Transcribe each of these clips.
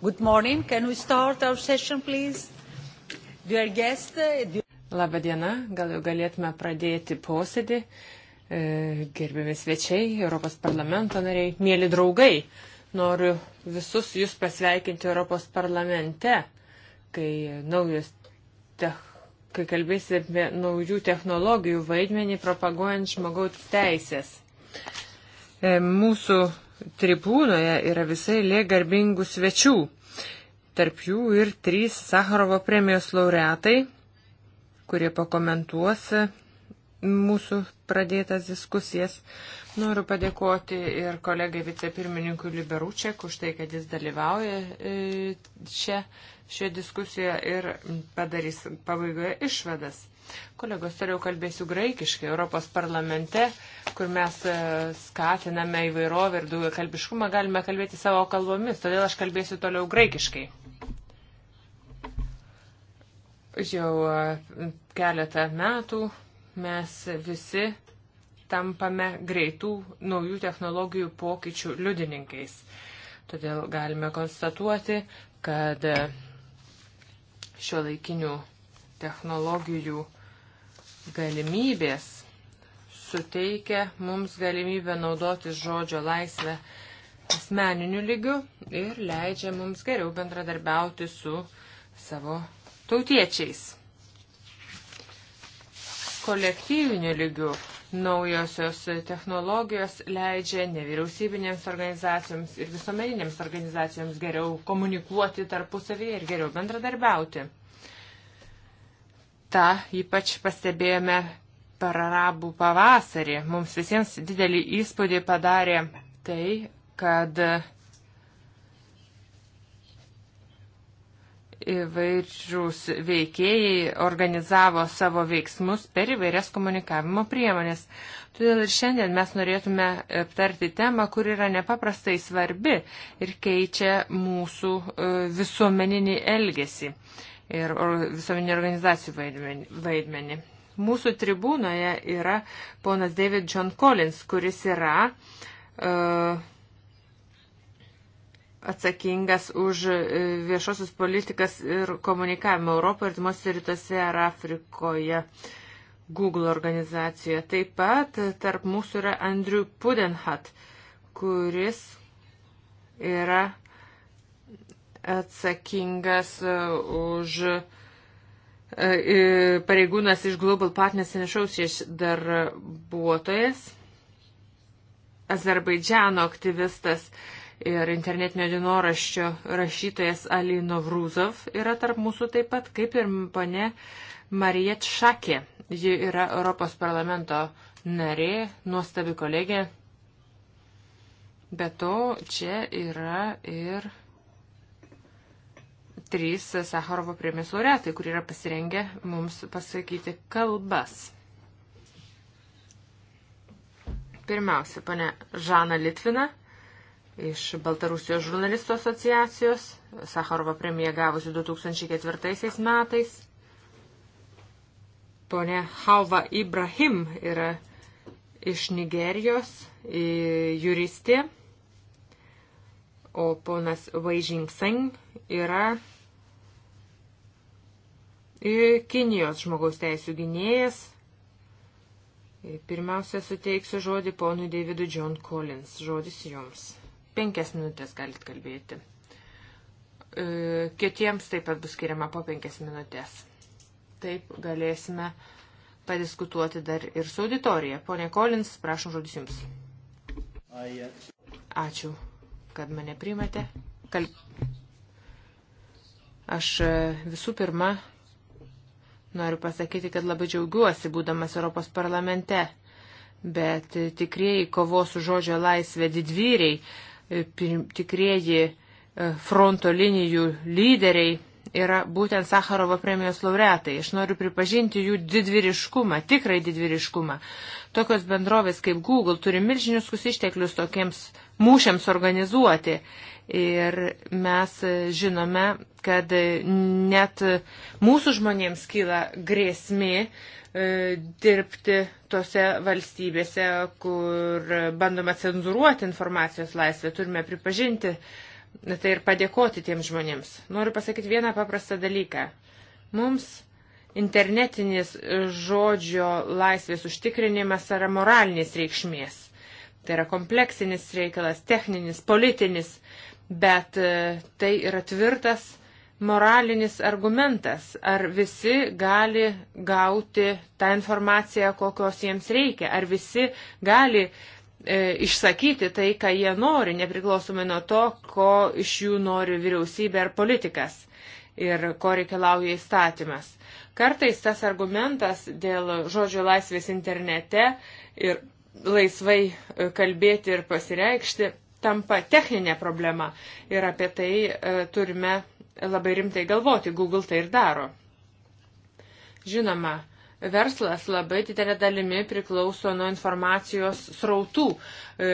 Good morning. Can we start our session, please? Dear guest. Uh, Dear... Labą dieną. Gal jau galėtume pradėti posėdį. E, gerbiami svečiai, Europos parlamento nariai, mėly draugai. Noriu visus jūs pasveikinti Europos parlamente, kai, naujus tech, kai kalbėsite apie naujų technologijų vaidmenį propaguojant žmogaus teisės. E, mūsų tribūnoje yra visai lė garbingų svečių. Tarp jų ir trys Sakarovo premijos laureatai, kurie pakomentuos mūsų pradėtas diskusijas. Noriu padėkoti ir kolegai vicepirmininkui Liberučiak už tai, kad jis dalyvauja čia e, šioje diskusijoje ir padarys pabaigoje išvadas. Kolegos, toliau kalbėsiu graikiškai. Europos parlamente, kur mes e, skatiname įvairovę ir daugia kalbiškumą, galime kalbėti savo kalbomis. Todėl aš kalbėsiu toliau graikiškai. Jau e, keletą metų mes visi tampame greitų naujų technologijų pokyčių liudininkais. Todėl galime konstatuoti, kad šio laikinių technologijų galimybės suteikia mums galimybę naudotis žodžio laisvę asmeniniu lygiu ir leidžia mums geriau bendradarbiauti su savo tautiečiais. Kolektyviniu lygiu naujosios technologijos leidžia nevyriausybinėms organizacijoms ir visuomeninėms organizacijoms geriau komunikuoti tarpusavyje ir geriau bendradarbiauti. Ta ypač pastebėjome per arabų pavasarį. Mums visiems didelį įspūdį padarė tai, kad įvairūs veikėjai organizavo savo veiksmus per įvairias komunikavimo priemonės. Todėl ir šiandien mes norėtume aptarti temą, kur yra nepaprastai svarbi ir keičia mūsų e, visuomeninį elgesį ir visuomenį organizacijų vaidmenį. Mūsų tribūnoje yra ponas David John Collins, kuris yra uh, atsakingas už e, viešosius politikas ir komunikavimą Europoje, artimuose rytuose ar Afrikoje. Google organizacijoje. Taip pat tarp mūsų yra Andrew Pudenhat, kuris yra atsakingas e, už e, e, pareigūnas iš Global Partners and Associates darbuotojas, Azerbaidžiano aktyvistas ir internetinio dienoraščio rašytojas Ali Novruzov yra tarp mūsų taip pat, kaip ir pane Marijet Šakė. Ji yra Europos parlamento narė, nuostabi kolegė. Be to, čia yra ir trys Sakarovo premijos laureatai, kurie yra pasirengę mums pasakyti kalbas. Pirmiausia, pane Žana Litvina iš Baltarusijos žurnalistų asociacijos, Sakarovo premiją gavusi 2004 metais. Pone Hauva Ibrahim yra iš Nigerijos juristė, o ponas Vaižing Seng yra E, Kinijos žmogaus teisų gynėjas. E, pirmiausia, suteiksiu žodį ponui Davidui John Collins. Žodis jums. Penkias minutės galit kalbėti. E, Kitiems taip pat bus skiriama po penkias minutės. Taip galėsime padiskutuoti dar ir su auditorija. Pone Collins, prašom žodis jums. Ačiū, kad mane primate. Kalb... Aš visų pirma Noriu pasakyti, kad labai džiaugiuosi, būdamas Europos parlamente, bet tikrieji kovos už žodžio laisvę didvyriai, e, tikrieji e, fronto linijų lyderiai yra būtent Sakarovo premijos laureatai. Aš noriu pripažinti jų didvyriškumą, tikrai didvyriškumą. Tokios bendrovės kaip Google turi milžiniškus išteklius tokiems mūšiams organizuoti Ir mes žinome, kad net mūsų žmonėms kyla grėsmė e, dirbti tose valstybėse, kur bandoma cenzuruoti informacijos laisvę. Turime pripažinti tai ir padėkoti tiems žmonėms. Noriu pasakyti vieną paprastą dalyką. Mums internetinis žodžio laisvės užtikrinimas yra moralinės reikšmės. Tai yra kompleksinis reikalas, techninis, politinis bet e, tai yra tvirtas moralinis argumentas, ar visi gali gauti tą informaciją, kokios jiems reikia, ar visi gali e, išsakyti tai, ką jie nori, nepriklausomai nuo to, ko iš jų nori vyriausybė ar politikas ir ko reikalauja įstatymas. Kartais tas argumentas dėl žodžio laisvės internete ir laisvai e, kalbėti ir pasireikšti tampa techninė problema ir apie tai e, turime labai rimtai galvoti. Google tai ir daro. Žinoma, verslas labai didelė dalimi priklauso nuo informacijos srautų. E,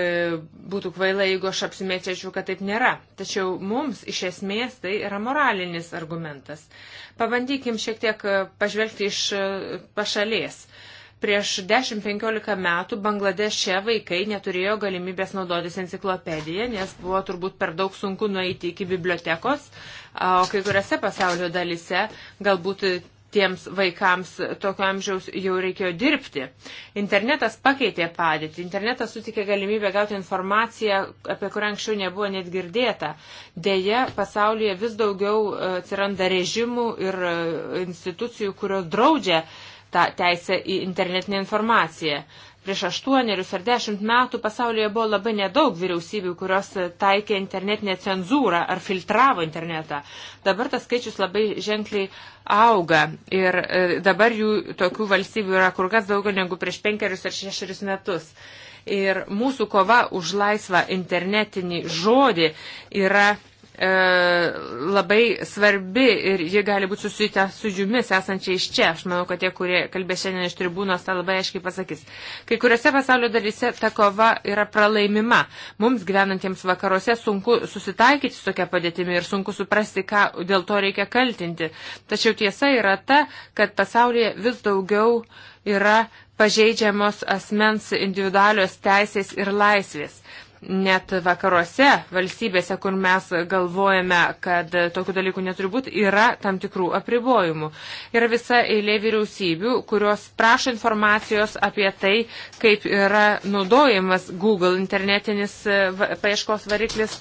būtų kvaila, jeigu aš apsimėčiačiau, kad taip nėra. Tačiau mums iš esmės tai yra moralinis argumentas. Pabandykim šiek tiek e, pažvelgti iš pašalės. Uh, prieš 10-15 metų Bangladeše vaikai neturėjo galimybės naudotis enciklopediją, nes buvo turbūt per daug sunku nueiti iki bibliotekos, o kai kuriuose pasaulio dalise galbūt tiems vaikams tokio amžiaus jau reikėjo dirbti. Internetas pakeitė padėtį, internetas sutikė galimybę gauti informaciją, apie kurią anksčiau nebuvo net girdėta. Deja, pasaulyje vis daugiau atsiranda režimų ir institucijų, kurios draudžia uh, tą teisę į internetinę informaciją. Prieš aštuonerius ar dešimt metų pasaulyje buvo labai nedaug vyriausybių, kurios taikė internetinę cenzūrą ar filtravo internetą. Dabar tas skaičius labai ženkliai auga ir e, dabar jų tokių valstybių yra kur kas daugiau negu prieš penkerius ar šešerius metus. Ir mūsų kova už laisvą internetinį žodį yra E, labai svarbi ir ji gali būti susijęta su jumis esančia iš čia. Aš manau, kad tie, kurie kalbės šiandien iš tribūnos, tą labai aiškiai pasakys. Kai kuriuose pasaulio dalyse ta kova yra pralaimima. Mums gyvenantiems vakaruose sunku susitaikyti su tokia padėtimi ir sunku suprasti, ką dėl to reikia kaltinti. Tačiau tiesa yra ta, kad pasaulyje vis daugiau yra pažeidžiamos asmens individualios teisės ir laisvės net vakaruose, valstybėse, kur mes galvojame, kad tokių dalykų neturi būti, yra tam tikrų apribojimų. Yra visa eilė vyriausybių, kurios prašo informacijos apie tai, kaip yra naudojamas Google internetinis e, paieškos variklis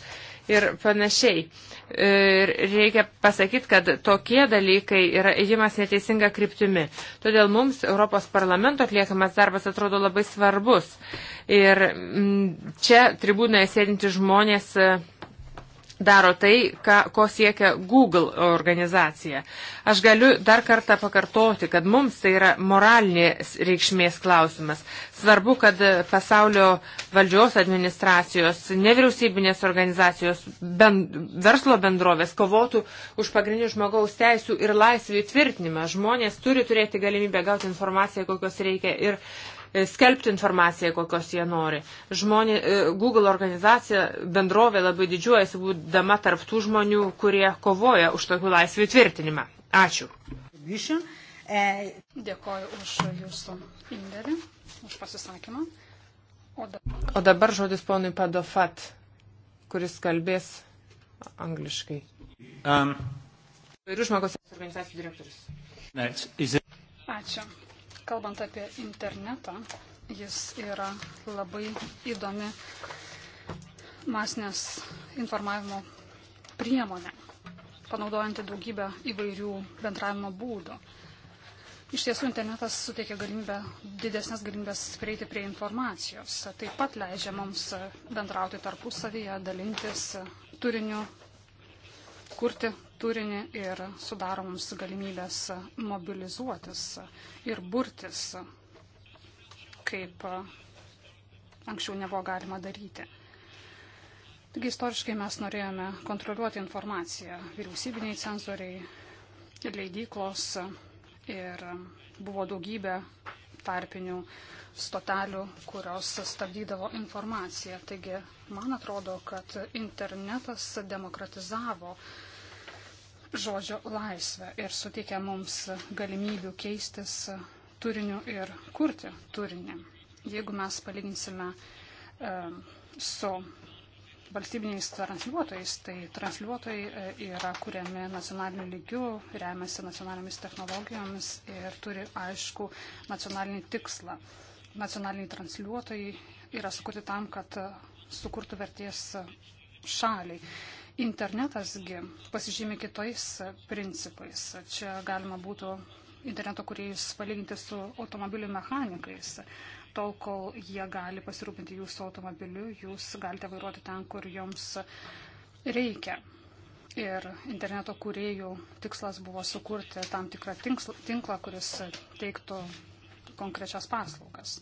ir panašiai. Uh, Ir reikia pasakyti, kad tokie dalykai yra įjimas neteisinga kryptimi. Todėl mums Europos parlamento atliekamas darbas atrodo labai svarbus. Ir mm, čia tribūnoje sėdinti žmonės e, daro tai, ką, ko siekia Google organizacija. Aš galiu dar kartą pakartoti, kad mums tai yra moralinės reikšmės klausimas. Svarbu, kad pasaulio valdžios administracijos, nevyriausybinės organizacijos, ben, verslo bendrovės kovotų už pagrindinių žmogaus teisų ir laisvių įtvirtinimą. Žmonės turi turėti galimybę gauti informaciją, kokios reikia ir e, skelbti informaciją, kokios jie nori. Žmonė, e, Google organizacija bendrovė labai didžiuojasi būdama tarptų žmonių, kurie kovoja už tokių laisvių tvirtinimą. Ačiū. Dėkoju už jūsų indėlį už pasisakymą. O dabar, o dabar žodis ponui Padofat, kuris kalbės angliškai. Um, Vairių žmogaus organizacijų direktorius. Ačiū. Kalbant apie internetą, jis yra labai įdomi masinės informavimo priemonė, panaudojanti daugybę įvairių bendravimo būdų. Iš tiesų, internetas suteikia galimybę, didesnės galimybės prieiti prie informacijos. Taip pat leidžia mums bendrauti tarpusavyje, dalintis turiniu, kurti turinį ir sudaro mums galimybės mobilizuotis ir burtis, kaip anksčiau nebuvo galima daryti. Taigi istoriškai mes norėjome kontroliuoti informaciją. Vyriausybiniai cenzoriai, leidyklos, ir buvo daugybė tarpinių stotelių, kurios stabdydavo informaciją. Taigi, man atrodo, kad internetas demokratizavo žodžio laisvę ir suteikia mums galimybių keistis turiniu ir kurti turinį. Jeigu mes palyginsime e, su valstybiniais transliuotojais, tai transliuotojai e, yra kuriami nacionaliniu lygiu, remiasi nacionalinėmis technologijomis ir turi aišku nacionalinį tikslą. Nacionaliniai transliuotojai yra sukurti tam, kad e, sukurtų vertės e, šaliai. Internetasgi pasižymė kitais principais. Čia galima būtų interneto kuriais palyginti su automobilių mechanikais tol, kol jie gali pasirūpinti jūsų automobiliu, jūs galite vairuoti ten, kur jums reikia. Ir interneto kūrėjų tikslas buvo sukurti tam tikrą tinklą, kuris teiktų konkrečias paslaugas.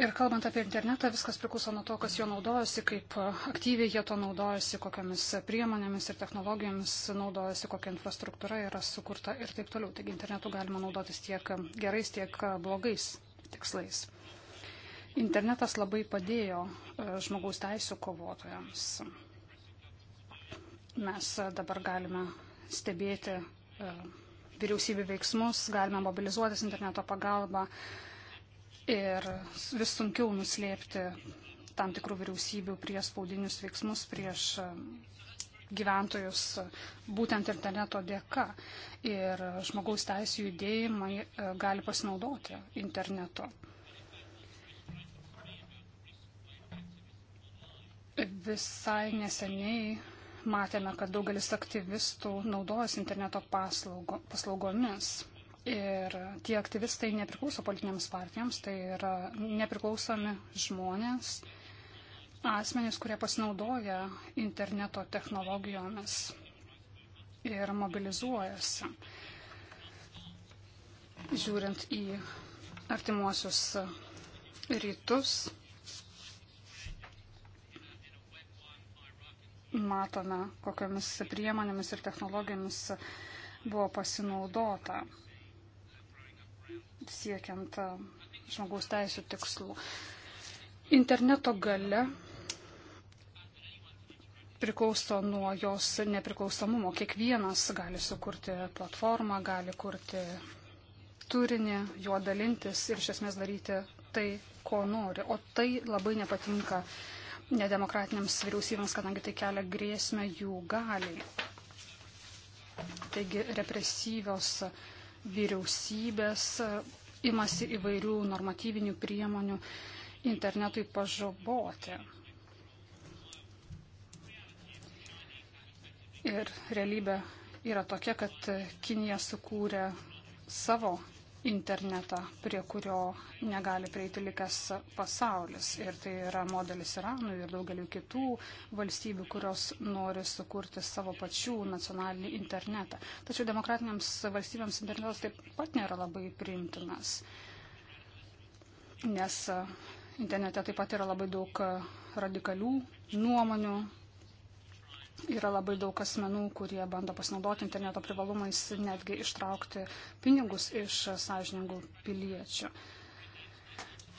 Ir kalbant apie internetą, viskas priklauso nuo to, kas jo naudojasi, kaip aktyviai jie to naudojasi, kokiamis priemonėmis ir technologijomis naudojasi, kokia infrastruktūra yra sukurta ir taip toliau. Taigi internetu galima naudotis tiek gerais, tiek blogais tikslais. Internetas labai padėjo e, žmogaus teisų kovotojams. Mes e, dabar galime stebėti e, vyriausybių veiksmus, galime mobilizuotis interneto pagalba ir vis sunkiau nuslėpti tam tikrų vyriausybių priespaudinius veiksmus prieš gyventojus būtent interneto dėka. Ir žmogaus teisų judėjimai e, gali pasinaudoti interneto. Visai neseniai matėme, kad daugelis aktyvistų naudojasi interneto paslaugo, paslaugomis. Ir tie aktyvistai nepriklauso politinėms partijoms, tai yra nepriklausomi žmonės, asmenys, kurie pasinaudoja interneto technologijomis ir mobilizuojasi, žiūrint į artimuosius rytus. Matome, kokiamis priemonėmis ir technologijomis buvo pasinaudota siekiant žmogaus teisų tikslų. Interneto gale priklauso nuo jos nepriklausomumo. Kiekvienas gali sukurti platformą, gali kurti turinį, juo dalintis ir iš esmės daryti tai, ko nori. O tai labai nepatinka nedemokratiniams vyriausybėms, kadangi tai kelia grėsmę jų galiai. Taigi represyvios vyriausybės imasi įvairių normatyvinių priemonių internetui pažaboti. Ir realybė yra tokia, kad Kinija sukūrė savo internetą, prie kurio negali prieiti likęs pasaulis. Ir tai yra modelis Iranui ir daugeliu kitų valstybių, kurios nori sukurti savo pačių nacionalinį internetą. Tačiau demokratiniams valstybėms internetas taip pat nėra labai priimtinas, nes internete taip pat yra labai daug radikalių nuomonių, Yra labai daug asmenų, kurie bando pasinaudoti interneto privalumais, netgi ištraukti pinigus iš sąžiningų piliečių.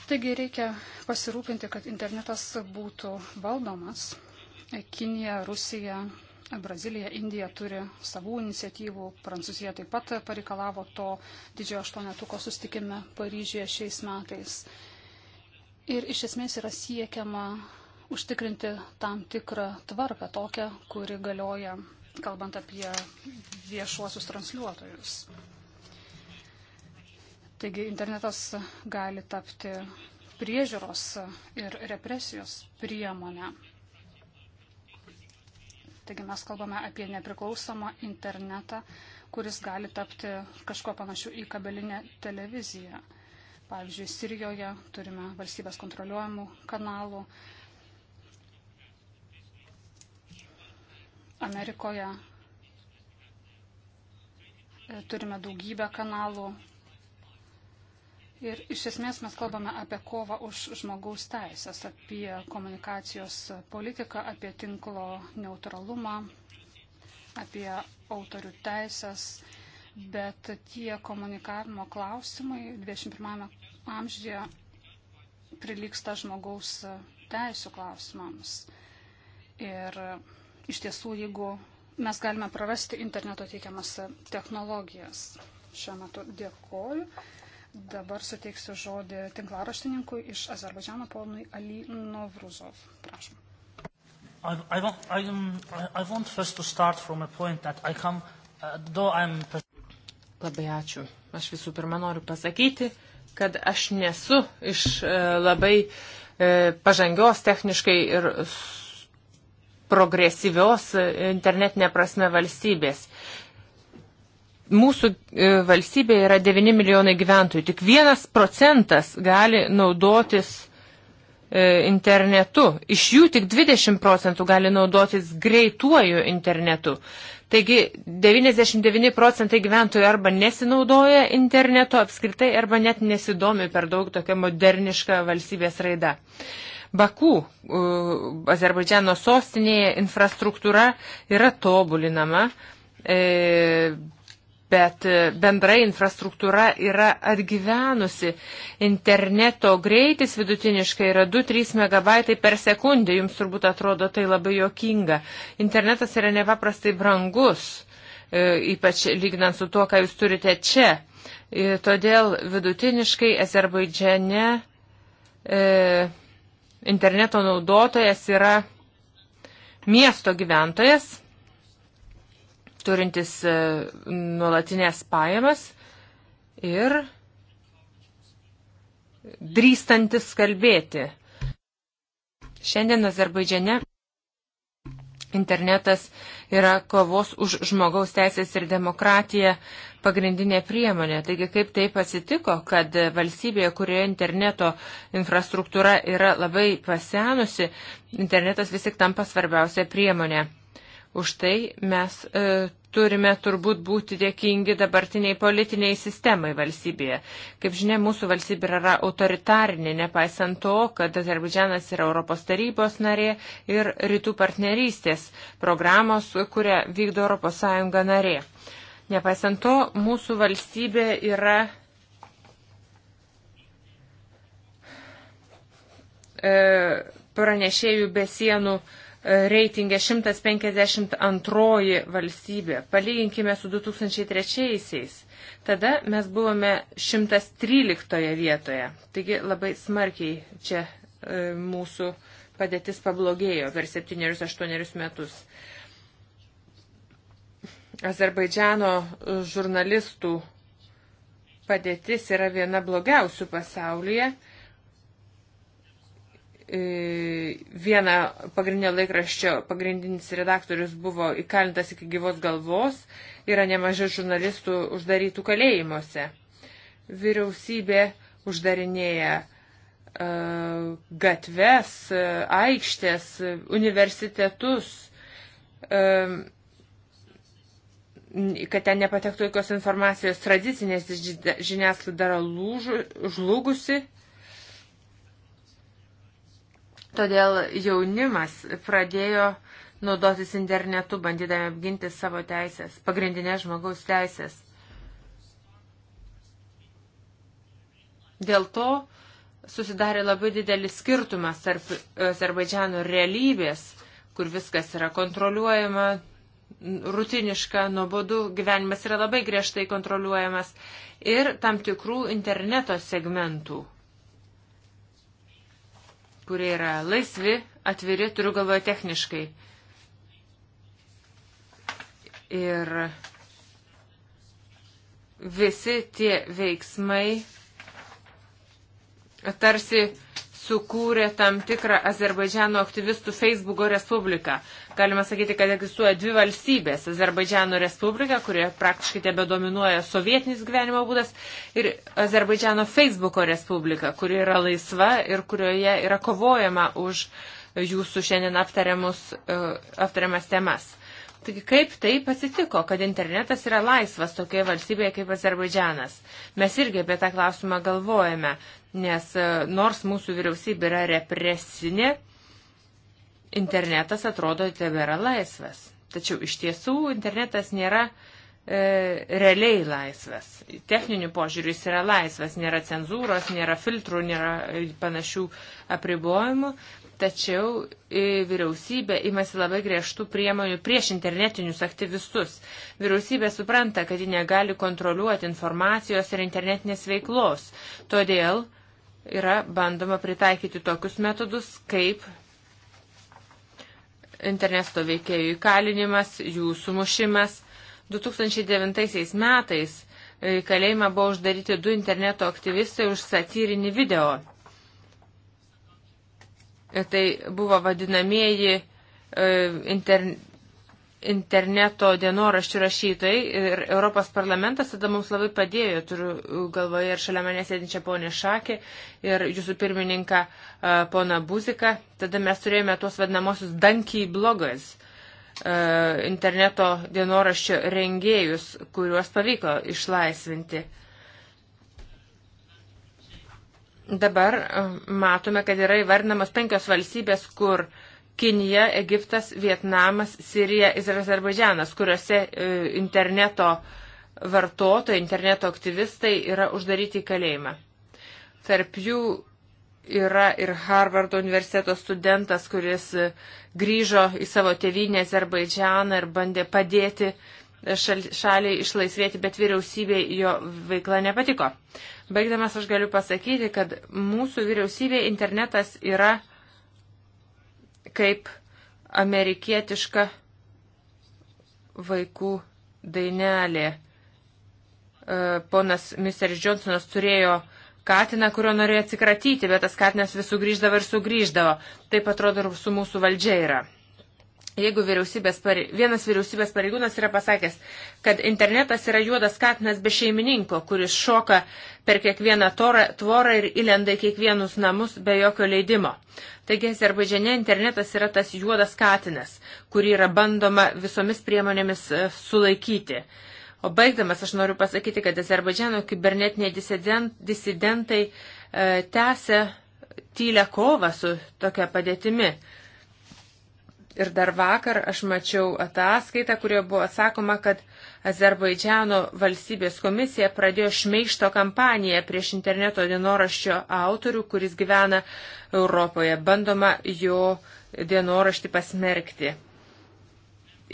Taigi reikia pasirūpinti, kad internetas būtų valdomas. Kinija, Rusija, Brazilija, Indija turi savų iniciatyvų, Prancūzija taip pat pareikalavo to didžiojo aštuonetuko sustikime Paryžyje šiais metais. Ir iš esmės yra siekiama užtikrinti tam tikrą tvarką, tokią, kuri galioja, kalbant apie viešuosius transliuotojus. Taigi internetas gali tapti priežiūros ir represijos priemonę. Taigi mes kalbame apie nepriklausomą internetą, kuris gali tapti kažko panašiu į kabelinę televiziją. Pavyzdžiui, Sirijoje turime valstybės kontroliuojamų kanalų, Amerikoje e, turime daugybę kanalų. Ir iš esmės mes kalbame apie kovą už žmogaus teisės, apie komunikacijos politiką, apie tinklo neutralumą, apie autorių teisės, bet tie komunikavimo klausimai 21 amžiuje prilyksta žmogaus teisų klausimams. Ir iš tiesų, jeigu mes galime prarasti interneto teikiamas technologijas. Šiuo metu dėkoju. Dabar suteiksiu žodį tinklaraštininkui iš Azerbaidžiano ponui Ali Novruzov. Prašom. I, I want, um, I, I want first to start from a point that I come, uh, though I'm... Labai ačiū. Aš visų pirma noriu pasakyti, kad aš nesu iš uh, labai uh, pažangios techniškai ir progresyvios internetinė prasme valstybės. Mūsų e, valstybė yra 9 milijonai gyventojų. Tik vienas procentas gali naudotis e, internetu. Iš jų tik 20 procentų gali naudotis greituoju internetu. Taigi 99 procentai gyventojų arba nesinaudoja internetu apskritai, arba net nesidomi per daug tokia moderniška valstybės raida. Baku, Azerbaidžiano sostinėje, infrastruktūra yra tobulinama, e, bet bendrai infrastruktūra yra atgyvenusi. Interneto greitis vidutiniškai yra 2-3 MB per sekundę, jums turbūt atrodo tai labai jokinga. Internetas yra nepaprastai brangus, e, ypač lyginant su tuo, ką jūs turite čia. E, todėl vidutiniškai Azerbaidžiane e, interneto naudotojas yra miesto gyventojas, turintis e, nuolatinės pajamas ir drįstantis kalbėti. Šiandien Azerbaidžiane internetas yra kovos už žmogaus teisės ir demokratiją pagrindinė priemonė. Taigi kaip taip atsitiko, kad valstybėje, kurioje interneto infrastruktūra yra labai pasenusi, internetas vis tik tampa svarbiausia priemonė. Už tai mes e, turime turbūt būti dėkingi dabartiniai politiniai sistemai valstybėje. Kaip žinia, mūsų valstybė yra autoritarinė, nepaisant to, kad Azerbaidžianas yra Europos tarybos narė ir rytų partnerystės programos, kurią vykdo ES narė. Nepaisant to, mūsų valstybė yra e, pranešėjų be sienų e, reitingė 152 valstybė. Palyginkime su 2003-aisiais. Tada mes buvome 113 vietoje. Taigi labai smarkiai čia e, mūsų padėtis pablogėjo per 7-8 metus. Azerbaidžiano žurnalistų padėtis yra viena blogiausių pasaulyje. E, viena pagrindinio laikraščio pagrindinis redaktorius buvo įkalintas iki gyvos galvos, yra nemažai žurnalistų uždarytų kalėjimuose. Vyriausybė uždarinėja e, gatves, e, aikštės, universitetus, kad ten nepatektų jokios informacijos tradicinės žiniasklaida yra lūžu, žlugusi. Todėl jaunimas pradėjo naudotis internetu, bandydami apginti savo teisės, pagrindinės žmogaus teisės. Dėl to susidarė labai didelis skirtumas tarp e, Azerbaidžiano realybės, kur viskas yra kontroliuojama, rutiniška, nuobodu, gyvenimas yra labai griežtai kontroliuojamas ir tam tikrų interneto segmentų, kurie yra laisvi, atviri, turiu galvoje techniškai. Ir visi tie veiksmai tarsi sukūrė tam tikrą Azerbaidžiano aktyvistų Facebooko respubliką. Galima sakyti, kad egzistuoja dvi valstybės - Azerbaidžiano Respublika, kurioje praktiškai tebe dominuoja sovietinis gyvenimo būdas, ir Azerbaidžiano Facebooko Respublika, kuri yra laisva ir kurioje yra kovojama už jūsų šiandien e, aptariamas temas. Taigi kaip tai pasitiko, kad internetas yra laisvas tokioje valstybėje kaip Azerbaidžianas? Mes irgi apie tą klausimą galvojame, nes e, nors mūsų vyriausybė yra represinė, internetas atrodo tebėra laisvas. Tačiau iš tiesų internetas nėra e, realiai laisvas. Techniniu požiūriu jis yra laisvas, nėra cenzūros, nėra filtrų, nėra panašių apribojimų. Tačiau e, vyriausybė imasi labai griežtų priemonių prieš internetinius aktyvistus. Vyriausybė supranta, kad ji negali kontroliuoti informacijos ir internetinės veiklos. Todėl yra bandoma pritaikyti tokius metodus, kaip interneto veikėjų įkalinimas, jų sumušimas. 2009 metais kalėjimą buvo uždaryti du interneto aktyvistai už satyrinį video. Tai buvo vadinamieji e, interne, interneto dienoraščių rašytojai ir Europos parlamentas tada mums labai padėjo, turiu galvoje ir šalia manęs sėdinčią ponę Šakį ir jūsų pirmininką poną Buziką. Tada mes turėjome tuos vadinamosius dankiai blogas interneto dienoraščio rengėjus, kuriuos pavyko išlaisvinti. Dabar matome, kad yra įvardinamos penkios valstybės, kur uh, Kinija, Egiptas, Vietnamas, Sirija, Izraelis, Azerbaidžianas, kuriuose e, interneto vartotojai, interneto aktyvistai yra uždaryti į kalėjimą. Tarp jų yra ir Harvardo universiteto studentas, kuris e, grįžo į savo tėvynę Azerbaidžianą ir bandė padėti e, šal, šaliai išlaisvėti, bet vyriausybė jo veikla nepatiko. Baigdamas aš galiu pasakyti, kad mūsų vyriausybė internetas yra kaip amerikietiška vaikų dainelė. E, ponas Mr. Johnsonas turėjo katiną, kurio norėjo atsikratyti, bet tas katinas vis sugrįždavo ir sugrįždavo. Taip atrodo ir su mūsų valdžia yra. Jeigu vyriausybės pare... vienas vyriausybės pareigūnas yra pasakęs, kad internetas yra juodas katinas be šeimininko, kuris šoka per kiekvieną torą, tvorą ir įlenda į kiekvienus namus be jokio leidimo. Taigi Azerbaidžiane internetas yra tas juodas katinas, kurį yra bandoma visomis priemonėmis e, sulaikyti. O baigdamas aš noriu pasakyti, kad Azerbaidžiano kibernetiniai disident... disidentai e, tęsia tylę kovą su tokia padėtimi. Ir dar vakar aš mačiau ataskaitą, kurioje buvo sakoma, kad Azerbaidžiano valstybės komisija pradėjo šmeišto kampaniją prieš interneto dienoraščio autorių, kuris gyvena Europoje. Bandoma jo dienoraštį pasmerkti.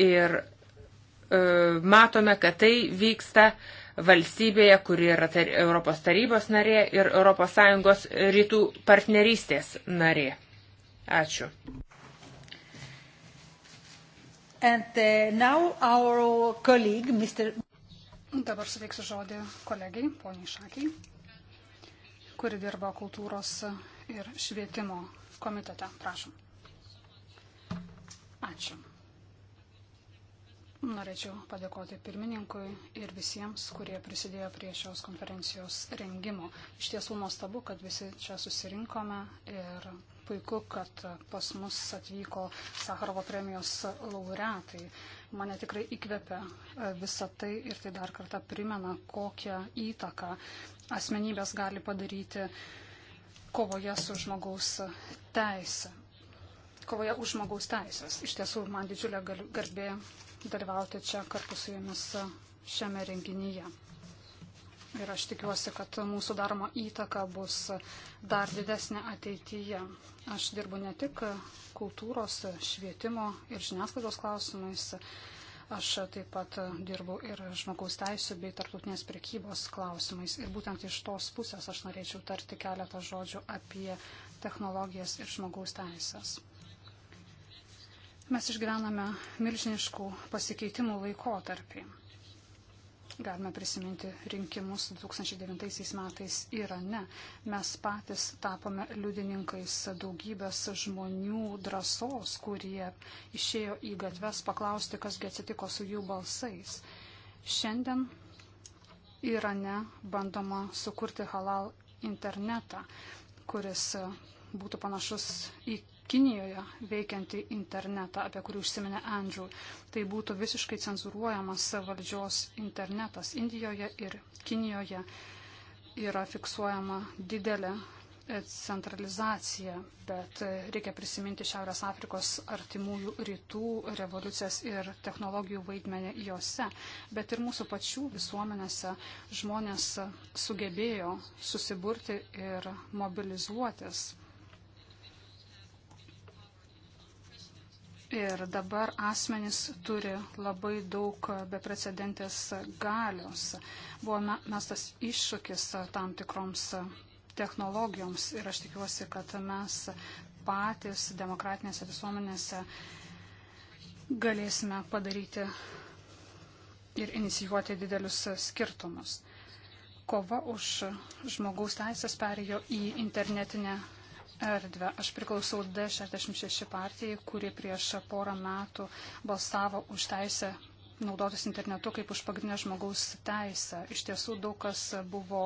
Ir e, matome, kad tai vyksta valstybėje, kuri yra tar Europos tarybos narė ir ES rytų partnerystės narė. Ačiū. And uh, now our colleague, Mr. Dabar suteiksiu žodį kolegiai, poniai Šakiai, kuri dirba kultūros ir švietimo komitete. Prašom. Ačiū. Norėčiau padėkoti pirmininkui ir visiems, kurie prisidėjo prie šios konferencijos rengimo. Iš tiesų nuostabu, kad visi čia susirinkome ir puiku, kad pas mus atvyko Sakarovo premijos laureatai. Mane tikrai įkvepia e, visa tai ir tai dar kartą primena, kokią įtaką asmenybės gali padaryti kovoje su žmogaus teisė. Kovoje už žmogaus teisės. Iš tiesų, man didžiulė garbė dalyvauti čia kartu su jumis šiame renginyje ir aš tikiuosi, kad mūsų daroma įtaka bus dar didesnė ateityje. Aš dirbu ne tik kultūros, švietimo ir žiniasklaidos klausimais. Aš taip pat dirbu ir žmogaus teisų bei tarptautinės prekybos klausimais. Ir būtent iš tos pusės aš norėčiau tarti keletą žodžių apie technologijas ir žmogaus teisės. Mes išgyvename milžiniškų pasikeitimų laikotarpį. Galime prisiminti rinkimus 2009 metais Irane. Mes patys tapome liudininkais daugybės žmonių drąsos, kurie išėjo į gatves paklausti, kasgi atsitiko su jų balsais. Šiandien Irane bandoma sukurti halal internetą, kuris būtų panašus į Kinijoje veikiantį internetą, apie kurį užsiminė Andrew. Tai būtų visiškai cenzuruojamas valdžios internetas. Indijoje ir Kinijoje yra fiksuojama didelė e, centralizacija, bet e, reikia prisiminti Šiaurės Afrikos artimųjų rytų revoliucijas ir technologijų vaidmenį juose. Bet ir mūsų pačių visuomenėse žmonės sugebėjo susiburti ir mobilizuotis Ir dabar asmenys turi labai daug beprecedentės galios. Buvo mestas iššūkis tam tikroms technologijoms ir aš tikiuosi, kad mes patys demokratinėse visuomenėse galėsime padaryti ir inicijuoti didelius skirtumus. Kova už žmogaus teisės perėjo į internetinę erdvę. Aš priklausau D66 partijai, kuri prieš porą metų balsavo už teisę naudotis internetu kaip už pagrindinę žmogaus teisę. Iš tiesų daug kas buvo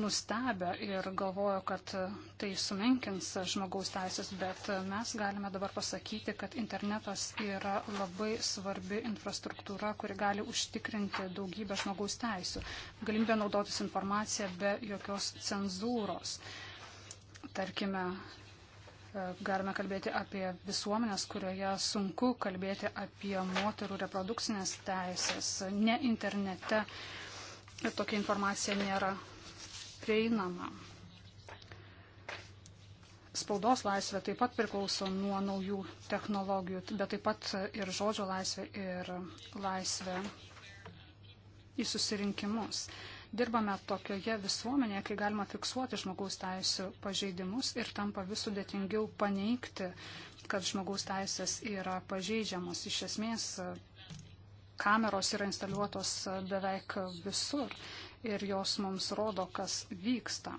nustebę ir galvojo, kad tai sumenkins žmogaus teisės, bet mes galime dabar pasakyti, kad internetas yra labai svarbi infrastruktūra, kuri gali užtikrinti daugybę žmogaus teisų. Galimybę naudotis informaciją be jokios cenzūros. Tarkime, e, galime kalbėti apie visuomenės, kurioje sunku kalbėti apie moterų reprodukcinės teisės. Ne internete tokia informacija nėra prieinama. Spaudos laisvė taip pat priklauso nuo naujų technologijų, bet taip pat ir žodžio laisvė ir laisvė į susirinkimus. Dirbame tokioje visuomenėje, kai galima fiksuoti žmogaus teisų pažeidimus ir tampa vis sudėtingiau paneigti, kad žmogaus teisės yra pažeidžiamos. Iš esmės, kameros yra instaliuotos beveik visur ir jos mums rodo, kas vyksta.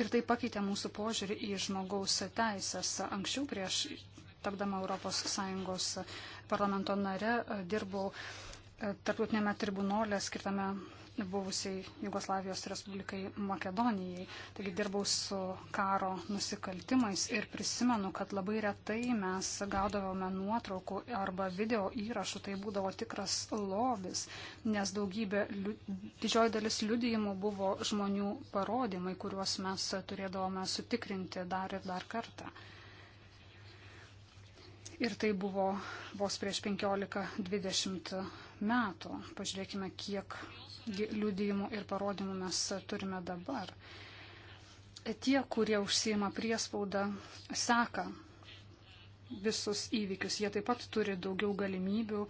Ir tai pakeitė mūsų požiūrį į žmogaus teisės. Anksčiau prieš tapdama ES parlamento nare dirbau tarptautinėme tribunolė skirtame buvusiai Jugoslavijos Respublikai Makedonijai. Taigi dirbau su karo nusikaltimais ir prisimenu, kad labai retai mes gaudavome nuotraukų arba video įrašų, tai būdavo tikras lobis, nes daugybė, didžioji dalis liudijimų buvo žmonių parodymai, kuriuos mes turėdavome sutikrinti dar ir dar kartą. Ir tai buvo vos prieš 15-20 metų. Pažiūrėkime, kiek liudijimų ir parodymų mes turime dabar. Tie, kurie užsijima priespaudą, seka visus įvykius. Jie taip pat turi daugiau galimybių,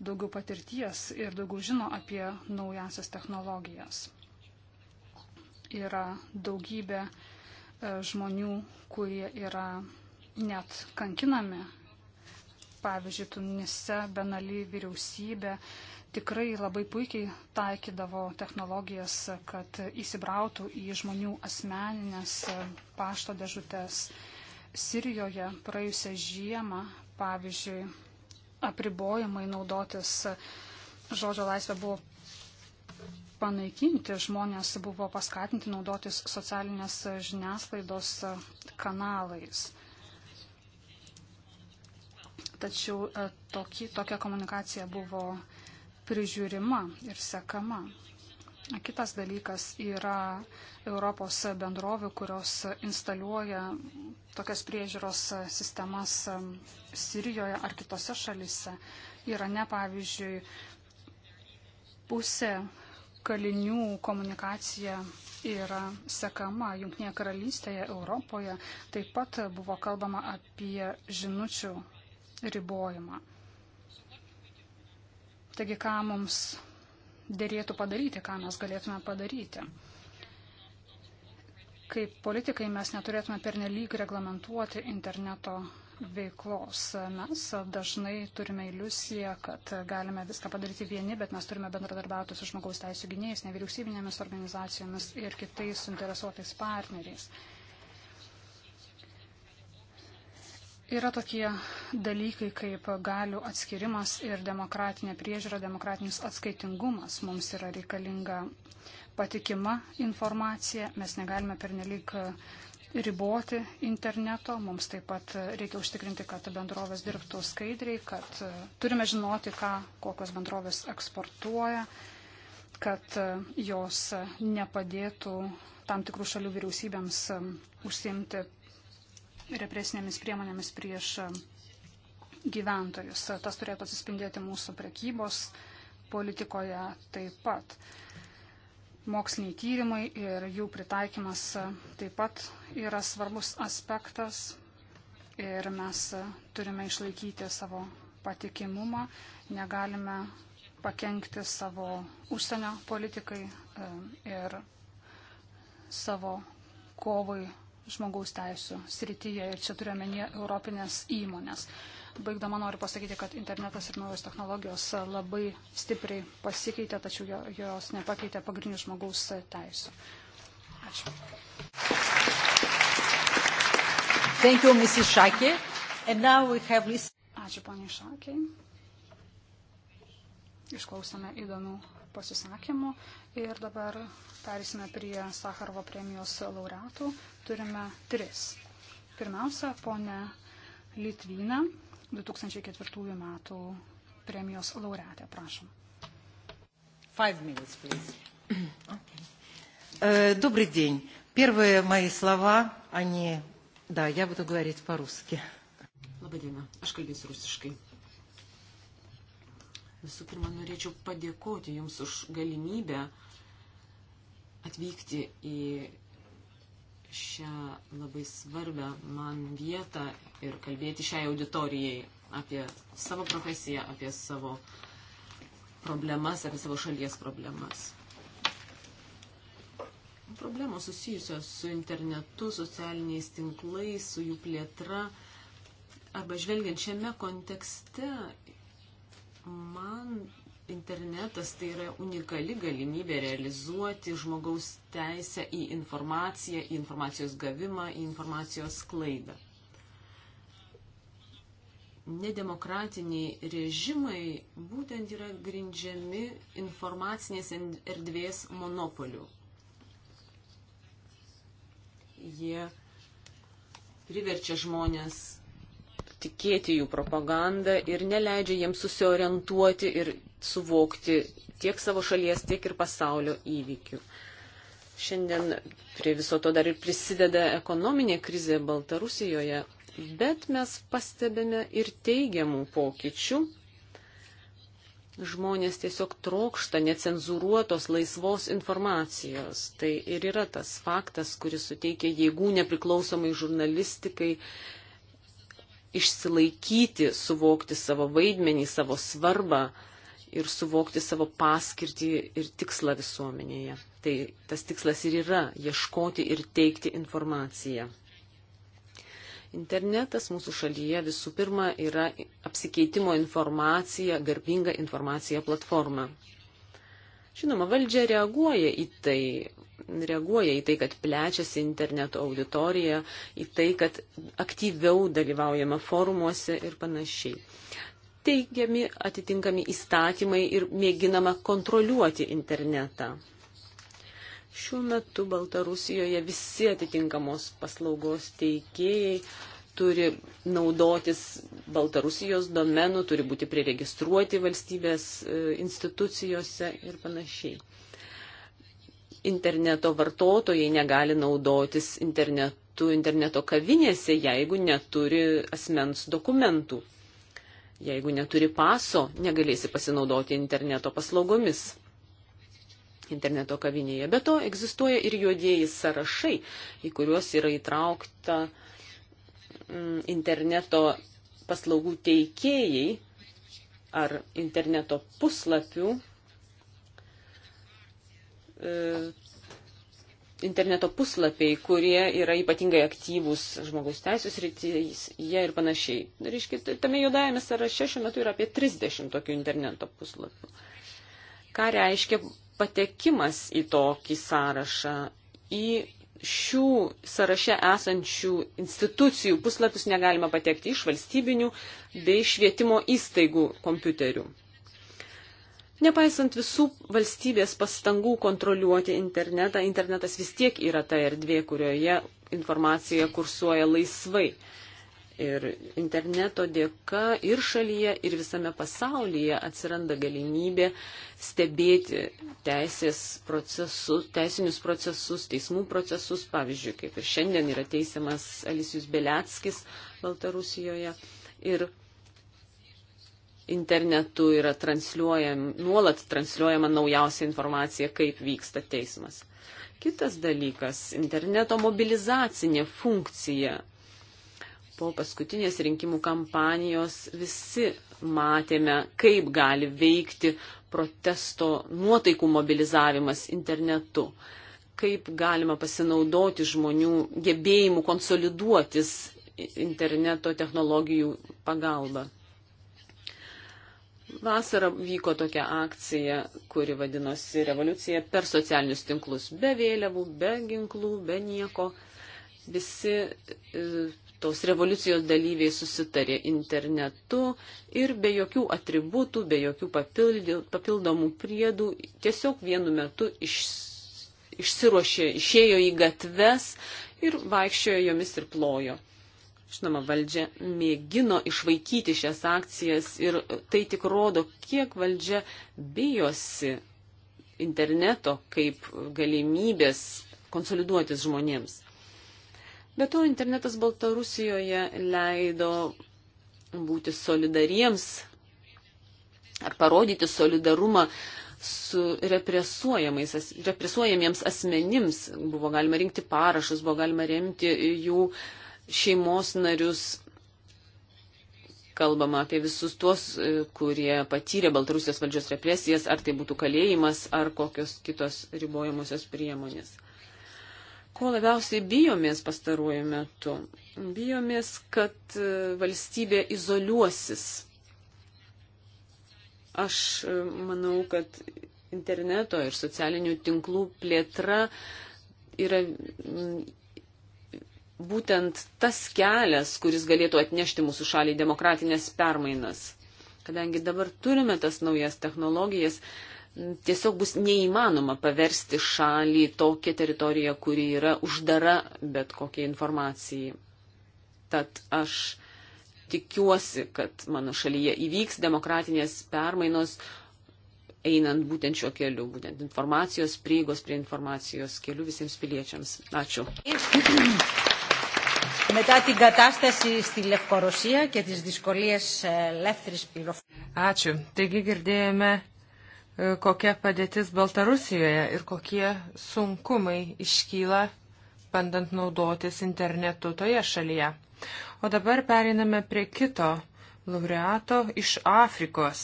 daugiau patirties ir daugiau žino apie naujasias technologijas. Yra daugybė e, žmonių, kurie yra net kankinami. Pavyzdžiui, Tunise Benali vyriausybė tikrai labai puikiai taikydavo technologijas, kad įsibrautų į žmonių asmeninės e, pašto dėžutės. Sirijoje praėjusią žiemą, pavyzdžiui, apribojimai naudotis e, žodžio laisvę buvo panaikinti, žmonės buvo paskatinti naudotis socialinės e, žiniasklaidos kanalais. Tačiau toki, tokia komunikacija buvo prižiūrima ir sekama. Kitas dalykas yra Europos bendrovių, kurios instaliuoja tokias priežiūros sistemas um, Sirijoje ar kitose šalise. Irane, pavyzdžiui, pusė kalinių komunikacija yra sekama Junktinėje karalystėje, Europoje. Taip pat buvo kalbama apie žinučių ribojimą. Taigi, ką mums dėrėtų padaryti, ką mes galėtume padaryti. Kaip politikai mes neturėtume pernelyg reglamentuoti interneto veiklos. Mes dažnai turime iliuziją, kad galime viską padaryti vieni, bet mes turime bendradarbiauti su žmogaus teisų gynėjais, nevyriausybinėmis organizacijomis ir kitais suinteresuotais partneriais. Yra tokie dalykai kaip galių atskirimas ir demokratinė priežiūra, demokratinis atskaitingumas. Mums yra reikalinga patikima informacija, mes negalime pernelyg riboti interneto, mums taip pat reikia užtikrinti, kad bendrovės dirbtų skaidriai, kad turime žinoti, ką, kokios bendrovės eksportuoja, kad jos nepadėtų tam tikrų šalių vyriausybėms užsiimti represinėmis priemonėmis prieš gyventojus. Tas turėtų atsispindėti mūsų prekybos politikoje taip pat. Moksliniai tyrimai ir jų pritaikymas taip pat yra svarbus aspektas ir mes turime išlaikyti savo patikimumą, negalime pakengti savo užsienio politikai e, ir savo kovai žmogaus teisų srityje ir čia turiuomenė Europinės įmonės. Baigdama noriu pasakyti, kad internetas ir naujos technologijos labai stipriai pasikeitė, tačiau jos nepakeitė pagrindinių žmogaus teisų. Ačiū. Thank you, Mrs. Shaki. And now we have listened. Ačiū, ponė Šakiai. Išklausome įdomių pasisakymų. Ir dabar perėsime prie Sakarovo premijos laureatų. Turime tris. Pirmiausia, ponė Litvina, 2004 metų premijos laureatė. Prašom. Five minutes, please. Okay. Э, добрый день. Первые мои слова, они... Да, я буду говорить по-русски. Labadiena, aš kalbėsiu rusiškai. Visų pirma, norėčiau padėkoti Jums už galimybę atvykti į šią labai svarbę man vietą ir kalbėti šiai auditorijai apie savo profesiją, apie savo problemas, apie savo šalies problemas. Problemos susijusios su internetu, socialiniais tinklais, su jų plėtra arba žvelgiant šiame kontekste Man internetas tai yra unikali galimybė realizuoti žmogaus teisę į informaciją, į informacijos gavimą, į informacijos sklaidą. Nedemokratiniai režimai būtent yra grindžiami informacinės erdvės monopoliu. Jie priverčia žmonės tikėti jų propagandą ir neleidžia jiems susiorientuoti ir suvokti tiek savo šalies, tiek ir pasaulio įvykių. Šiandien prie viso to dar ir prisideda ekonominė krizė Baltarusijoje, bet mes pastebėme ir teigiamų pokyčių. Žmonės tiesiog trokšta necenzūruotos laisvos informacijos. Tai ir yra tas faktas, kuris suteikia jėgų nepriklausomai žurnalistikai, išsilaikyti, suvokti savo vaidmenį, savo svarbą ir suvokti savo paskirtį ir tikslą visuomenėje. Tai tas tikslas ir yra - ieškoti ir teikti informaciją. Internetas mūsų šalyje visų pirma yra apsikeitimo informacija, garbinga informacija platforma. Žinoma, valdžia reaguoja į tai, reaguoja į tai, kad plečiasi interneto auditorija, į tai, kad aktyviau dalyvaujama forumuose ir panašiai. Teigiami atitinkami įstatymai ir mėginama kontroliuoti internetą. Šiuo metu Baltarusijoje visi atitinkamos paslaugos teikėjai turi naudotis Baltarusijos domenų, turi būti priregistruoti valstybės e, institucijose ir panašiai interneto vartotojai negali naudotis internetu, interneto kavinėse, jeigu neturi asmens dokumentų. Jeigu neturi paso, negalėsi pasinaudoti interneto paslaugomis interneto kavinėje. Be to egzistuoja ir juodieji sąrašai, į kuriuos yra įtraukta mm, interneto paslaugų teikėjai ar interneto puslapių E, interneto puslapiai, kurie yra ypatingai aktyvūs žmogaus teisės rytyje ir panašiai. Reiškia, tame juodajame sąraše šiuo metu yra apie 30 tokių interneto puslapių. Ką reiškia patekimas į tokį sąrašą? Į šių sąraše esančių institucijų puslapius negalima patekti iš valstybinių bei švietimo įstaigų kompiuterių. Nepaisant visų valstybės pastangų kontroliuoti internetą, internetas vis tiek yra ta erdvė, kurioje informacija kursuoja laisvai. Ir interneto dėka ir šalyje, ir visame pasaulyje atsiranda galimybė stebėti teisės procesus, teisinius procesus, teismų procesus. Pavyzdžiui, kaip ir šiandien yra teisiamas Alisijus Beliackis Baltarusijoje. Ir internetu yra transliuojam, nuolat transliuojama naujausia informacija, kaip vyksta teismas. Kitas dalykas - interneto mobilizacinė funkcija. Po paskutinės rinkimų kampanijos visi matėme, kaip gali veikti protesto nuotaikų mobilizavimas internetu, kaip galima pasinaudoti žmonių gebėjimu konsoliduotis interneto technologijų pagalba. Vasarą vyko tokia akcija, kuri vadinosi revoliucija per socialinius tinklus. Be vėliavų, be ginklų, be nieko. Visi e, tos revoliucijos dalyviai susitarė internetu ir be jokių atributų, be jokių papildomų priedų, tiesiog vienu metu iš, išsiruošė, išėjo į gatves ir vaikščiojo jomis ir plojo. Žinoma, valdžia mėgino išvaikyti šias akcijas ir tai tik rodo, kiek valdžia bijosi interneto kaip galimybės konsoliduotis žmonėms. Be to, internetas Baltarusijoje leido būti solidariems ar parodyti solidarumą su represuojamiems asmenims. Buvo galima rinkti parašus, buvo galima remti jų uh, šeimos narius, kalbama apie visus tuos, e, kurie patyrė Baltarusijos valdžios represijas, ar tai būtų kalėjimas, ar kokios kitos ribojamosios priemonės. Ko labiausiai bijomės pastaruoju metu? Bijomės, kad e, valstybė izoliuosis. Aš e, manau, kad interneto ir socialinių tinklų plėtra yra būtent tas kelias, kuris galėtų atnešti mūsų šaliai demokratinės permainas. Kadangi dabar turime tas naujas technologijas, tiesiog bus neįmanoma paversti šalį tokią teritoriją, kuri yra uždara bet kokiai informacijai. Tad aš tikiuosi, kad mano šalyje įvyks demokratinės permainos, einant būtent šiuo keliu, būtent informacijos prieigos prie informacijos keliu visiems piliečiams. Ačiū. Μετά την κατάσταση στη Λευκορωσία και τις δυσκολίες ελεύθερης πληροφορίας. Ačiū. Taigi girdėjome, e, kokia padėtis Baltarusijoje ir kokie sunkumai iškyla, bandant naudotis internetu toje šalyje. O dabar periname prie kito laureato iš Afrikos.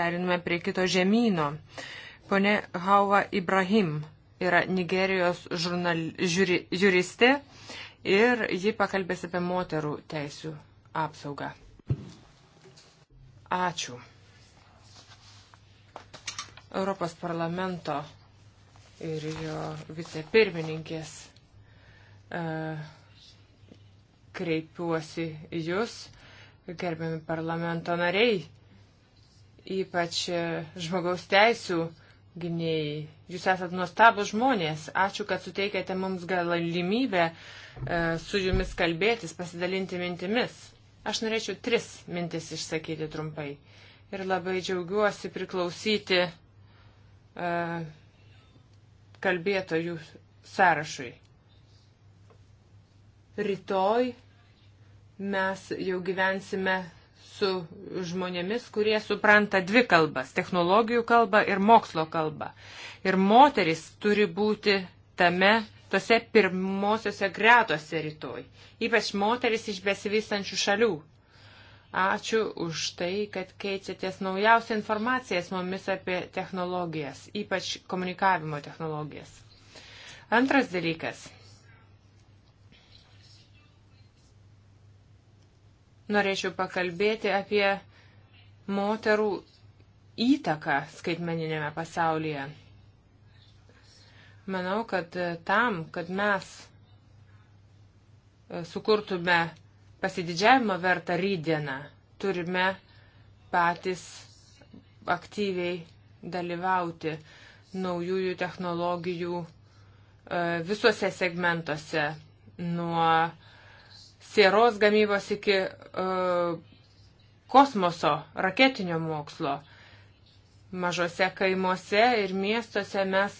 Periname prie kito žemynų. Pone Hauva Ibrahim yra Nigerijos žurnal, žiuri, žiūristė. Žiūri, ir ji pakalbės apie moterų teisų apsaugą. Ačiū. Europos parlamento ir jo vicepirmininkės e, kreipiuosi jūs, gerbiami parlamento nariai, ypač e, žmogaus teisų gynėjai. Jūs esat nuostabus žmonės. Ačiū, kad suteikėte mums galimybę uh, E, su jumis kalbėtis, pasidalinti mintimis. Aš norėčiau tris mintis išsakyti trumpai. Ir labai džiaugiuosi priklausyti uh, kalbėtojų sąrašui. Rytoj mes jau gyvensime su žmonėmis, kurie supranta dvi kalbas - technologijų kalbą ir mokslo kalbą. Ir moteris turi būti tame tose pirmosiose gretose rytoj, ypač moteris iš besivystančių šalių. Ačiū už tai, kad keičiatės naujausią informaciją su mumis apie technologijas, ypač komunikavimo technologijas. Antras dalykas. Norėčiau pakalbėti apie moterų įtaką skaitmeninėme pasaulyje. Manau, kad e, tam, kad mes e, sukurtume pasididžiavimo vertą rydieną, turime patys aktyviai dalyvauti naujųjų technologijų e, visuose segmentuose, nuo sieros gamybos iki kosmoso, raketinio mokslo. Mažose kaimuose ir miestuose mes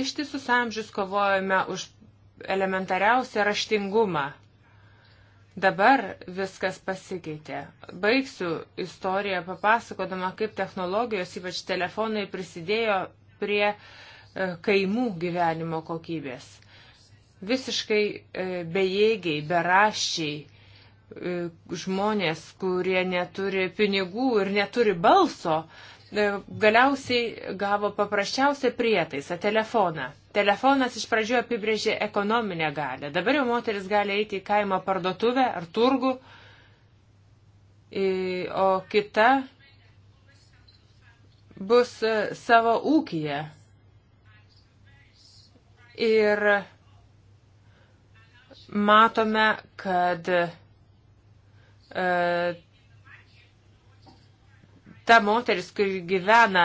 ištisus amžius kovojame už elementariausią raštingumą. Dabar viskas pasikeitė. Baigsiu istoriją papasakodama, kaip technologijos, ypač telefonai, prisidėjo prie e, kaimų gyvenimo kokybės. Visiškai e, bejėgiai, beraščiai e, žmonės, kurie neturi pinigų ir neturi balso, E, galiausiai gavo paprasčiausią prietaisą - telefoną. Telefonas iš pradžių apibrėžė ekonominę galę. Dabar jau moteris gali eiti į kaimo parduotuvę ar turgų, e, o kita bus e, savo ūkija. Ir matome, kad e, ta moteris, kuri gyvena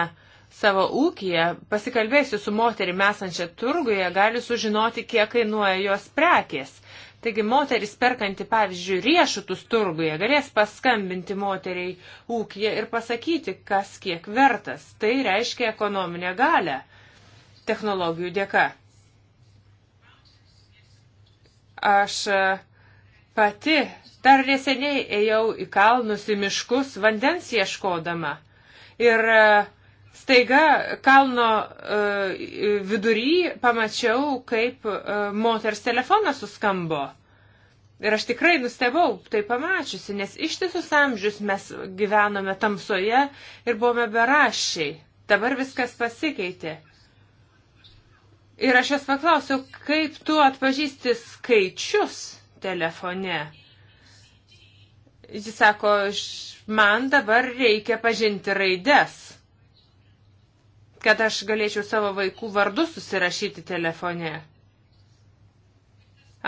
savo ūkiją, pasikalbėsiu su moterimi esančia turguje, gali sužinoti, kiek kainuoja jos prekės. Taigi moteris perkanti, pavyzdžiui, riešutus turguje galės paskambinti moteriai ūkiją ir pasakyti, kas kiek vertas. Tai reiškia ekonominę galę technologijų dėka. Aš Pati dar neseniai ėjau į kalnus, į miškus, vandens ieškodama. Ir e, staiga kalno e, vidury pamačiau, kaip e, moters telefonas suskambo. Ir aš tikrai nustebau tai pamačiusi, nes ištisus amžius mes gyvenome tamsoje ir buvome beraščiai. Dabar viskas pasikeitė. Ir aš jos paklausiau, kaip tu atpažįsti skaičius telefone. Jis sako, man dabar reikia pažinti raides, kad aš galėčiau savo vaikų vardus susirašyti telefone.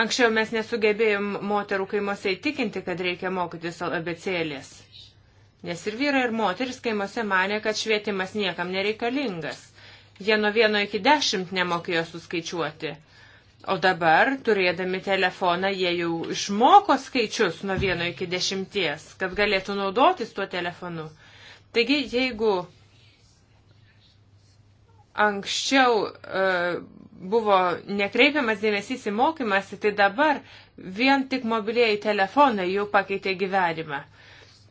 Anksčiau mes nesugebėjom moterų kaimuose įtikinti, kad reikia mokytis abecėlės. Nes ir vyrai, ir moteris kaimuose mane, kad švietimas niekam nereikalingas. Jie nuo vieno iki dešimt nemokėjo suskaičiuoti. O dabar, turėdami telefoną, jie jau išmoko skaičius nuo vieno iki dešimties, kad galėtų naudotis tuo telefonu. Taigi, jeigu anksčiau e, buvo nekreipiamas dėmesys į mokymąsi, tai dabar vien tik mobilieji telefonai jau pakeitė gyvenimą.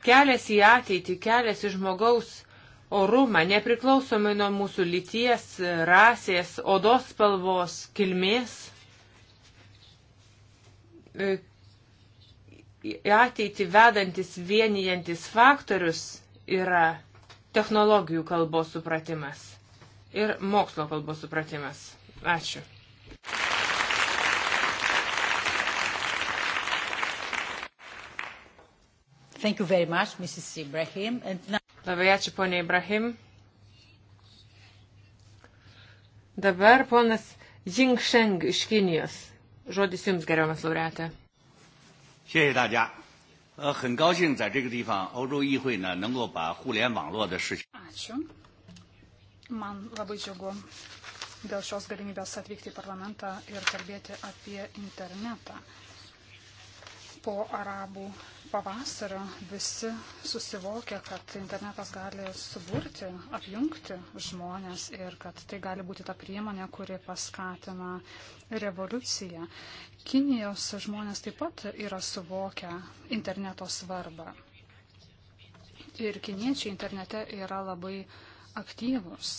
Kelias į ateitį, kelias į žmogaus orumą, nepriklausomai nuo mūsų lyties, rasės, odos spalvos, kilmės E, į ateitį vedantis vienijantis faktorius yra technologijų kalbos supratimas ir mokslo kalbos supratimas. Ačiū. Thank you very much, Mrs. Ibrahim. And now... Labai ačiū, ponė Ibrahim. Dabar ponas Jingšeng iš Kinijos. Žodis Jums, gerbiamas laureatė. Šėja dadžia. 呃，很高兴在这个地方，欧洲议会呢能够把互联网络的事情。Ačiū. Man labai džiugu dėl šios galimybės atvykti į parlamentą ir kalbėti apie internetą po arabų pavasario visi susivokia, kad internetas gali suburti, apjungti žmonės ir kad tai gali būti ta priemonė, kuri paskatina revoliuciją. Kinijos žmonės taip pat yra suvokę interneto svarbą. Ir kiniečiai internete yra labai aktyvus.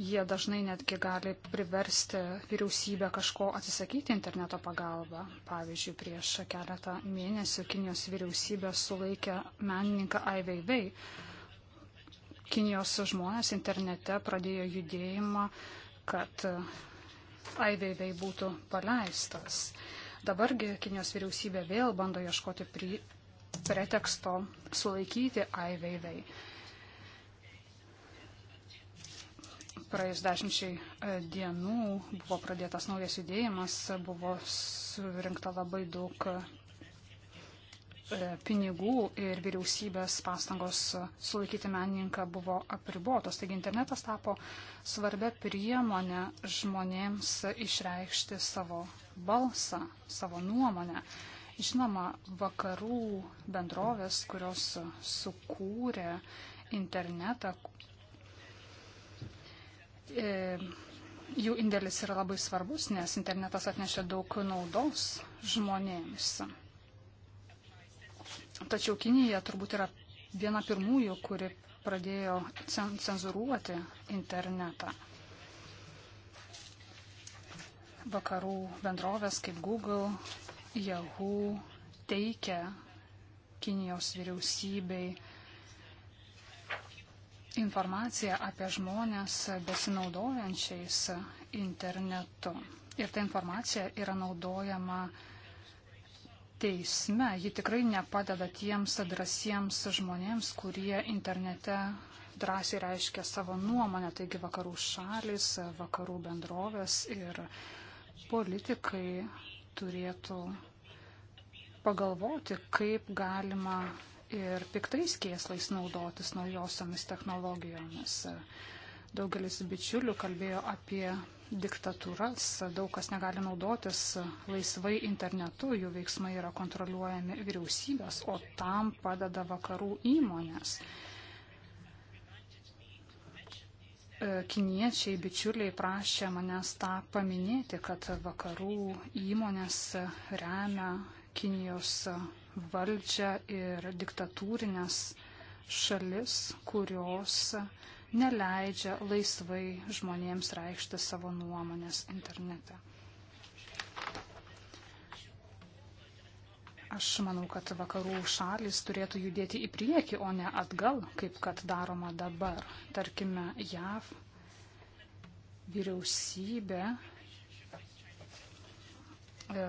Jie dažnai netgi gali priversti vyriausybę kažko atsisakyti interneto pagalba. Pavyzdžiui, prieš keletą mėnesių Kinijos vyriausybė sulaikė menininką Ai Weiwei. Kinijos žmonės internete pradėjo judėjimą, kad Ai Weiwei būtų paleistas. Dabargi Kinijos vyriausybė vėl bando ieškoti pri... preteksto sulaikyti Ai Weiwei. praėjus dešimčiai e, dienų buvo pradėtas naujas judėjimas, buvo surinkta labai daug e, pinigų ir vyriausybės pastangos sulaikyti menininką buvo apribotos. Taigi internetas tapo svarbia priemonė žmonėms išreikšti savo balsą, savo nuomonę. Žinoma, vakarų bendrovės, kurios sukūrė internetą, E, jų indėlis yra labai svarbus, nes internetas atnešė daug naudos žmonėms. Tačiau Kinija turbūt yra viena pirmųjų, kuri pradėjo cen cenzuruoti internetą. Vakarų bendrovės kaip Google, Yahoo teikia Kinijos vyriausybei informaciją apie žmonės besinaudojančiais internetu. Ir ta informacija yra naudojama teisme. Ji tikrai nepadeda tiems drąsiems žmonėms, kurie internete drąsiai reiškia savo nuomonę. Taigi vakarų šalis, vakarų bendrovės ir politikai turėtų pagalvoti, kaip galima ir piktais kėslais naudotis naujosiamis technologijomis. Daugelis bičiulių kalbėjo apie diktatūras, daug kas negali naudotis laisvai internetu, jų veiksmai yra kontroliuojami vyriausybės, o tam padeda vakarų įmonės. E, kiniečiai bičiuliai prašė manęs tą paminėti, kad vakarų įmonės remia Kinijos valdžią ir diktatūrinės šalis, kurios neleidžia laisvai žmonėms reikšti savo nuomonės internete. Aš manau, kad vakarų šalis turėtų judėti į priekį, o ne atgal, kaip kad daroma dabar. Tarkime, JAV vyriausybė e,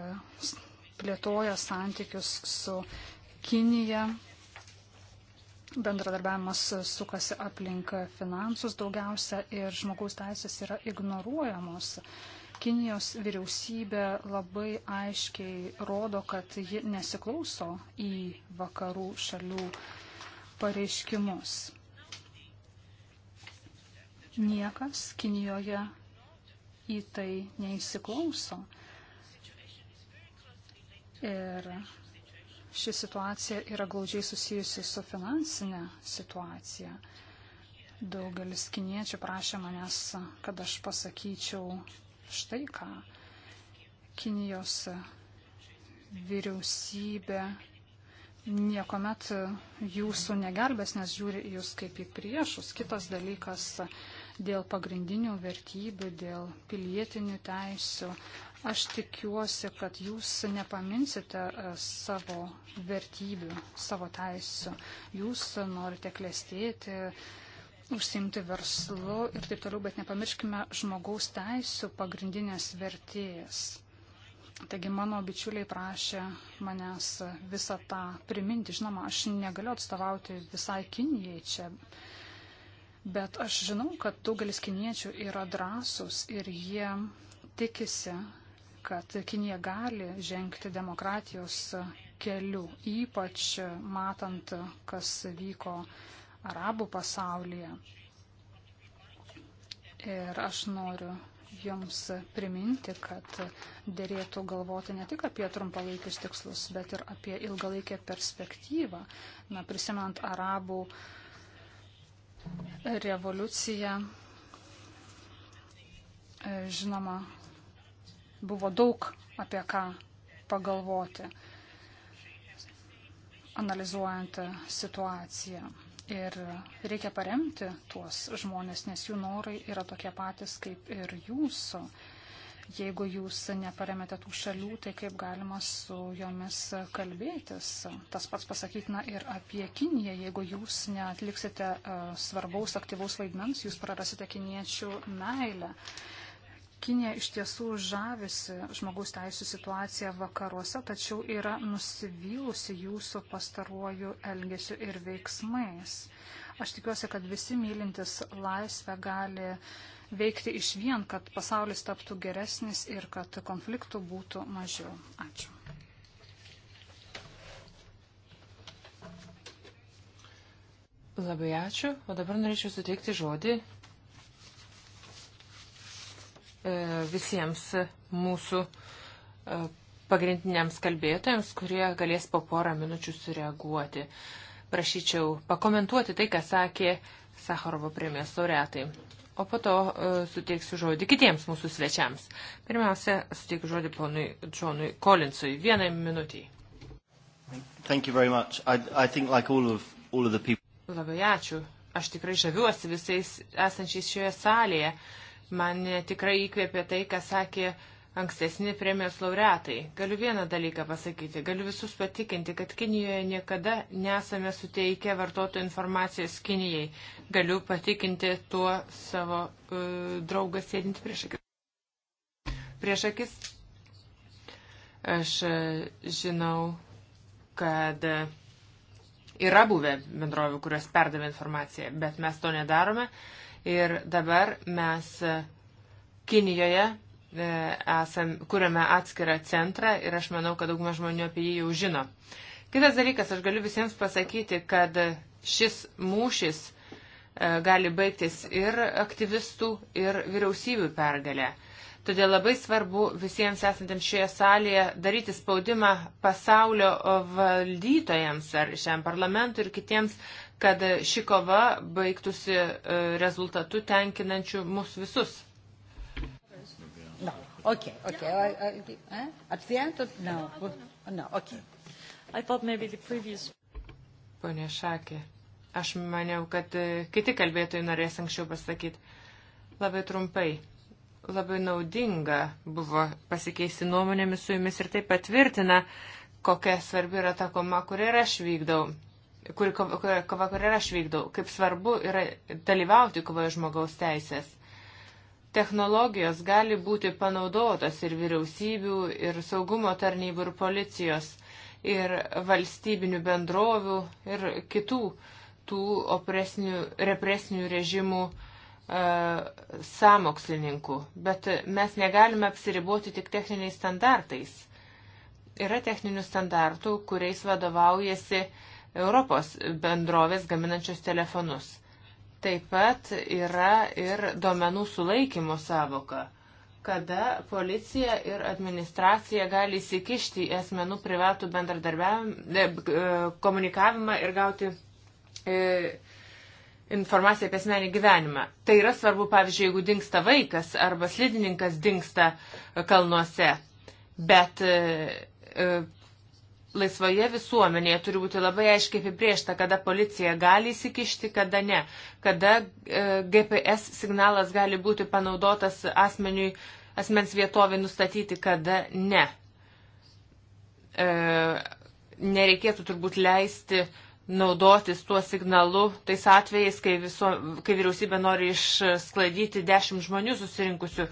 plėtoja santykius su Kinija. Bendradarbiavimas sukasi aplink finansus daugiausia ir žmogaus teisės yra ignoruojamos. Kinijos vyriausybė labai aiškiai rodo, kad ji nesiklauso į vakarų šalių pareiškimus. Niekas Kinijoje į tai neįsiklauso. Ir ši situacija yra glaudžiai susijusi su finansinė situacija. Daugelis kiniečių prašė manęs, kad aš pasakyčiau štai ką. Kinijos vyriausybė niekuomet jūsų negelbės, nes žiūri jūs kaip į priešus. Kitas dalykas dėl pagrindinių vertybių, dėl pilietinių teisių. Aš tikiuosi, kad jūs nepaminsite e, savo vertybių, savo teisų. Jūs norite klėstėti, užsimti verslu ir taip toliau, bet nepamirškime žmogaus teisų pagrindinės vertėjas. Taigi mano bičiuliai prašė manęs visą tą priminti. Žinoma, aš negaliu atstovauti visai Kinijai čia. Bet aš žinau, kad daugelis kiniečių yra drąsūs ir jie tikisi, kad Kinija gali žengti demokratijos keliu, ypač matant, kas vyko arabų pasaulyje. Ir aš noriu Jums priminti, kad dėrėtų galvoti ne tik apie trumpalaikius tikslus, bet ir apie ilgalaikę perspektyvą. Na, prisimant arabų revoliuciją, žinoma, Buvo daug apie ką pagalvoti, analizuojant situaciją. Ir reikia paremti tuos žmonės, nes jų norai yra tokie patys kaip ir jūsų. Jeigu jūs neparemėte tų šalių, tai kaip galima su jomis kalbėtis. Tas pats pasakytina ir apie Kiniją. Jeigu jūs netliksite e, svarbaus aktyvaus vaidmens, jūs prarasite kiniečių meilę. Kinė iš tiesų žavisi žmogaus teisų situacija vakaruose, tačiau yra nusivylusi jūsų pastaruoju elgesiu ir veiksmais. Aš tikiuosi, kad visi mylintis laisvę gali veikti iš vien, kad pasaulis taptų geresnis ir kad konfliktų būtų mažiau. Ačiū. Labai ačiū. O dabar norėčiau suteikti žodį E, visiems mūsų e, pagrindiniams kalbėtojams, kurie galės po porą minučių sureaguoti. Prašyčiau pakomentuoti tai, ką sakė Sakarovo premijos laureatai. O po to uh, suteiksiu žodį kitiems mūsų svečiams. Pirmiausia, suteikiu žodį ponui Džonui Collinsui. Vienai minutiai. Like all of, all of people... Labai ačiū. Aš tikrai žaviuosi visais esančiais šioje salėje. Uh, Man tikrai įkvėpė tai, ką sakė ankstesni premijos laureatai. Galiu vieną dalyką pasakyti, galiu visus patikinti, kad Kinijoje niekada nesame suteikę vartotojų informacijos Kinijai. Galiu patikinti tuo savo uh, draugą sėdinti prieš akis. Prieš akis aš uh, žinau, kad uh, yra buvę bendrovių, kurios perdavė informaciją, bet mes to nedarome. Uh, Ir dabar mes e, Kinijoje e, esam, kuriame atskirą centrą ir aš manau, kad dauguma žmonių apie jį jau žino. Kitas dalykas, aš galiu visiems pasakyti, kad šis mūšis e, gali baigtis ir aktyvistų, ir vyriausybių pergalė. Todėl labai svarbu visiems esantiems šioje salėje daryti spaudimą pasaulio valdytojams ar šiam parlamentui ir kitiems kad ši kova baigtųsi e, rezultatu tenkinančiu mus visus. No. Okay, okay. No. I, I, eh? At the end, no. No, okay. I thought maybe the previous. Pone Šakė, aš maniau, kad e, kiti kalbėtojai norės anksčiau pasakyti. Labai trumpai. Labai naudinga buvo pasikeisti nuomonėmis su jumis ir tai patvirtina, kokia svarbi yra ta koma, kurią ir aš vykdau kuri, kova, kurią aš vykdau, kaip svarbu yra dalyvauti kovoje žmogaus teisės. Technologijos gali būti panaudotos ir vyriausybių, ir saugumo tarnybų, ir policijos, ir valstybinių bendrovių, ir kitų tų opresnių, represinių režimų e, samokslininkų. Bet mes negalime apsiriboti tik techniniais standartais. Yra techninių standartų, kuriais vadovaujasi e, Europos bendrovės gaminančios telefonus. Taip pat yra ir duomenų sulaikymo savoka, kada policija ir administracija gali įsikišti į asmenų privatų bendradarbiavimą, e, komunikavimą ir gauti e, informaciją apie asmenį gyvenimą. Tai yra svarbu, pavyzdžiui, jeigu dinksta vaikas arba slidininkas dinksta kalnuose. Bet e, laisvoje visuomenėje turi būti labai aiškiai apibriešta, kada policija gali įsikišti, kada ne, kada e, GPS signalas gali būti panaudotas asmeniui, asmens vietovį nustatyti, kada ne. E, nereikėtų turbūt leisti naudotis tuo signalu tais atvejais, kai, viso, kai vyriausybė nori išsklaidyti dešimt žmonių susirinkusių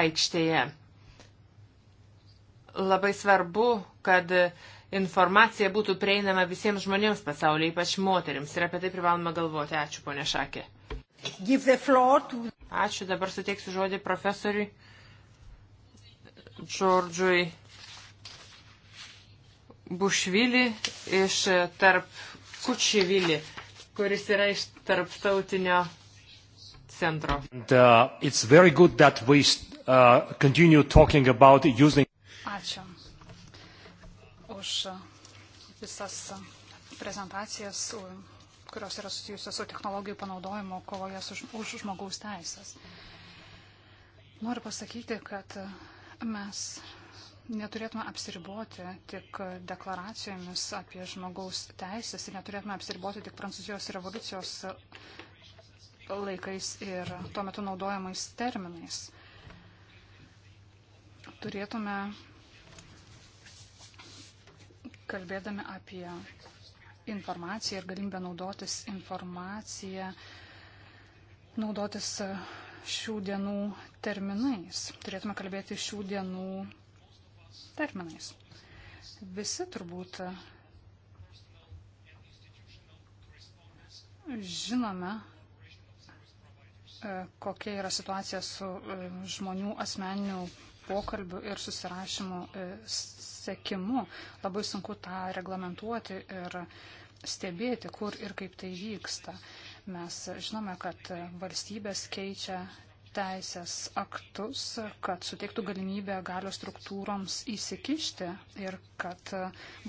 aikštėje. Labai svarbu, kad informacija būtų prieinama visiems žmonėms pasaulyje, ypač moteriams. Ir apie tai privaloma galvoti. Ačiū, ponė Šakė. To... Ačiū, dabar suteiksiu žodį profesoriui Džordžui Bušvili iš e, tarp Kučivili, kuris yra iš tarptautinio centro. And, uh, uh Ačiū už visas prezentacijas, kurios yra susijusios su technologijų panaudojimu kovoje už žmogaus teisės. Noriu pasakyti, kad mes neturėtume apsiriboti tik deklaracijomis apie žmogaus teisės ir neturėtume apsiriboti tik Prancūzijos revoliucijos laikais ir tuo metu naudojamais terminais. Turėtume kalbėdami apie informaciją ir galimybę naudotis informaciją, naudotis e, šių dienų terminais. Turėtume kalbėti šių dienų terminais. Visi turbūt e, žinome, e, kokia yra situacija su žmonių asmeniniu pokalbiu ir susirašymu sekimu. Labai sunku tą reglamentuoti ir stebėti, kur ir kaip tai vyksta. Mes žinome, kad valstybės keičia teisės aktus, kad suteiktų galimybę galios struktūroms įsikišti ir kad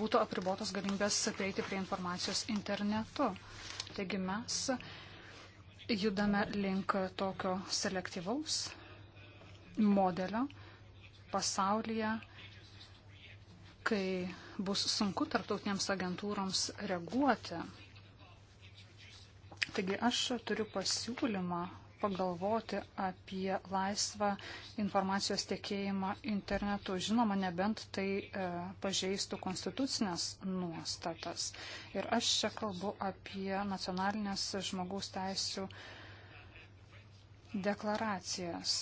būtų apribotos galimybės prieiti prie informacijos internetu. Taigi mes judame link tokio selektyvaus modelio pasaulyje kai bus sunku tarptautiniams agentūroms reaguoti. Taigi aš turiu pasiūlymą pagalvoti apie laisvą informacijos tiekėjimą internetu. Žinoma, nebent tai e, pažeistų konstitucinės nuostatas. Ir aš čia kalbu apie nacionalinės žmogaus teisų deklaracijas,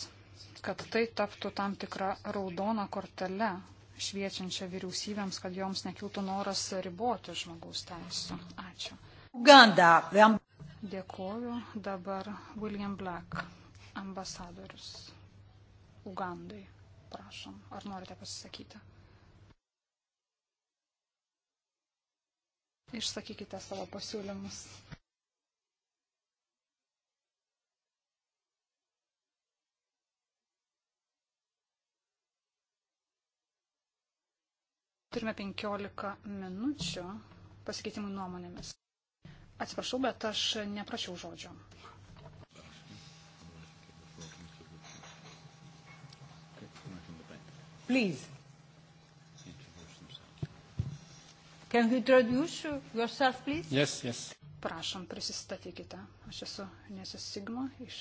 kad tai taptų tam tikrą raudoną kortelę šviečiančią vyriausybėms, kad joms nekiltų noras riboti žmogaus teisų. Ačiū. Uganda. Dėkoju. Dabar William Black, ambasadorius Ugandai. Prašom, ar norite pasisakyti? Išsakykite savo pasiūlymus. Turime 15 minučių pasikeitimų nuomonėmis. Atsiprašau, bet aš neprašiau žodžio. Please. Can you introduce yourself, please? Yes, yes. Prašom, prisistatykite. Aš esu Nesis Sigma iš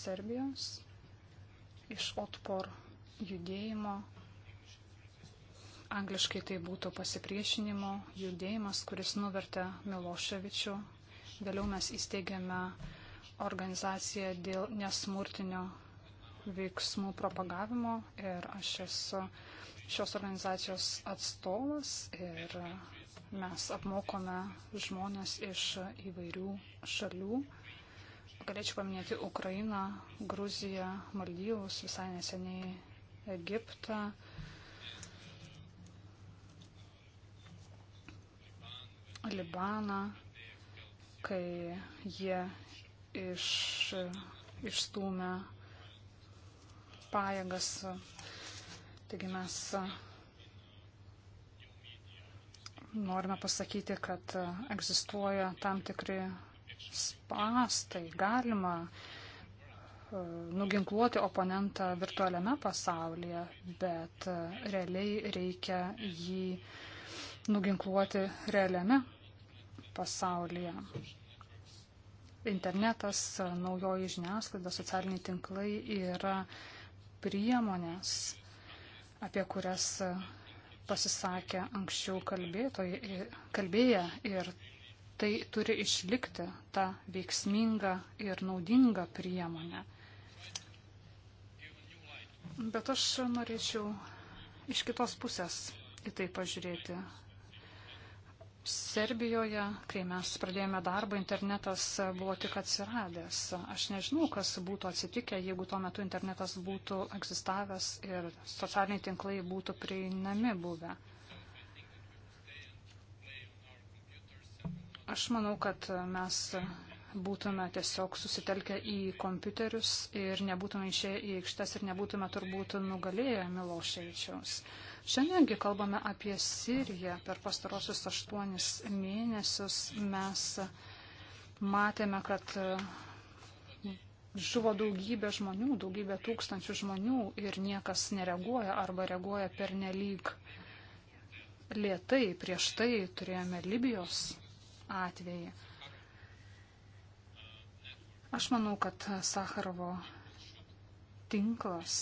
Serbijos, iš Otpor judėjimo Angliškai tai būtų pasipriešinimo judėjimas, kuris nuvertė Miloševičių. Vėliau mes įsteigėme organizaciją dėl nesmurtinio veiksmų propagavimo ir aš esu šios organizacijos atstovas ir mes apmokome žmonės iš įvairių šalių. Galėčiau paminėti Ukrainą, Gruziją, Maldyvus, visai neseniai Egiptą, Libaną, kai jie iš, išstūmė pajėgas. Taigi mes norime pasakyti, kad egzistuoja tam tikri spastai. Galima e, nuginkluoti oponentą virtualiame pasaulyje, bet e, realiai reikia jį uh, nuginkluoti realiame pasaulyje. Internetas, naujoji žiniasklaida, socialiniai tinklai yra priemonės, apie kurias pasisakė anksčiau kalbėję ir tai turi išlikti tą veiksmingą ir naudingą priemonę. Bet aš norėčiau iš kitos pusės į tai pažiūrėti. Serbijoje, kai mes pradėjome darbą, internetas buvo tik atsiradęs. Aš nežinau, kas būtų atsitikę, jeigu tuo metu internetas būtų egzistavęs ir socialiniai tinklai būtų prieinami buvę. Aš manau, kad mes būtume tiesiog susitelkę į kompiuterius ir nebūtume išėję į aikštes ir nebūtume turbūt nugalėję Miloševičiaus. Uh, Šiandiengi kalbame apie Siriją. Per pastarosius aštuonis mėnesius mes matėme, kad žuvo daugybė žmonių, daugybė tūkstančių žmonių ir niekas nereaguoja arba reaguoja per nelyg lietai. Prieš tai turėjome Libijos atvejį. Aš manau, kad Sakarovo tinklas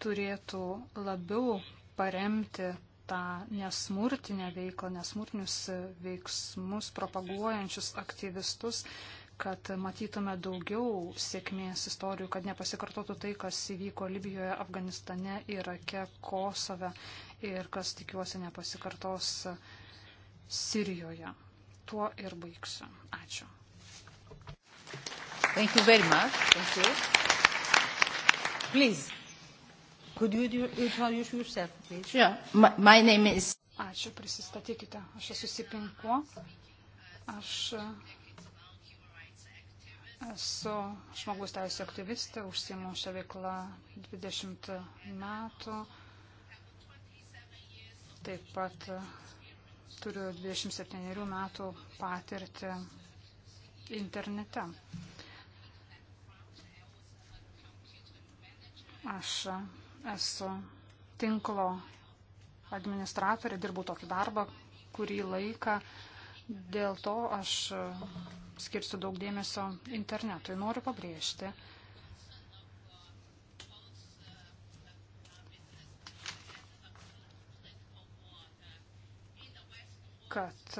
turėtų labiau paremti tą nesmurtinę veiklą, nesmurtinius veiksmus propaguojančius aktyvistus, kad matytume daugiau sėkmės istorijų, kad nepasikartotų tai, kas įvyko Libijoje, Afganistane, Irake, Kosove ir kas tikiuosi nepasikartos Sirijoje. Tuo ir baigsiu. Ačiū. Thank you very much. Thank you. Please. Could you do, introduce yourself, please? Sure. My, my name is... Ačiū, prisistatykite. Aš esu Sipinko. Aš e, esu žmogus teisų aktyvistė, užsiimu šią veiklą 20 metų. Taip pat e, turiu 27 metų patirtį internete. Aš Esu tinklo administratorė, dirbau tokį darbą kurį laiką. Dėl to aš skirsiu daug dėmesio internetui. Noriu pabrėžti, kad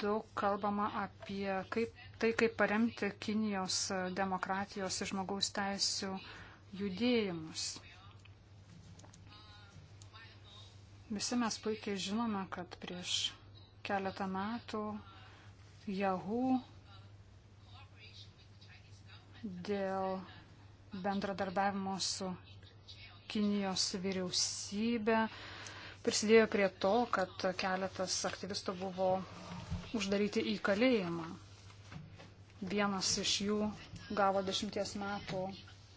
daug kalbama apie kaip tai, kaip paremti Kinijos demokratijos ir žmogaus teisų judėjimus. Visi mes puikiai žinome, kad prieš keletą metų Yahoo dėl bendradarbiavimo su Kinijos vyriausybė prisidėjo prie to, kad keletas aktyvistų buvo uždaryti į kalėjimą. Vienas iš jų gavo dešimties metų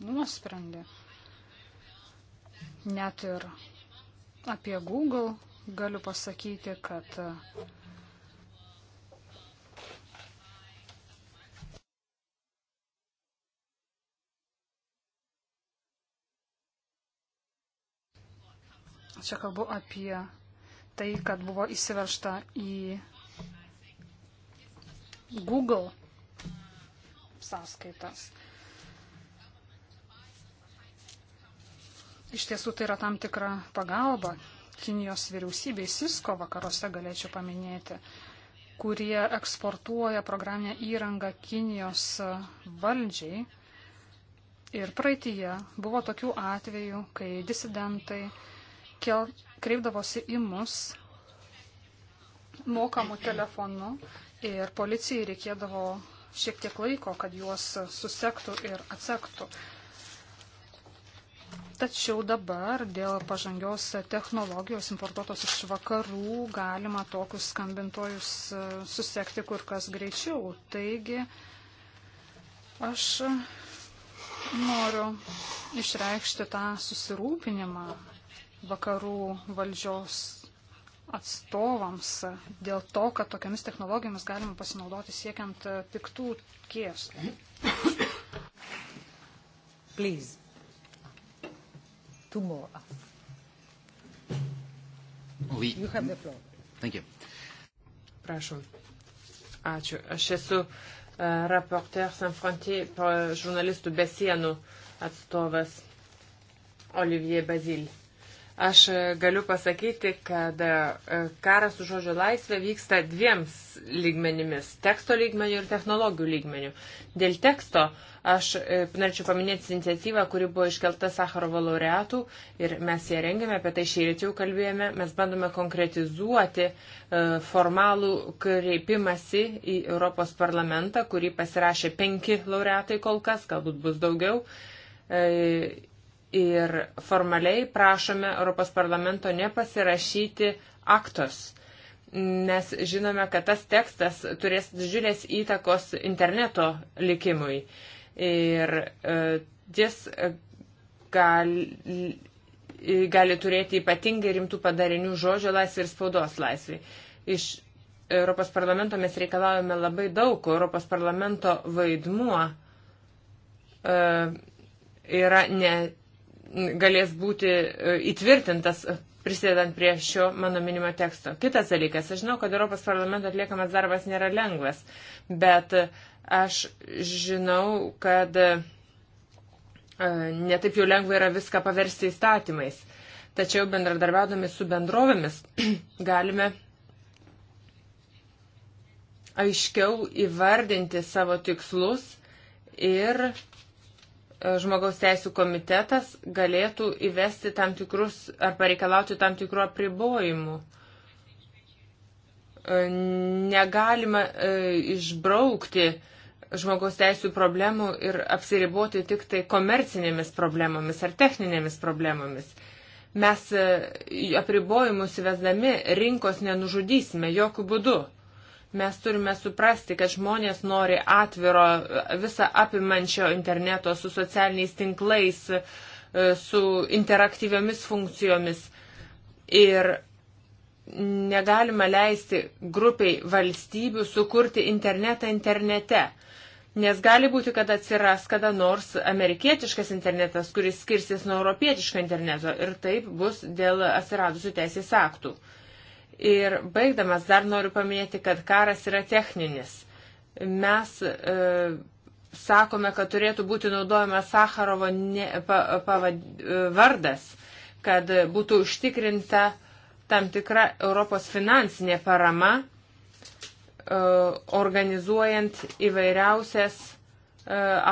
nuosprendį. Net ir apie Google galiu pasakyti, kad čia kalbu apie tai, kad buvo įsiveršta į Google sąskaitas. Iš tiesų tai yra tam tikra pagalba Kinijos vyriausybei, Sisko vakaruose galėčiau paminėti, kurie eksportuoja programinę įrangą Kinijos valdžiai. Ir praeitie buvo tokių atvejų, kai disidentai kel, kreipdavosi į mus mokamų telefonu ir policijai reikėdavo šiek tiek laiko, kad juos susektų ir atsektų. Tačiau dabar dėl pažangios technologijos importuotos iš vakarų galima tokius skambintojus e, susekti kur kas greičiau. Taigi aš noriu išreikšti tą susirūpinimą vakarų valdžios atstovams dėl to, kad tokiamis technologijomis galima pasinaudoti siekiant e, piktų kės. Please. Two more. Oui. You have the floor. Thank you. Prašom. Ačiū. Aš esu uh, Rapporteur Sans Frontier, žurnalistų be sienų atstovas Olivier Bazil. Uh, Aš e, galiu pasakyti, kad e, karas už žodžio laisvę vyksta dviems lygmenimis - teksto lygmenių ir technologijų lygmenių. Dėl teksto aš e, norėčiau paminėti iniciatyvą, kuri buvo iškelta Sakarovo laureatų ir mes ją rengėme, apie tai šįryt jau kalbėjome. Mes bandome konkretizuoti formalų kreipimąsi į Europos parlamentą, kurį pasirašė penki laureatai kol kas, galbūt bus daugiau ir formaliai prašome Europos parlamento nepasirašyti aktos. Mes žinome, kad tas tekstas turės didžiulės įtakos interneto likimui. Ir e, jis e, gali, e, gali turėti ypatingai rimtų padarinių žodžio laisvė ir spaudos laisvė. Iš Europos parlamento mes reikalavome labai daug. Europos parlamento vaidmuo e, yra ne galės būti e, įtvirtintas e, prisidedant prie šio mano minimo teksto. Kitas dalykas, aš žinau, kad Europos parlamento atliekamas darbas nėra lengvas, bet e, aš žinau, kad netaip jau lengva yra viską paversti įstatymais. Tačiau bendradarbiaudami su bendrovėmis galime aiškiau įvardinti savo tikslus ir E, žmogaus teisų komitetas galėtų įvesti tam tikrus ar pareikalauti tam tikrų apribojimų. E, negalima e, išbraukti žmogaus teisų problemų ir apsiriboti tik tai komercinėmis problemomis ar techninėmis problemomis. Mes apribojimus įvesdami rinkos nenužudysime jokių būdų Mes turime suprasti, kad žmonės nori atviro, visą apimančio interneto su socialiniais tinklais, e, su interaktyviomis funkcijomis. Ir negalima leisti grupiai valstybių sukurti internetą internete. Nes gali būti, kad atsiras kada nors amerikietiškas internetas, kuris skirsis nuo europietiško interneto ir taip bus dėl atsiradusių teisės aktų. Ir baigdamas dar noriu paminėti, kad karas yra techninis. Mes e, sakome, kad turėtų būti naudojamas Sakarovo ne, pa, pa, e, vardas, kad būtų užtikrinta tam tikra Europos finansinė parama e, organizuojant įvairiausias e,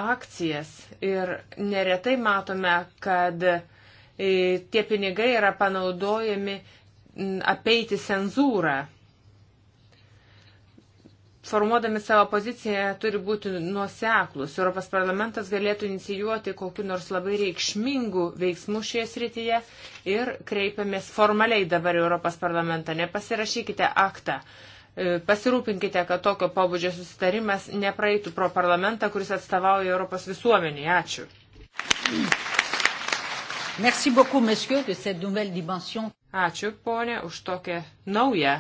akcijas. Ir neretai matome, kad e, tie pinigai yra panaudojami apeiti cenzūrą. Formuodami savo poziciją turi būti nuoseklus. Europos parlamentas galėtų inicijuoti kokiu nors labai reikšmingu veiksmu šioje srityje ir kreipiamės formaliai dabar Europos parlamentą. Nepasirašykite aktą e, pasirūpinkite, kad tokio pobūdžio susitarimas nepraeitų pro parlamentą, kuris atstovauja Europos visuomenį. Ačiū. Merci beaucoup, monsieur, de cette nouvelle dimension. Ačiū, ponė, už tokią naują,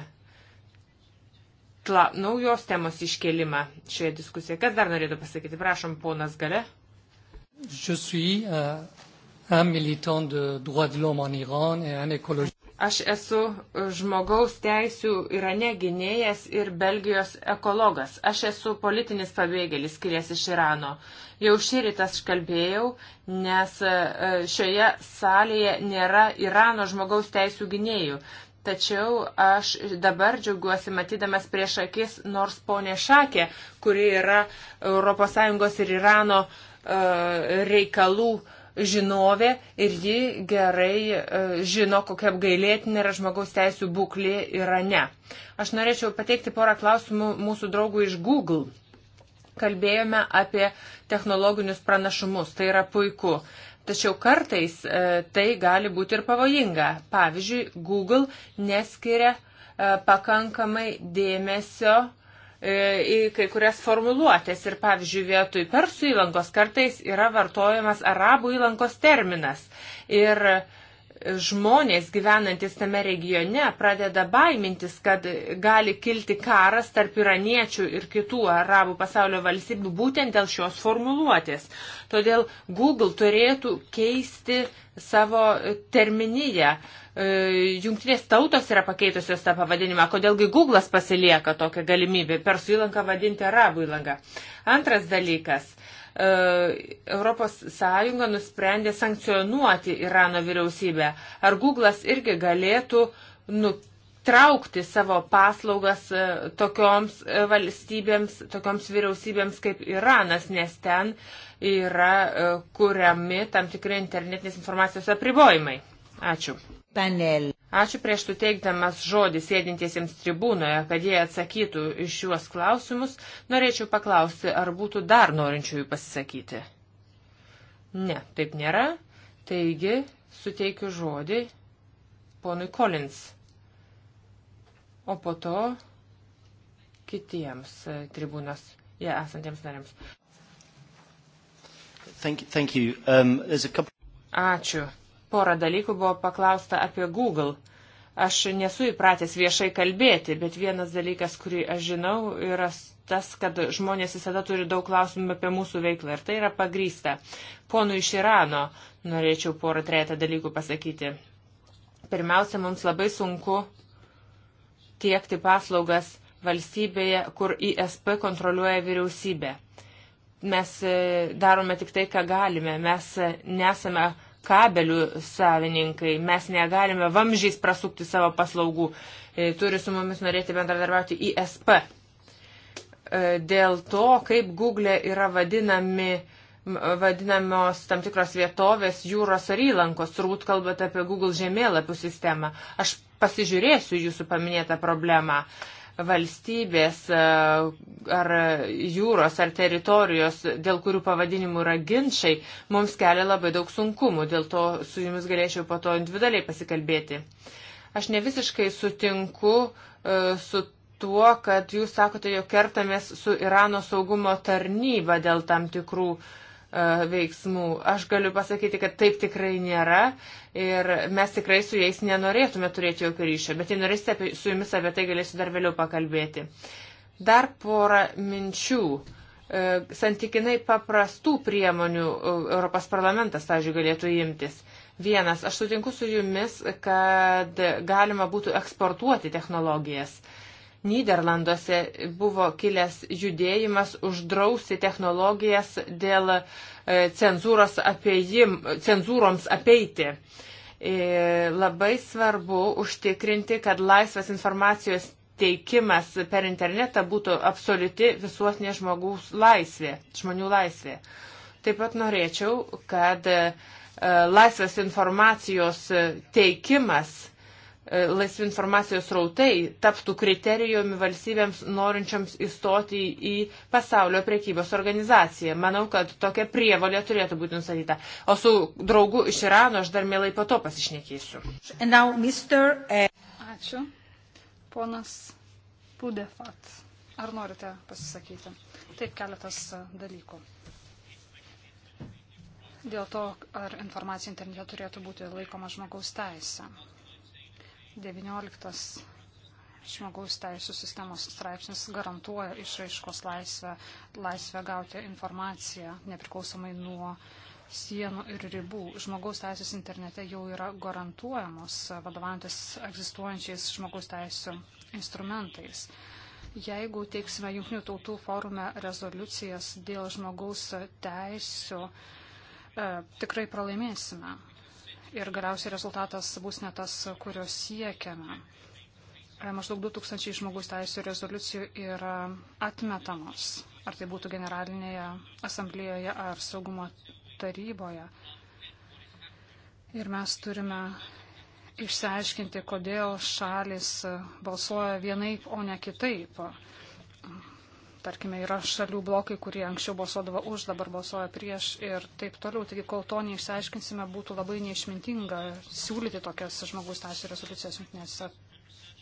tla, naujos temos iškelimą šioje diskusijoje. Kas dar norėtų pasakyti? Prašom, ponas Gale. Suis, uh, Aš esu žmogaus teisų Irane gynėjas ir Belgijos ekologas. Aš esu politinis pabėgėlis, kilęs iš Irano. Uh, Jau šį rytą aš kalbėjau, nes e, šioje salėje nėra Irano žmogaus teisų gynėjų. Tačiau aš dabar džiaugiuosi matydamas prieš akis nors ponė Šakė, kuri yra ES ir Irano e, reikalų žinovė ir ji gerai e, žino, kokia apgailėtinė yra žmogaus teisų būklė Irane. Aš norėčiau pateikti porą klausimų mūsų draugų iš Google kalbėjome apie technologinius pranašumus, tai yra puiku. Tačiau kartais e, tai gali būti ir pavojinga. Pavyzdžiui, Google neskiria e, pakankamai dėmesio e, į kai kurias formuluotės ir pavyzdžiui vietoj persų įlankos kartais yra vartojamas arabų įlankos terminas. Ir uh, žmonės gyvenantis tame regione pradeda baimintis, kad gali kilti karas tarp iraniečių ir kitų arabų pasaulio valstybių būtent dėl šios formuluotės. Todėl Google turėtų keisti savo terminiją. E, jungtinės tautos yra pakeitusios tą pavadinimą, kodėlgi Google'as pasilieka tokią galimybę per suilanką vadinti arabų įlangą. Antras dalykas. Uh, ES nusprendė sankcionuoti Irano vyriausybę. Ar Google'as irgi galėtų nutraukti savo paslaugas e, tokioms e, valstybėms, tokioms vyriausybėms kaip Iranas, nes ten yra e, kuriami tam tikri internetinės informacijos apribojimai? Ačiū. Panel. Ačiū prieš suteikdamas žodį sėdintiesiems tribūnoje, kad jie atsakytų iš juos klausimus. Norėčiau paklausti, ar būtų dar norinčiųjų pasisakyti. Ne, taip nėra. Taigi, suteikiu žodį ponui Collins. O po to kitiems e, tribūnos, jie ja, esantiems nariams. Thank you, thank you. Um, couple... Ačiū porą dalykų buvo paklausta apie Google. Aš nesu įpratęs viešai kalbėti, bet vienas dalykas, kurį aš žinau, yra tas, kad žmonės visada turi daug klausimų apie mūsų veiklą ir tai yra pagrysta. Ponų iš Irano norėčiau porą trejata dalykų pasakyti. Pirmiausia, mums labai sunku tiekti paslaugas valstybėje, kur ISP kontroliuoja vyriausybė. Mes e, darome tik tai, ką galime. Mes e, nesame kabelių savininkai, mes negalime vamžiais prasukti savo paslaugų, e, turi su mumis norėti bendradarbiauti ISP. E, dėl to, kaip Google yra vadinami, vadinamos tam tikros vietovės jūros ar įlankos, turbūt kalbate apie Google žemėlapių sistemą. Aš pasižiūrėsiu jūsų paminėtą problemą. Uh, valstybės e, ar jūros ar teritorijos, dėl kurių pavadinimų yra ginčiai, mums kelia labai daug sunkumų, dėl to su jumis galėčiau po to individualiai pasikalbėti. Aš ne visiškai sutinku e, su tuo, kad jūs sakote, jog kertamės su Irano saugumo tarnyba dėl tam tikrų uh, E, veiksmų. Aš galiu pasakyti, kad taip tikrai nėra ir mes tikrai su jais nenorėtume turėti jokio ryšio, bet jei norėsite apie, su jumis apie tai galėsiu dar vėliau pakalbėti. Dar porą minčių. E, santykinai paprastų priemonių e, Europos parlamentas, pavyzdžiui, galėtų imtis. Vienas, aš sutinku su jumis, kad galima būtų eksportuoti technologijas. Uh, Niderlanduose buvo kilęs judėjimas uždrausti technologijas dėl e, cenzūros apiejim, cenzūroms apeiti. E, labai svarbu užtikrinti, kad laisvas informacijos teikimas per internetą būtų absoliuti visuotinė žmogaus laisvė, žmonių laisvė. Taip pat norėčiau, kad e, laisvas informacijos teikimas E, laisvi informacijos rautai taptų kriterijumi valstybėms norinčiams įstoti į pasaulio priekybos organizaciją. Manau, kad tokia prievalė turėtų būti nusatyta. O su draugu iš Irano aš dar mielai po to pasišnekėsiu. Now, Mr. E, Ačiū. Ponas Pudefat. Ar norite pasisakyti? Taip, keletas dalykų. Dėl to, ar informacija internete turėtų būti laikoma žmogaus teisė. 19 žmogaus teisų sistemos straipsnis garantuoja išraiškos laisvę, laisvę gauti informaciją nepriklausomai nuo sienų ir ribų. Žmogaus teisės internete jau yra garantuojamos vadovantis egzistuojančiais žmogaus teisų instrumentais. Jeigu teiksime Junktinių tautų forume rezoliucijas dėl žmogaus teisų, e, tikrai pralaimėsime ir galiausiai rezultatas bus ne tas, kurio siekiame. E, maždaug 2000 žmogus teisų rezoliucijų yra atmetamos, ar tai būtų generalinėje asamblėjoje ar saugumo taryboje. Ir mes turime išsiaiškinti, kodėl šalis balsuoja vienaip, o ne kitaip. Tarkime, yra šalių blokai, kurie anksčiau balsuodavo už, dabar balsuoja prieš ir taip toliau. Taigi, kol to neišsiaiškinsime, būtų labai neišmintinga siūlyti tokias žmogus teisų rezoliucijas jungtinėse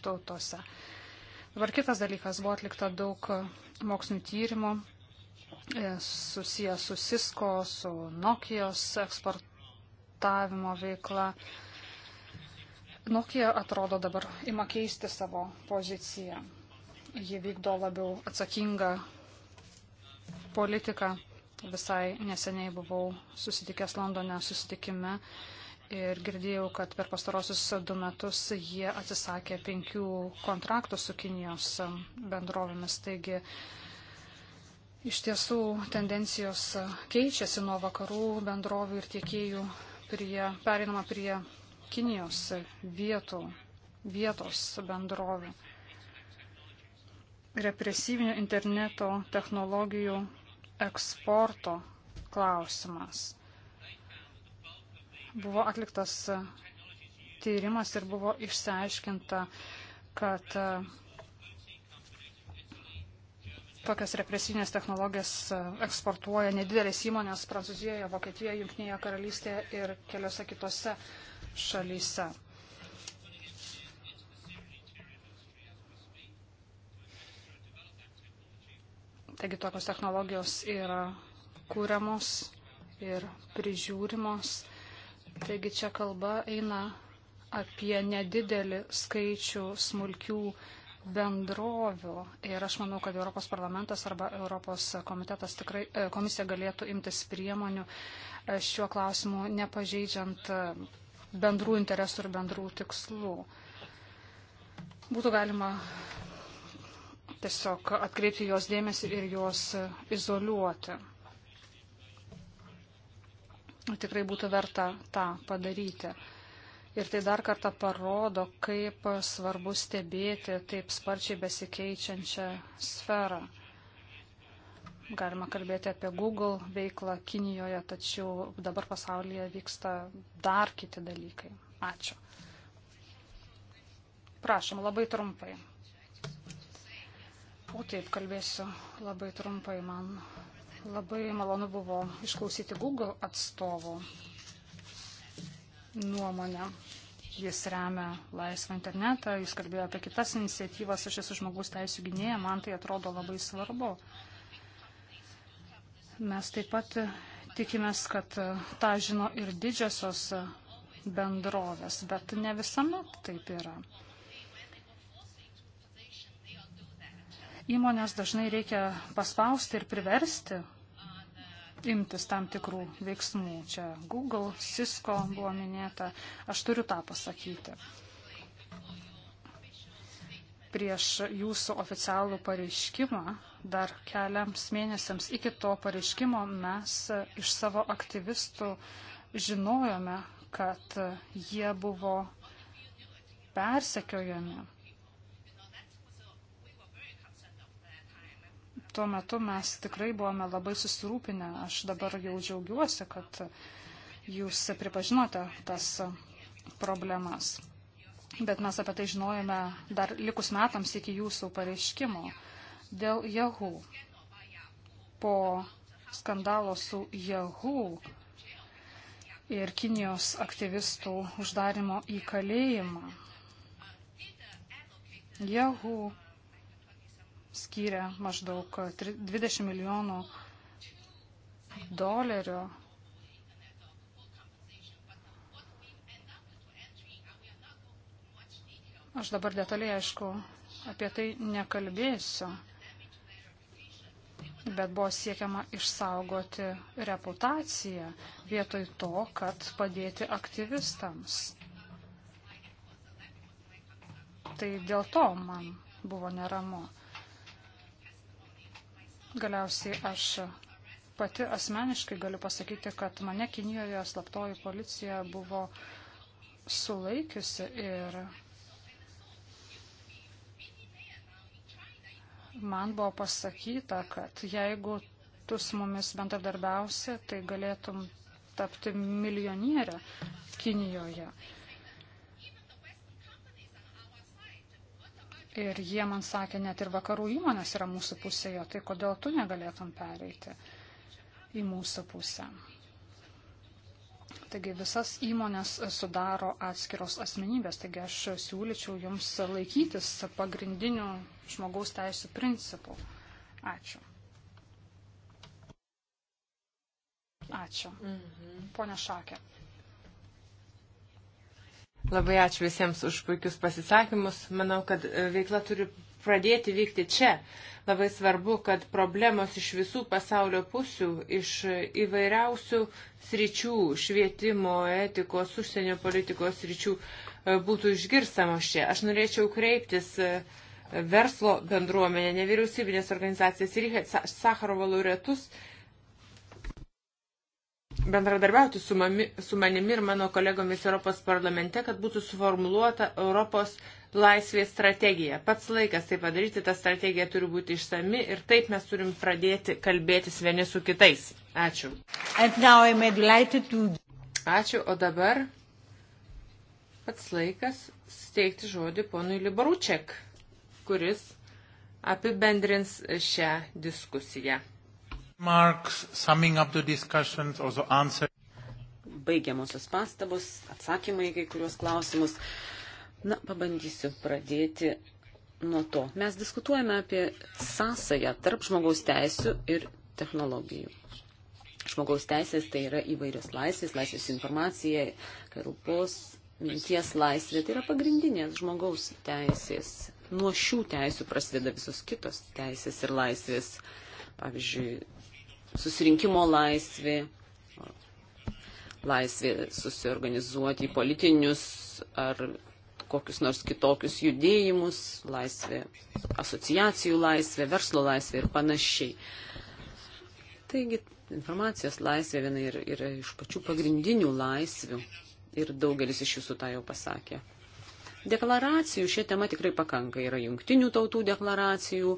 tautose. Dabar kitas dalykas buvo atlikta daug mokslinių tyrimų e, susijęs su Cisco, su Nokijos eksportavimo veikla. Nokija atrodo dabar ima keisti savo poziciją ji vykdo labiau atsakingą politiką. Visai neseniai buvau susitikęs Londone susitikime ir girdėjau, kad per pastarosius du metus jie atsisakė penkių kontraktų su Kinijos bendrovėmis. Taigi iš tiesų tendencijos keičiasi nuo vakarų bendrovių ir tiekėjų prie, perinama prie Kinijos vietų, vietos bendrovių represyvinių interneto technologijų eksporto klausimas. Buvo atliktas tyrimas ir buvo išsiaiškinta, kad e, tokias represinės technologijas e, eksportuoja nedidelės įmonės Prancūzijoje, Vokietijoje, Junktinėje karalystėje ir keliose kitose šalyse. Taigi tokios technologijos yra kūriamos ir prižiūrimos. Taigi čia kalba eina apie nedidelį skaičių smulkių bendrovių. Ir aš manau, kad Europos parlamentas arba Europos komitetas tikrai, e, komisija galėtų imtis priemonių e, šiuo klausimu, nepažeidžiant e, bendrų interesų ir bendrų tikslų. Būtų galima tiesiog atkreipti jos dėmesį ir jos izoliuoti. Tikrai būtų verta tą padaryti. Ir tai dar kartą parodo, kaip svarbu stebėti taip sparčiai besikeičiančią sferą. Galima kalbėti apie Google veiklą Kinijoje, tačiau dabar pasaulyje vyksta dar kiti dalykai. Ačiū. Prašom, labai trumpai. O taip, kalbėsiu labai trumpai. Man labai malonu buvo išklausyti Google atstovų nuomonę. Jis remia laisvą internetą, jis kalbėjo apie kitas iniciatyvas, aš esu žmogus teisų gynėja, man tai atrodo labai svarbu. Mes taip pat tikimės, kad tą žino ir didžiosios bendrovės, bet ne visuomet taip yra. Įmonės dažnai reikia paspausti ir priversti imtis tam tikrų veiksmų. Čia Google, Cisco buvo minėta. Aš turiu tą pasakyti. Prieš jūsų oficialų pareiškimą dar keliams mėnesiams iki to pareiškimo mes iš savo aktyvistų žinojome, kad jie buvo persekiojami. tuo metu mes tikrai buvome labai susirūpinę. Aš dabar jau džiaugiuosi, kad jūs pripažinote tas problemas. Bet mes apie tai žinojame dar likus metams iki jūsų pareiškimo. Dėl Yahoo. Po skandalo su Yahoo ir Kinijos aktyvistų uždarimo į kalėjimą. Yahoo skyrė maždaug 20 milijonų dolerių Aš dabar detaliai, aišku, apie tai nekalbėsiu, bet buvo siekiama išsaugoti reputaciją vietoj to, kad padėti aktyvistams. Tai dėl to man buvo neramu. Galiausiai aš pati asmeniškai galiu pasakyti, kad mane Kinijoje slaptoji policija buvo sulaikiusi ir man buvo pasakyta, kad jeigu tu su mumis bendradarbiausi, tai galėtum tapti milijonierę Kinijoje. Ir jie man sakė, net ir vakarų įmonės yra mūsų pusėje, tai kodėl tu negalėtum pereiti į mūsų pusę. Taigi visas įmonės sudaro atskiros asmenybės, taigi aš siūlyčiau jums laikytis pagrindinių žmogaus teisų principų. Ačiū. Ačiū. Mhm. Pone Šakė. Labai ačiū visiems už puikius pasisakymus. Manau, kad e, veikla turi pradėti vykti čia. Labai svarbu, kad problemos iš visų pasaulio pusių, iš įvairiausių sričių, švietimo, etikos, užsienio politikos sričių e, būtų išgirstamos čia. Aš norėčiau kreiptis e, verslo bendruomenę, nevyriausybinės organizacijas ir Sakharovo laureatus bendradarbiauti su, mami, su manimi ir mano kolegomis Europos parlamente, kad būtų suformuluota Europos laisvės strategija. Pats laikas tai padaryti, ta strategija turi būti išsami ir taip mes turim pradėti kalbėtis vieni su kitais. Ačiū. To... Ačiū, o dabar pats laikas steigti žodį ponui Libaručiak, kuris apibendrins šią diskusiją. Marks, summing up the discussions, also answer. Baigiamosios pastabos, atsakymai kai kuriuos klausimus. Na, pabandysiu pradėti nuo to. Mes diskutuojame apie sąsają tarp žmogaus teisų ir technologijų. Žmogaus teisės tai yra įvairios laisvės, laisvės informacija, kalbos, minties laisvė, tai yra pagrindinės žmogaus teisės. Nuo šių teisų prasideda visos kitos teisės ir laisvės. Pavyzdžiui, susirinkimo laisvė, laisvė susiorganizuoti į politinius ar kokius nors kitokius judėjimus, laisvė, asociacijų laisvė, verslo laisvė ir panašiai. Taigi informacijos laisvė viena yra, yra iš pačių pagrindinių laisvių ir daugelis iš jūsų tą jau pasakė. Deklaracijų šią temą tikrai pakanka. Yra jungtinių tautų deklaracijų,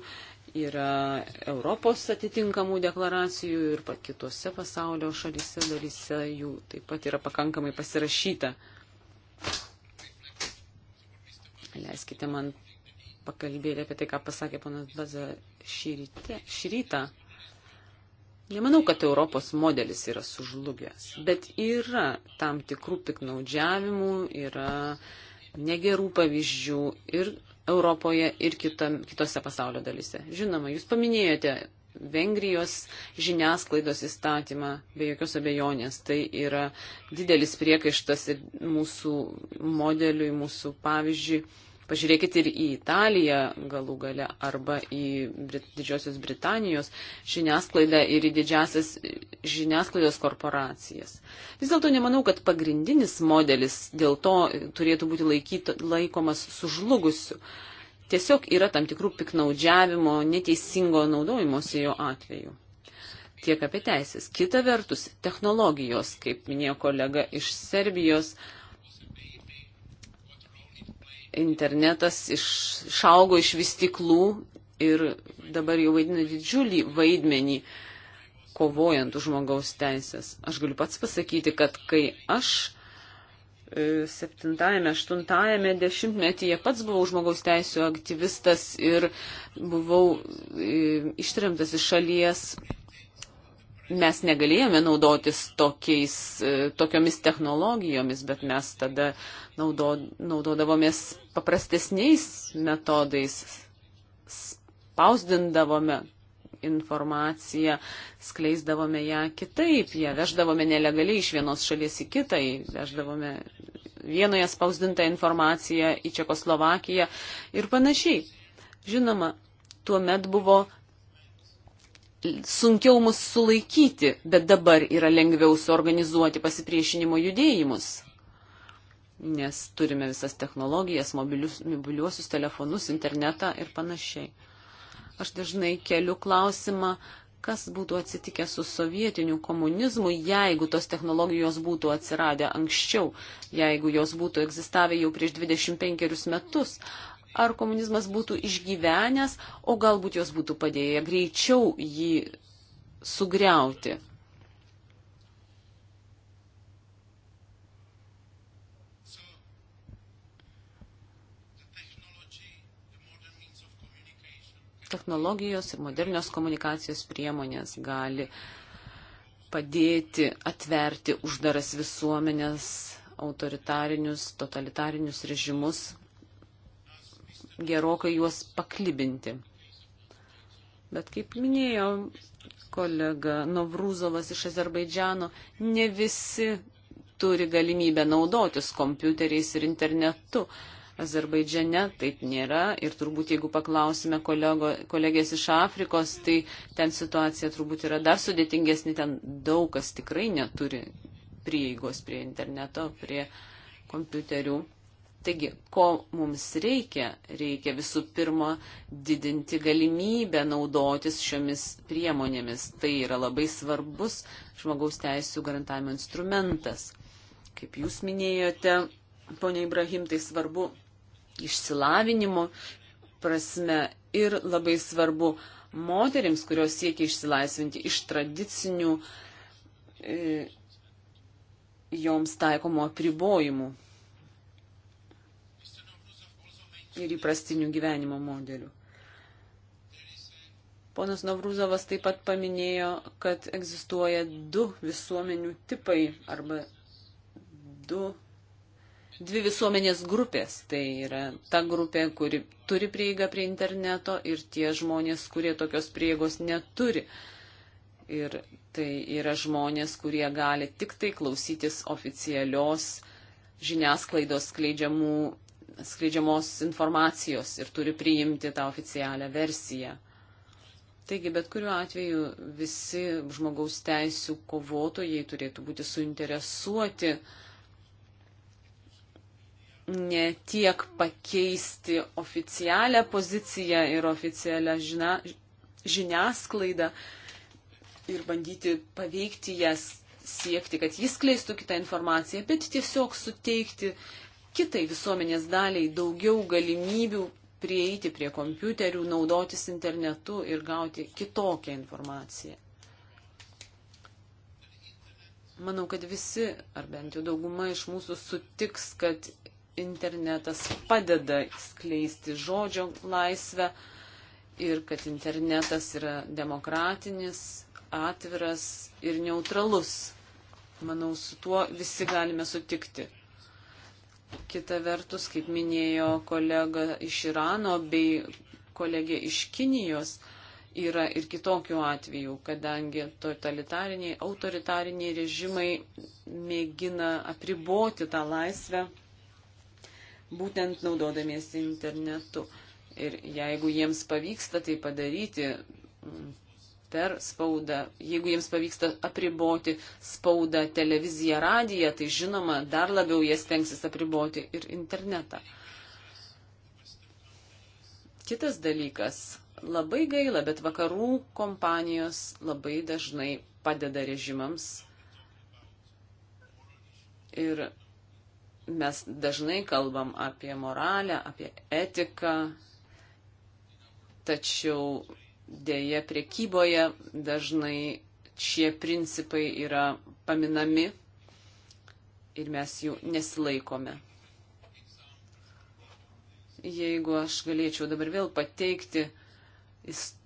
yra Europos atitinkamų deklaracijų ir pat kitose pasaulio šalyse dalyse jų taip pat yra pakankamai pasirašyta. Leiskite man pakalbėti apie tai, ką pasakė panas Baza šį rytą. Nemanau, kad Europos modelis yra sužlugęs, bet yra tam tikrų piknaudžiavimų, yra negerų pavyzdžių ir Europoje ir kitam, kitose pasaulio dalise. Žinoma, jūs paminėjote Vengrijos žiniasklaidos įstatymą, be jokios abejonės. Tai yra didelis priekaištas ir mūsų modeliui, mūsų pavyzdžiui. Pažiūrėkit ir į Italiją galų gale arba į Brit Didžiosios Britanijos žiniasklaidą ir į didžiasias žiniasklaidos korporacijas. Vis dėlto nemanau, kad pagrindinis modelis dėl to turėtų būti laikyto, laikomas sužlugusiu. Tiesiog yra tam tikrų piknaudžiavimo, neteisingo naudojimosi jo atveju. Tiek apie teisės. Kita vertus, technologijos, kaip minėjo kolega iš Serbijos, uh, internetas išaugo iš vystiklų ir dabar jau vaidina didžiulį vaidmenį kovojant už žmogaus teisės. Aš galiu pats pasakyti, kad kai aš 7-ame, e, 8-ame dešimtmetyje pats buvau žmogaus teisų aktyvistas ir buvau e, ištremtas iš šalies mes negalėjome naudotis tokiais, e, tokiomis technologijomis, bet mes tada naudo, naudodavomės paprastesniais metodais, spausdindavome informaciją, skleisdavome ją kitaip, ją veždavome nelegaliai iš vienos šalies į kitą, veždavome vienoje spausdintą informaciją į Čekoslovakiją ir panašiai. Žinoma, tuomet buvo sunkiau mus sulaikyti, bet dabar yra lengviau suorganizuoti pasipriešinimo judėjimus. Nes turime visas technologijas, mobilius, mobiliuosius telefonus, internetą ir panašiai. Aš dažnai keliu klausimą, kas būtų atsitikę su sovietiniu komunizmu, jeigu tos technologijos būtų atsiradę anksčiau, jeigu jos būtų egzistavę jau prieš 25 metus ar komunizmas būtų išgyvenęs, o galbūt jos būtų padėję greičiau jį sugriauti. Technologijos ir modernios komunikacijos priemonės gali padėti atverti uždaras visuomenės, autoritarinius, totalitarinius režimus gerokai juos paklibinti. Bet kaip minėjo kolega Novruzovas iš Azerbaidžiano, ne visi turi galimybę naudotis kompiuteriais ir internetu. Azerbaidžiane taip nėra ir turbūt jeigu paklausime kolego, kolegės iš Afrikos, tai ten situacija turbūt yra dar sudėtingesnė, ten daug kas tikrai neturi prieigos prie interneto, prie kompiuterių. Taigi, ko mums reikia? Reikia visų pirma didinti galimybę naudotis šiomis priemonėmis. Tai yra labai svarbus žmogaus teisų garantavimo instrumentas. Kaip jūs minėjote, ponia Ibrahim, tai svarbu išsilavinimo prasme ir labai svarbu moteriams, kurios siekia išsilaisvinti iš tradicinių e, joms taikomų apribojimų. ir įprastinių gyvenimo modelių. Ponas Navruzovas taip pat paminėjo, kad egzistuoja du visuomenių tipai arba du, dvi visuomenės grupės. Tai yra ta grupė, kuri turi prieigą prie interneto ir tie žmonės, kurie tokios prieigos neturi. Ir tai yra žmonės, kurie gali tik tai klausytis oficialios žiniasklaidos skleidžiamų skleidžiamos informacijos ir turi priimti tą oficialią versiją. Taigi, bet kuriuo atveju visi žmogaus teisų kovotojai turėtų būti suinteresuoti ne tiek pakeisti oficialią poziciją ir oficialią žinia, žiniasklaidą ir bandyti paveikti jas, siekti, kad jis kleistų kitą informaciją, bet tiesiog suteikti kitai visuomenės daliai daugiau galimybių prieiti prie kompiuterių, naudotis internetu ir gauti kitokią informaciją. Manau, kad visi, ar bent jau dauguma iš mūsų sutiks, kad internetas padeda skleisti žodžio laisvę ir kad internetas yra demokratinis, atviras ir neutralus. Manau, su tuo visi galime sutikti. Kita vertus, kaip minėjo kolega iš Irano bei kolegė iš Kinijos, yra ir kitokių atvejų, kadangi totalitariniai, autoritariniai režimai mėgina apriboti tą laisvę, būtent naudodamiesi internetu. Ir jeigu jiems pavyksta tai padaryti, per spaudą. Jeigu jiems pavyksta apriboti spaudą, televiziją, radiją, tai žinoma, dar labiau jie stengsis apriboti ir internetą. Kitas dalykas. Labai gaila, bet vakarų kompanijos labai dažnai padeda režimams. Ir mes dažnai kalbam apie moralę, apie etiką, tačiau Deja, priekyboje dažnai šie principai yra paminami ir mes jų nesilaikome. Jeigu aš galėčiau dabar vėl pateikti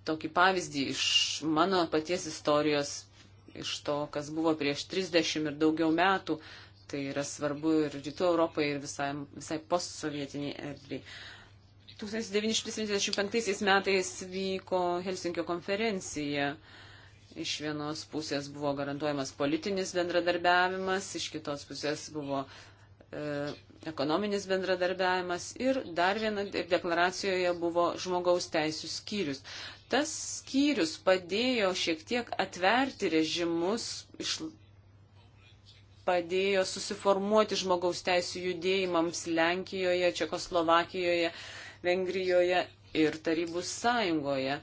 tokį pavyzdį iš mano paties istorijos, iš to, kas buvo prieš 30 ir daugiau metų, tai yra svarbu ir rytų Europai, ir visai, visai postsovietiniai erdvėjai. 1975 metais vyko Helsinkio konferencija. Iš vienos pusės buvo garantuojamas politinis bendradarbiavimas, iš kitos pusės buvo e, ekonominis bendradarbiavimas ir dar viena deklaracijoje buvo žmogaus teisų skyrius. Tas skyrius padėjo šiek tiek atverti režimus, iš, padėjo susiformuoti žmogaus teisų judėjimams Lenkijoje, Čekoslovakijoje Vengrijoje ir Tarybų sąjungoje.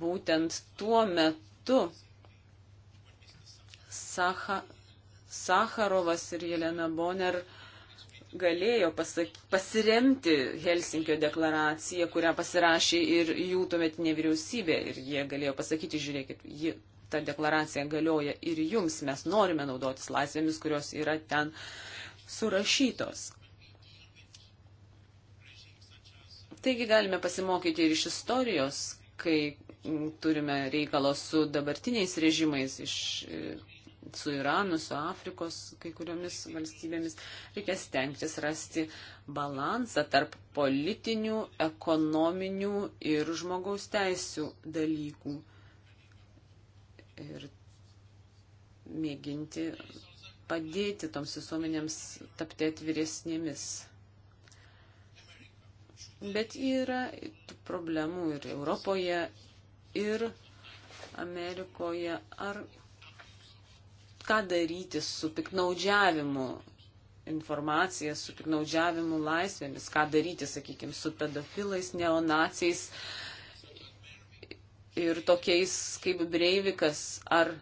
Būtent tuo metu Sacha, Sacharovas ir Jelena Bonner galėjo pasak, pasiremti Helsinkio deklaraciją, kurią pasirašė ir jų tuometinė vyriausybė. Ir jie galėjo pasakyti, žiūrėkit, ji, ta deklaracija galioja ir jums, mes norime naudotis laisvėmis, kurios yra ten surašytos. Taigi galime pasimokyti ir iš istorijos, kai turime reikalo su dabartiniais režimais, iš, e, su Iranu, su Afrikos kai kuriomis valstybėmis. Reikia stengtis rasti balansą tarp politinių, ekonominių ir žmogaus teisų dalykų. Ir mėginti padėti toms visuomenėms tapti atviresnėmis. Bet yra problemų ir Europoje, ir Amerikoje. Ar ką daryti su piknaudžiavimu informacija, su piknaudžiavimu laisvėmis, ką daryti, sakykime, su pedofilais, neonaciais ir tokiais kaip Breivikas, ar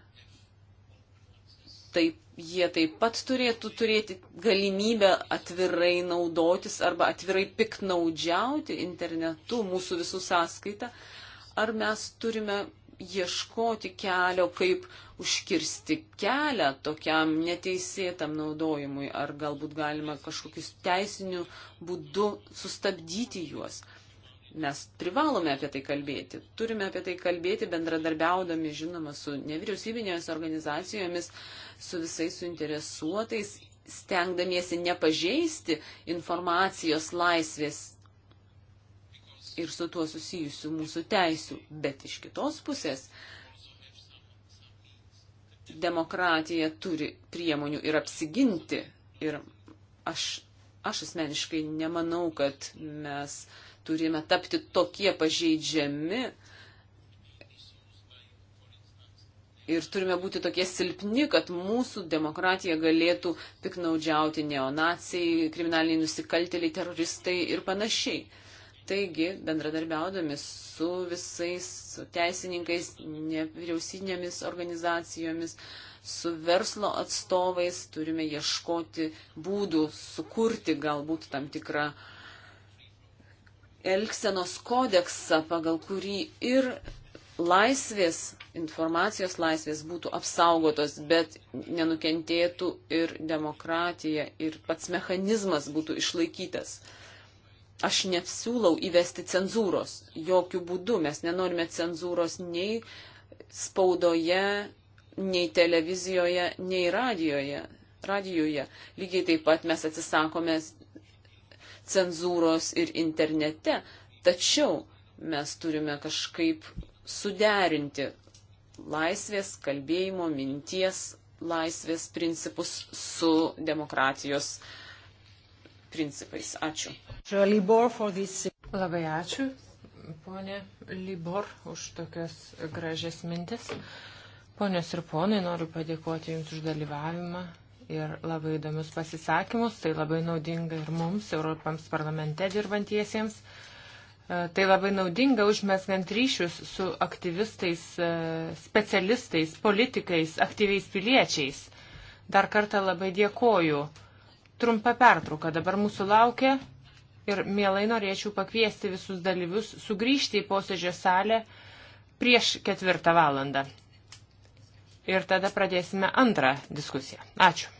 taip jie taip pat turėtų turėti galimybę atvirai naudotis arba atvirai piknaudžiauti internetu mūsų visų sąskaitą, ar mes turime ieškoti kelio, kaip užkirsti kelią tokiam neteisėtam naudojimui, ar galbūt galima kažkokius teisiniu būdu sustabdyti juos. Mes privalome apie tai kalbėti. Turime apie tai kalbėti bendradarbiaudami, žinoma, su nevyriausybinėmis organizacijomis, su visais suinteresuotais, stengdamiesi nepažeisti informacijos laisvės ir su tuo susijusių mūsų teisių. Bet iš kitos pusės demokratija turi priemonių ir apsiginti. Ir aš, aš asmeniškai nemanau, kad mes uh, turime tapti tokie pažeidžiami ir turime būti tokie silpni, kad mūsų demokratija galėtų piknaudžiauti neonacijai, kriminaliniai nusikaltėliai, teroristai ir panašiai. Taigi, bendradarbiaudami su visais su teisininkais, nevyriausybinėmis organizacijomis, su verslo atstovais turime ieškoti būdų sukurti galbūt tam tikrą uh, Elksenos kodeksą, pagal kurį ir laisvės, informacijos laisvės būtų apsaugotos, bet nenukentėtų ir demokratija, ir pats mechanizmas būtų išlaikytas. Aš nesiūlau įvesti cenzūros, jokių būdų mes nenorime cenzūros nei spaudoje, nei televizijoje, nei radijoje. radijoje. Lygiai taip pat mes atsisakome cenzūros ir internete, tačiau mes turime kažkaip suderinti laisvės, kalbėjimo, minties laisvės principus su demokratijos principais. Ačiū. Labai ačiū, ponė Libor, už tokias gražias mintis. Ponios ir ponai, noriu padėkoti Jums už dalyvavimą ir labai įdomius pasisakymus. Tai labai naudinga ir mums, Europams parlamente dirbantiesiems. E, tai labai naudinga užmesgant ryšius su aktyvistais, e, specialistais, politikais, aktyviais piliečiais. Dar kartą labai dėkoju. Trumpa pertrauka dabar mūsų laukia ir mielai norėčiau pakviesti visus dalyvius sugrįžti į posėdžio salę prieš ketvirtą valandą. Ir tada pradėsime antrą diskusiją. Ačiū.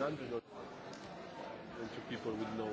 done to people would know.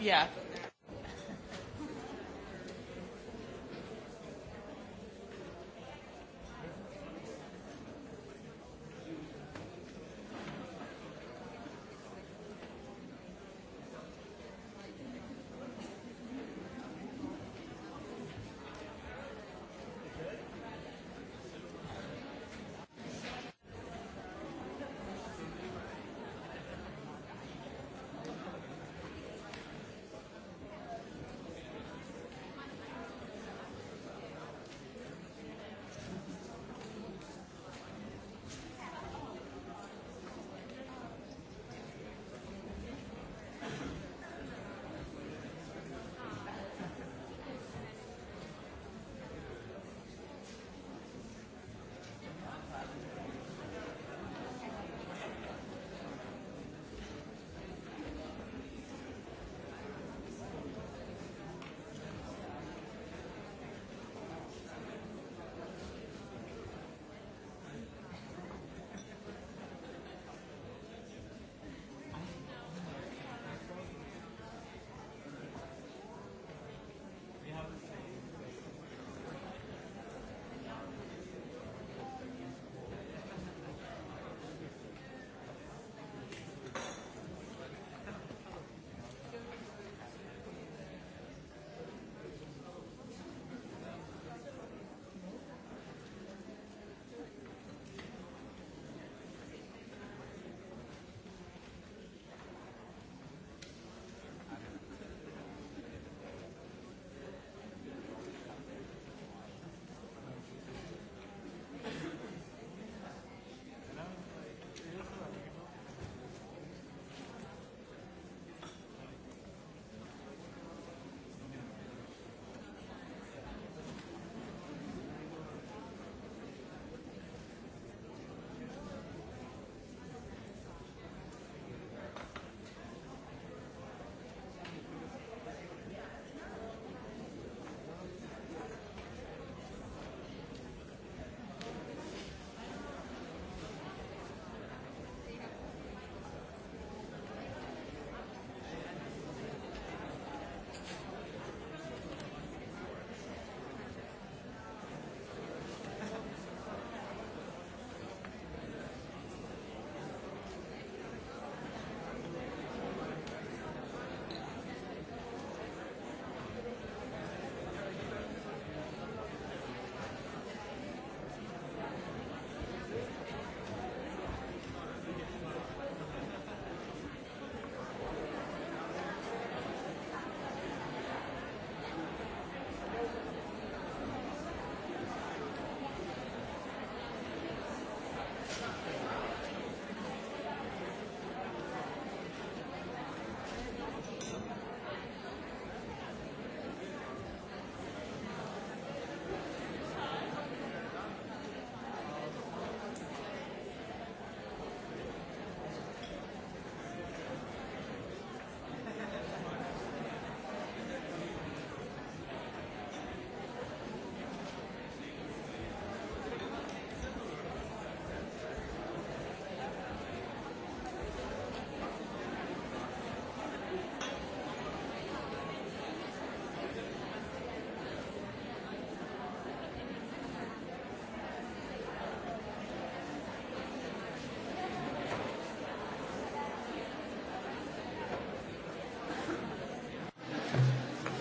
Yeah.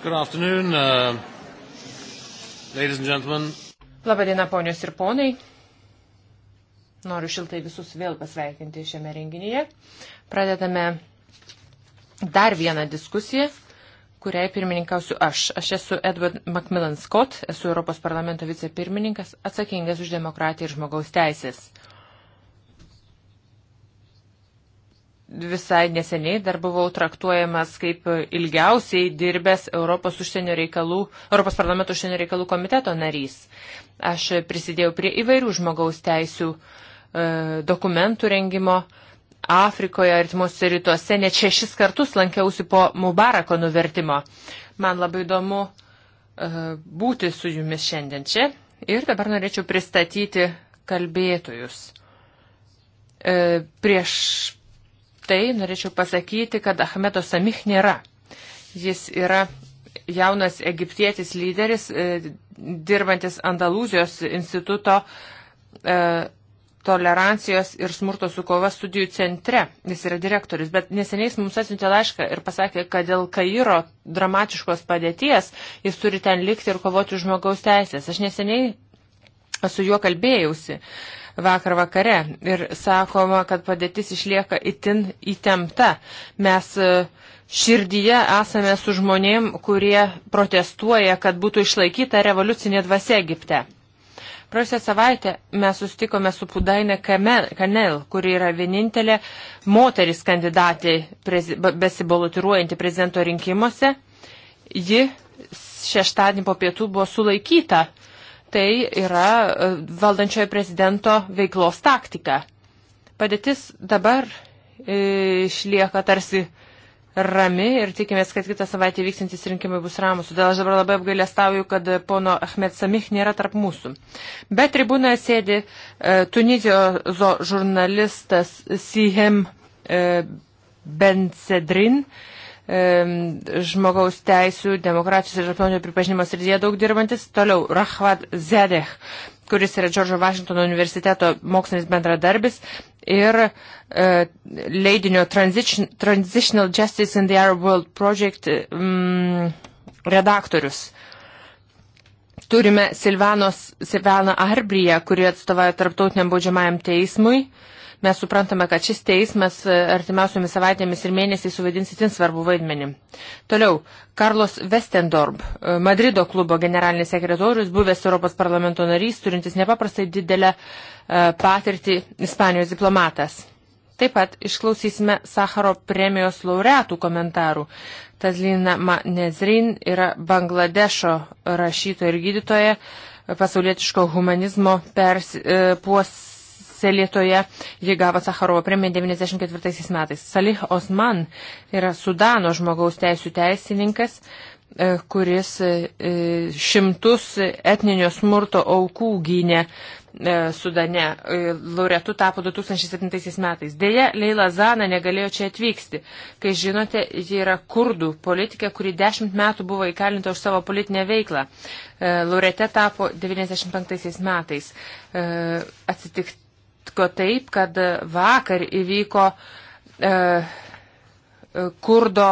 Good afternoon, uh, ladies and gentlemen. Labadiena, ponios ir ponai. Noriu šiltai visus vėl pasveikinti šiame renginyje. Pradedame dar vieną diskusiją, kuriai pirmininkausiu aš. Aš esu Edward Macmillan Scott, esu Europos parlamento vicepirmininkas, atsakingas už demokratiją ir žmogaus teisės. visai neseniai dar buvau traktuojamas kaip ilgiausiai dirbęs Europos, reikalų, Europos parlamento užsienio reikalų komiteto narys. Aš prisidėjau prie įvairių žmogaus teisių e, dokumentų rengimo. Afrikoje, artimuose rytuose, net šešis kartus lankiausi po Mubarako nuvertimo. Man labai įdomu e, būti su jumis šiandien čia ir dabar norėčiau pristatyti kalbėtojus e, prieš tai norėčiau pasakyti, kad Ahmedo Samih nėra. Jis yra jaunas egiptietis lyderis, e, dirbantis Andalūzijos instituto e, tolerancijos ir smurto su kova studijų centre. Jis yra direktorius, bet neseniai jis mums atsiuntė laišką ir pasakė, kad dėl Kairo dramatiškos padėties jis turi ten likti ir kovoti už žmogaus teisės. Aš neseniai su juo kalbėjausi. Uh, vakar vakare ir sakoma, kad padėtis išlieka itin įtempta. Mes e, širdyje esame su žmonėm, kurie protestuoja, kad būtų išlaikyta revoliucinė dvasia Egipte. Praėjusią savaitę mes sustikome su Pudainė Kanel, kuri yra vienintelė moteris kandidatė prezi, besibolotiruojanti prezidento rinkimuose. Ji šeštadienį po pietų buvo sulaikyta tai yra e, valdančiojo prezidento veiklos taktika. Padėtis dabar e, išlieka tarsi rami ir tikimės, kad kitą savaitę vyksintys rinkimai bus ramus. Todėl aš dabar labai apgailestauju, kad pono Ahmed Samih nėra tarp mūsų. Bet tribūnoje sėdi e, Tunizijos žurnalistas Sihem e, Bensedrin. E, žmogaus teisų, demokratijos ir žapionio pripažinimo srityje daug dirbantis. Toliau Rahvad Zedeh, kuris yra Džordžo Vašingtono universiteto mokslinis bendradarbis ir e, leidinio Transition, Transitional Justice in the Arab World Project mm, redaktorius. Turime Silvanos, Silvaną Arbriją, kuri atstovauja Tarptautiniam baudžiamajam teismui. E, Mes suprantame, kad šis teismas e, artimiausiomis savaitėmis ir mėnesiais suvaidins itin svarbu vaidmenį. Toliau, Karlos Westendorp, e, Madrido klubo generalinis sekretorius, buvęs Europos parlamento narys, turintis nepaprastai didelę e, patirtį Ispanijos diplomatas. Taip pat išklausysime Sakaro premijos laureatų komentarų. Tazlina Manezrin yra Bangladešo rašytoja ir gydytoja pasaulietiško humanizmo pers, e, puos, teisę Lietoje. Ji gavo Sakarovo premiją 1994 metais. Salih Osman yra Sudano žmogaus teisų teisininkas e, kuris e, e, šimtus etninio smurto aukų gynė Sudane. Lauretu tapo 2007 metais. Deja, Leila Zana negalėjo čia atvykti. Kai žinote, ji yra kurdų politikė, kuri dešimt metų buvo įkalinta už savo politinę veiklą. Laurete tapo 95 metais. Atsitikt atsitiko taip, kad vakar įvyko e, e, kurdo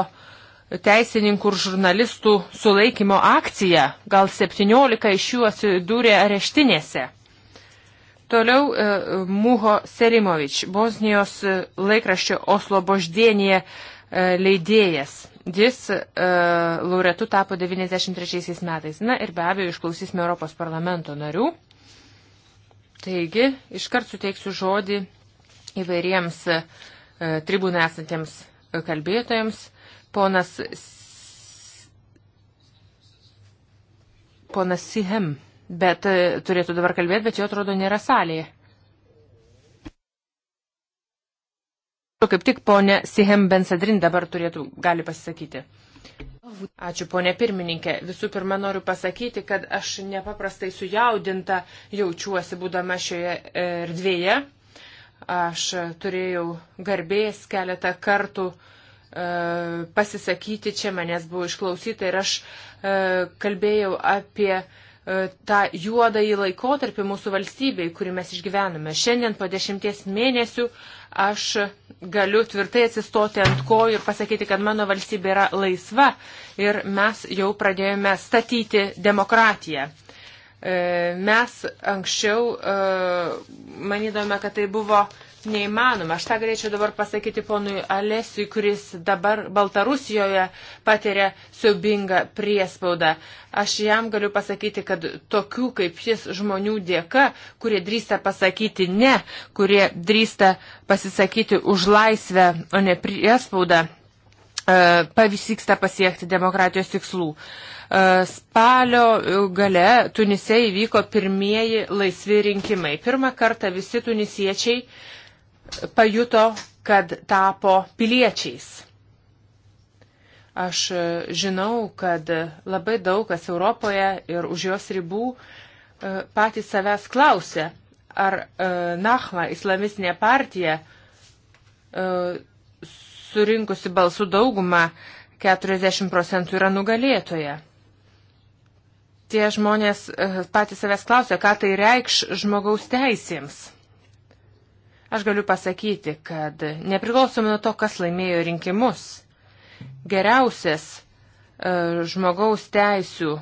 teisininkų ir žurnalistų sulaikymo akcija. Gal 17 iš jų atsidūrė areštinėse. Toliau e, Muho Selimovič, Bosnijos e, laikraščio Oslo Boždienėje e, leidėjas. Jis e, laureatu tapo 93 metais. Na ir be abejo, išklausysime Europos parlamento narių. Taigi, iškart suteiksiu žodį įvairiems e, tribūnai esantiems e, kalbėtojams. Ponas, ponas Sihem, bet e, turėtų dabar kalbėti, bet jo atrodo nėra salėje. Kaip tik ponė Sihem Bensadrin dabar turėtų, gali pasisakyti. Ačiū, ponė pirmininkė. Visų pirma, noriu pasakyti, kad aš nepaprastai sujaudinta jaučiuosi būdama šioje erdvėje. Aš turėjau garbės keletą kartų e, pasisakyti, čia manęs buvo išklausyta ir aš e, kalbėjau apie e, tą juodąjį laikotarpį mūsų valstybei, kurį mes išgyvename. Šiandien po dešimties mėnesių aš galiu tvirtai atsistoti ant kojų ir pasakyti, kad mano valstybė yra laisva ir mes jau pradėjome statyti demokratiją. E, mes anksčiau e, manydome, kad tai buvo neįmanoma. Aš tą galėčiau dabar pasakyti ponui Alesiui, kuris dabar Baltarusijoje patiria siubingą priespaudą. Aš jam galiu pasakyti, kad tokių kaip jis žmonių dėka, kurie drįsta pasakyti ne, kurie drįsta pasisakyti už laisvę, o ne priespaudą, e, pavyksta pasiekti demokratijos tikslų. E, spalio gale Tunise įvyko pirmieji laisvi rinkimai. Pirmą kartą visi tunisiečiai pajuto, kad tapo piliečiais. Aš e, žinau, kad labai daug kas Europoje ir už jos ribų e, patys savęs klausia, ar Nahla, islamistinė partija, surinkusi balsų daugumą 40 procentų yra nugalėtoja tie žmonės e, patys savęs klausia, ką tai reikš žmogaus teisėms. Aš galiu pasakyti, kad nepriklausomai nuo to, kas laimėjo rinkimus, geriausias e, žmogaus teisų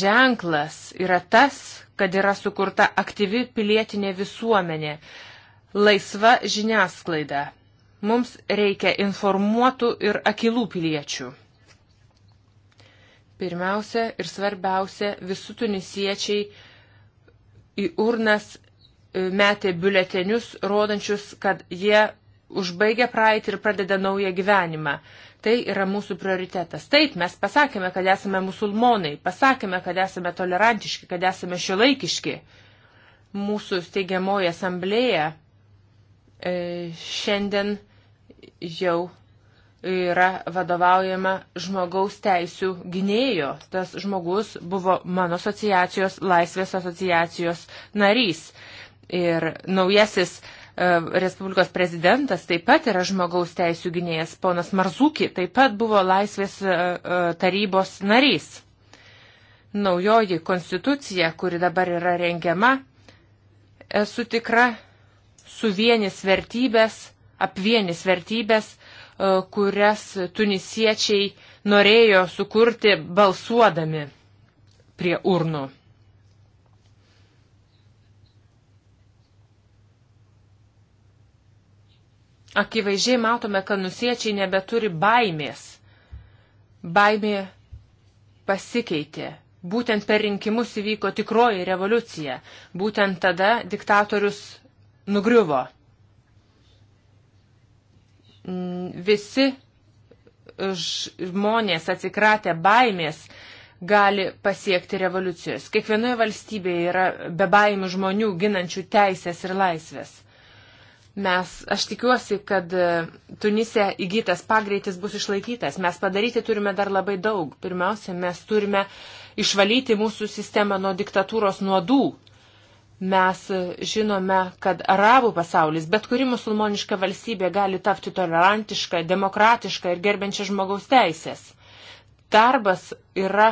ženklas yra tas, kad yra sukurta aktyvi pilietinė visuomenė, laisva žiniasklaida. Mums reikia informuotų ir akilų piliečių. Pirmiausia ir svarbiausia, visi tunisiečiai į urnas e, metė biuletenius, rodančius, kad jie užbaigia praeitį ir pradeda naują gyvenimą. Tai yra mūsų prioritetas. Taip, mes pasakėme, kad esame musulmonai, pasakėme, kad esame tolerantiški, kad esame šiolaikiški. Mūsų steigiamoji asamblėja e, šiandien jau yra vadovaujama žmogaus teisų gynėjo. Tas žmogus buvo mano asociacijos, Laisvės asociacijos narys. Ir naujasis e, Respublikos prezidentas taip pat yra žmogaus teisų gynėjas. Ponas Marzūki taip pat buvo Laisvės e, e, tarybos narys. Naujoji konstitucija, kuri dabar yra rengiama, esu tikra, suvienis vertybės, apvienis vertybės E, kurias tunisiečiai norėjo sukurti balsuodami prie urnų. Akivaizdžiai matome, kad nusiečiai nebeturi baimės. Baimė pasikeitė. Būtent per rinkimus įvyko tikroji revoliucija. Būtent tada diktatorius nugriuvo. Mm, visi žmonės atsikratę baimės gali pasiekti revoliucijos. Kiekvienoje valstybėje yra bebaimių žmonių ginančių teisės ir laisvės. Mes, aš tikiuosi, kad e, Tunise įgytas pagreitis bus išlaikytas. Mes padaryti turime dar labai daug. Pirmiausia, mes turime išvalyti mūsų sistemą nuo diktatūros nuodų. Mes žinome, kad arabų pasaulis, bet kuri musulmoniška valstybė gali tapti tolerantiška, demokratiška ir gerbiančia žmogaus teisės. Darbas yra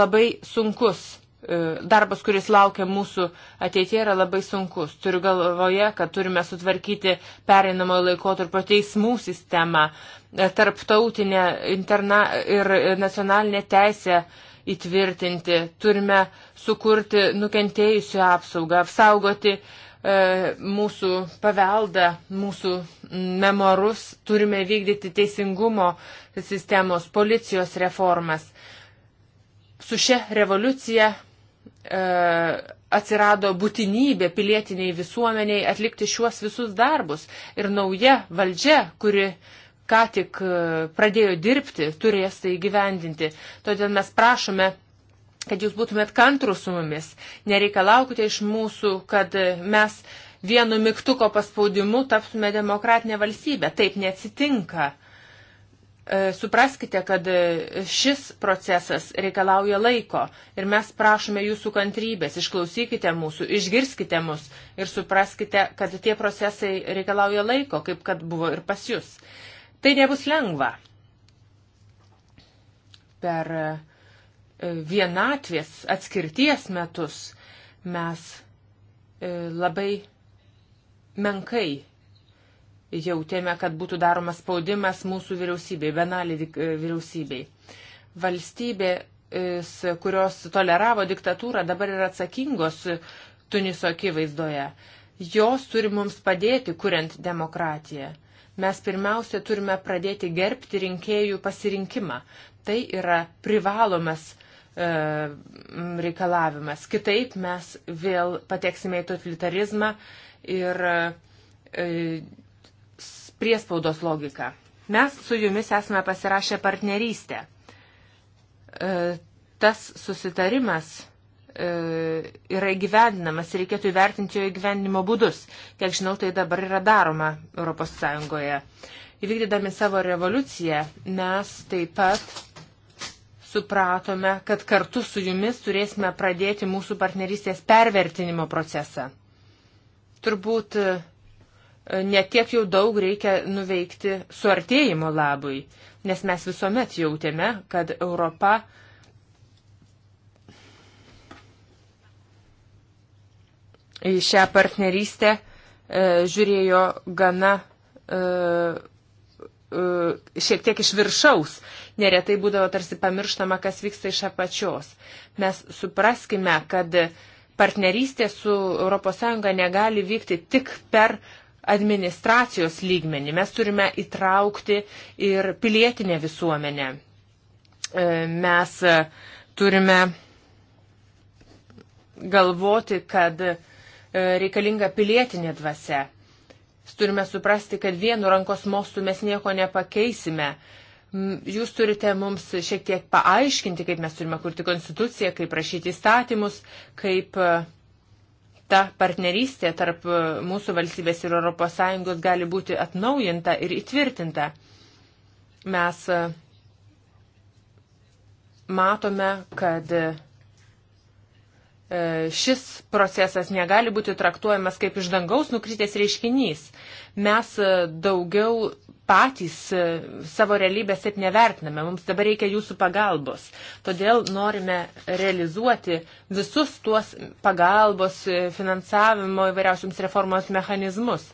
labai sunkus. E, darbas, kuris laukia mūsų ateitie, yra labai sunkus. Turiu galvoje, kad turime sutvarkyti pereinamojo laikotarpio teismų sistemą, e, tarptautinę interna ir nacionalinę teisę įtvirtinti, turime sukurti nukentėjusių apsaugą, apsaugoti e, mūsų paveldą, mūsų memorus, turime vykdyti teisingumo sistemos, policijos reformas. Su šia revoliucija e, atsirado būtinybė pilietiniai visuomeniai atlikti šiuos visus darbus ir nauja valdžia, kuri ką tik e, pradėjo dirbti, turės tai gyvendinti. Todėl mes prašome kad jūs būtumėt kantrų su mumis. Nereikalaukite iš mūsų, kad e, mes vienu mygtuko paspaudimu taptume demokratinė valstybė. Taip neatsitinka. E, supraskite, kad šis procesas reikalauja laiko ir mes prašome jūsų kantrybės, išklausykite mūsų, išgirskite mus ir supraskite, kad tie procesai reikalauja laiko, kaip kad buvo ir pas jūs. Tai nebus lengva. Per e, vienatvės atskirties metus mes e, labai menkai jautėme, kad būtų daromas spaudimas mūsų vyriausybei, benalį e, vyriausybei. Valstybė, kurios toleravo diktatūrą, dabar yra atsakingos Tuniso akivaizdoje. Jos turi mums padėti, kuriant demokratiją. Mes pirmiausia turime pradėti gerbti rinkėjų pasirinkimą. Tai yra privalomas e, reikalavimas. Kitaip mes vėl pateksime į totalitarizmą ir e, priespaudos logiką. Mes su jumis esame pasirašę partnerystę. E, tas susitarimas E, yra įgyvendinamas ir reikėtų įvertinti jo įgyvendinimo būdus. Kiek žinau, tai dabar yra daroma ES. Įvykdydami savo revoliuciją mes taip pat supratome, kad kartu su jumis turėsime pradėti mūsų partnerystės pervertinimo procesą. Turbūt e, netiek jau daug reikia nuveikti suartėjimo labui, nes mes visuomet jautėme, kad Europa uh, į šią partnerystę e, žiūrėjo gana e, e, šiek tiek iš viršaus. Neretai būdavo tarsi pamirštama, kas vyksta iš apačios. Mes supraskime, kad partnerystė su ES negali vykti tik per administracijos lygmenį. Mes turime įtraukti ir pilietinę visuomenę. Mes turime galvoti, kad E, reikalinga pilietinė dvasia. Turime suprasti, kad vienu rankos mostu mes nieko nepakeisime. Jūs turite mums šiek tiek paaiškinti, kaip mes turime kurti konstituciją, kaip rašyti įstatymus, kaip e, ta partnerystė tarp e, mūsų valstybės ir ES gali būti atnaujinta ir įtvirtinta. Mes matome, kad E, šis procesas negali būti traktuojamas kaip iš dangaus nukritęs reiškinys. Mes e, daugiau patys e, savo realybės taip nevertiname. Mums dabar reikia jūsų pagalbos. Todėl norime realizuoti visus tuos pagalbos finansavimo įvairiausiams reformos mechanizmus.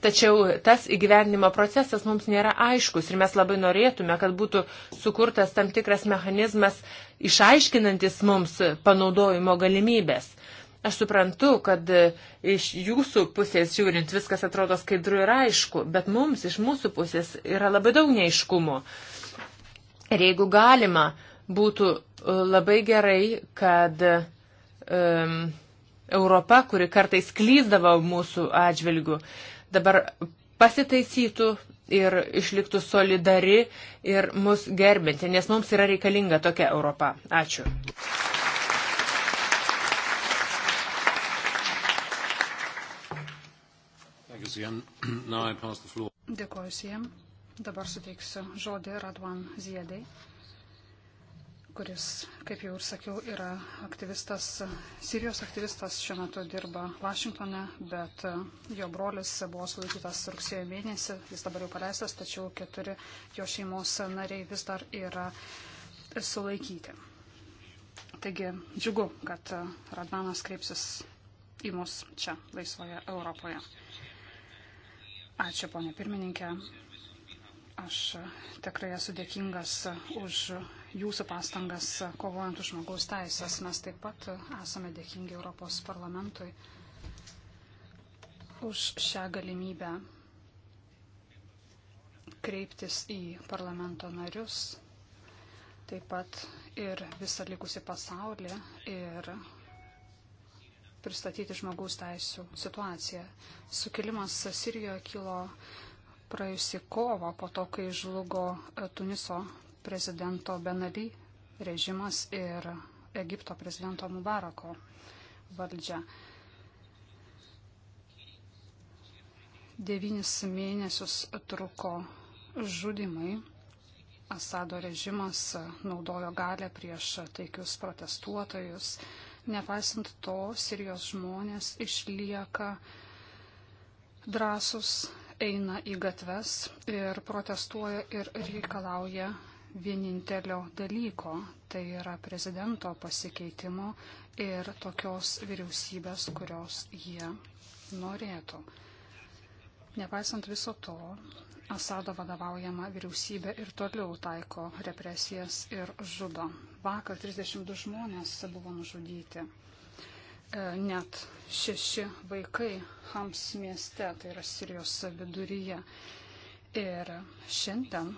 Tačiau tas įgyvendinimo procesas mums nėra aiškus ir mes labai norėtume, kad būtų sukurtas tam tikras mechanizmas, uh, išaiškinantis mums panaudojimo galimybės. Aš suprantu, kad iš jūsų pusės žiūrint viskas atrodo skaidru ir aišku, bet mums iš mūsų pusės yra labai daug neiškumo. Ir jeigu galima, būtų e, labai gerai, kad um, Europa, kuri kartais klyzdavo mūsų atžvilgių, dabar pasitaisytų ir išliktų solidari ir mus gerbinti, nes mums yra reikalinga tokia Europa. Ačiū. Dėkuoju visiems. Dabar suteiksiu žodį Radvan Ziedai kuris, kaip jau ir sakiau, yra aktyvistas, Sirijos aktyvistas, šiuo metu dirba Vašingtone, bet e, jo brolis buvo sulaikytas rugsėjo mėnesį, jis dabar jau paleistas, tačiau keturi jo šeimos nariai vis dar yra sulaikyti. Taigi džiugu, kad e, Radmanas kreipsis į mus čia, laisvoje Europoje. Ačiū, ponė pirmininkė. Aš e, tikrai esu dėkingas už jūsų pastangas kovojant už žmogaus teisės. Mes taip pat esame dėkingi Europos parlamentui už šią galimybę kreiptis į parlamento narius, taip pat ir visą likusi pasaulį ir pristatyti žmogaus teisų situaciją. Sukilimas Sirijoje kilo praėjusi kovo po to, kai žlugo Tuniso prezidento Benali režimas ir Egipto prezidento Mubarako valdžia. Devynis mėnesius truko žudimai. Asado režimas naudojo galę prieš taikius protestuotojus. Nepaisant to, Sirijos žmonės išlieka drąsus, eina į gatves ir protestuoja ir reikalauja vienintelio dalyko, tai yra prezidento pasikeitimo ir tokios vyriausybės, kurios jie norėtų. Nepaisant viso to, Asado vadovaujama vyriausybė ir toliau taiko represijas ir žudo. Vakar 32 žmonės buvo nužudyti. E, net šeši vaikai Hams mieste, tai yra Sirijos viduryje. Ir šiandien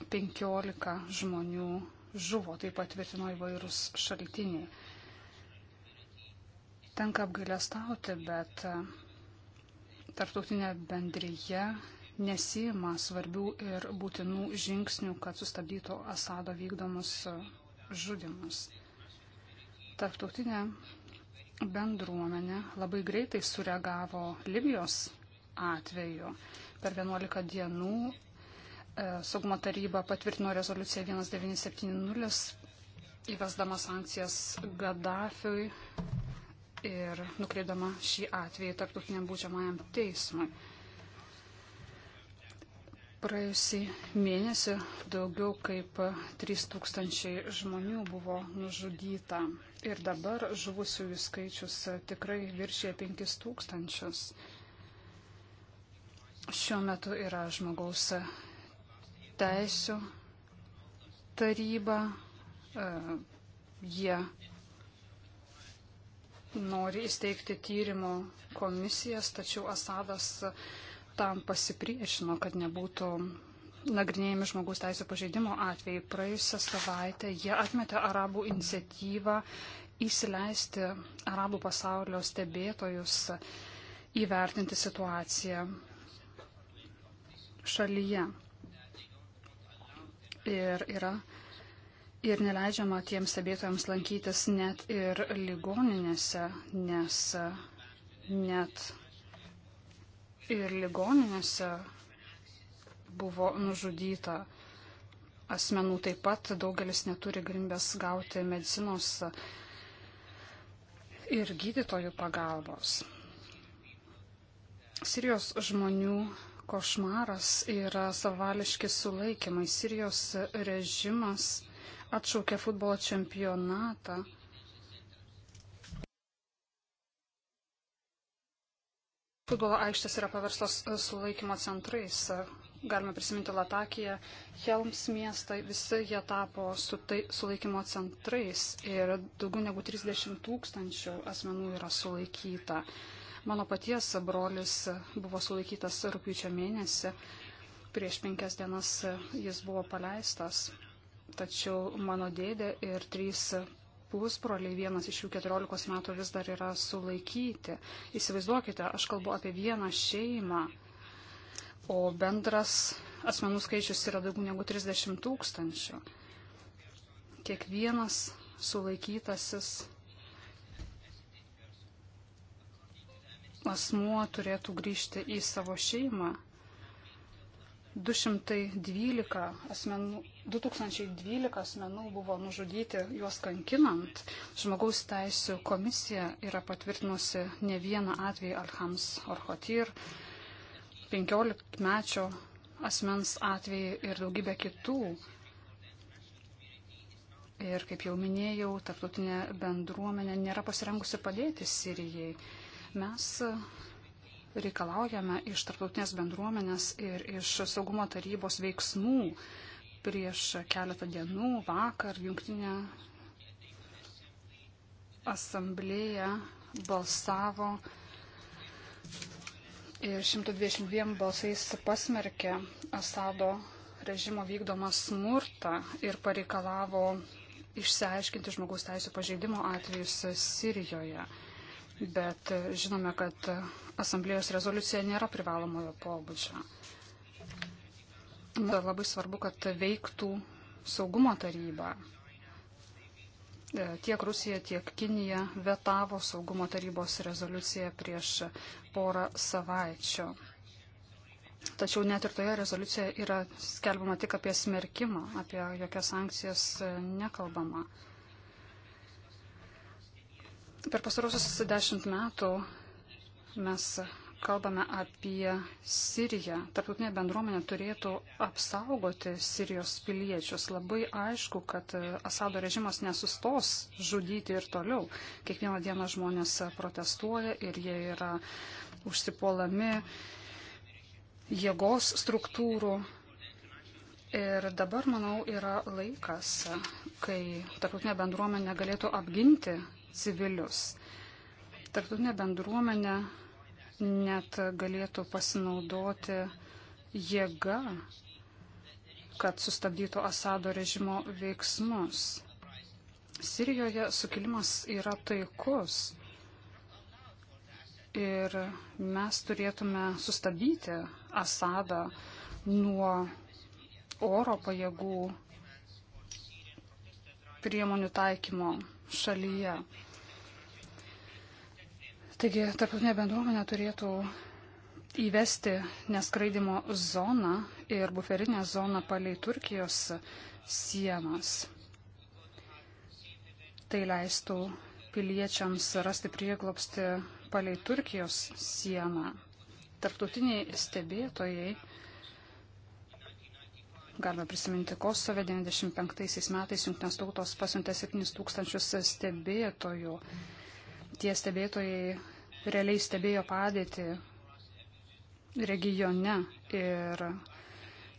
15 žmonių žuvo, tai patvirtino įvairūs šaltiniai. Tenka apgailestauti, bet e, tarptautinė bendryje nesima svarbių ir būtinų žingsnių, kad sustabdytų Asado vykdomus e, žudimus. Tarptautinė bendruomenė labai greitai sureagavo Libijos atveju. Per 11 dienų E, saugumo taryba patvirtino rezoliuciją 1970 įvesdama sankcijas Gaddafiui ir nukreipdama šį atvejį tarptautiniam būdžiamajam teismui. Praėjusį mėnesį daugiau kaip 3000 žmonių buvo nužudyta ir dabar žuvusiųjų skaičius tikrai viršė 5000. Šiuo metu yra žmogaus teisų taryba. E, jie nori įsteigti tyrimo komisijas, tačiau Asadas tam pasipriešino, kad nebūtų nagrinėjami žmogaus teisų pažeidimo atvejai. Praėjusią savaitę jie atmetė arabų iniciatyvą įsileisti arabų pasaulio stebėtojus įvertinti situaciją šalyje ir yra ir neleidžiama tiems stebėtojams lankytis net ir ligoninėse, nes net ir ligoninėse buvo nužudyta asmenų. Taip pat daugelis neturi grimbės gauti medicinos ir gydytojų pagalbos. Sirijos žmonių košmaras yra savališki sulaikymai. Sirijos režimas atšaukė futbolo čempionatą. Futbolo aikštės yra paverstos sulaikymo centrais. Galime prisiminti Latakiją, Helms miestą, visi jie tapo su tai, sulaikymo centrais ir daugiau negu 30 tūkstančių asmenų yra sulaikyta. Uh, Mano paties brolis buvo sulaikytas rūpiučio mėnesį. Prieš penkias dienas jis buvo paleistas. Tačiau mano dėdė ir trys pusbroliai, vienas iš jų 14 metų vis dar yra sulaikyti. Įsivaizduokite, aš kalbu apie vieną šeimą, o bendras asmenų skaičius yra daugiau negu 30 tūkstančių. Kiekvienas sulaikytasis asmuo turėtų grįžti į savo šeimą. 212 asmenų, 2012 asmenų buvo nužudyti juos kankinant. Žmogaus teisų komisija yra patvirtinusi ne vieną atvejį Alhams Orhotir, 15-mečio asmens atvejį ir daugybę kitų. Ir kaip jau minėjau, tarptautinė bendruomenė nėra pasirengusi padėti Sirijai. Mes reikalaujame iš tarptautinės bendruomenės ir iš saugumo tarybos veiksmų prieš keletą dienų vakar jungtinė asamblėja balsavo ir 122 balsais pasmerkė Asado režimo vykdomą smurtą ir pareikalavo išsiaiškinti žmogaus teisų pažeidimo atvejus Sirijoje bet e, žinome, kad asamblėjos rezoliucija nėra privalomojo pobūdžio. Mums labai svarbu, kad veiktų saugumo taryba. E, tiek Rusija, tiek Kinija vetavo saugumo tarybos rezoliuciją prieš porą savaičių. Tačiau net ir toje rezoliucijoje yra skelbama tik apie smerkimą, apie jokias sankcijas e, nekalbama. Per pastarusius dešimt metų mes kalbame apie Siriją. Tarptautinė bendruomenė turėtų apsaugoti Sirijos piliečius. Labai aišku, kad Asado režimas nesustos žudyti ir toliau. Kiekvieną dieną žmonės protestuoja ir jie yra užsipuolami jėgos struktūrų. Ir dabar, manau, yra laikas, kai tarptautinė bendruomenė galėtų apginti civilius. Tarptautinė bendruomenė net galėtų pasinaudoti jėga, kad sustabdytų Asado režimo veiksmus. Sirijoje sukilimas yra taikus ir mes turėtume sustabdyti Asadą nuo oro pajėgų priemonių taikymo šalyje. Taigi, tarptautinė bendruomenė turėtų įvesti neskraidimo zoną ir buferinę zoną palei Turkijos sienas. Tai leistų piliečiams rasti prieglopsti palei Turkijos sieną. Tarptautiniai stebėtojai Galime prisiminti Kosove, 95 metais Junktinės tautos pasiuntė 7000 stebėtojų. Tie stebėtojai realiai stebėjo padėtį regione ir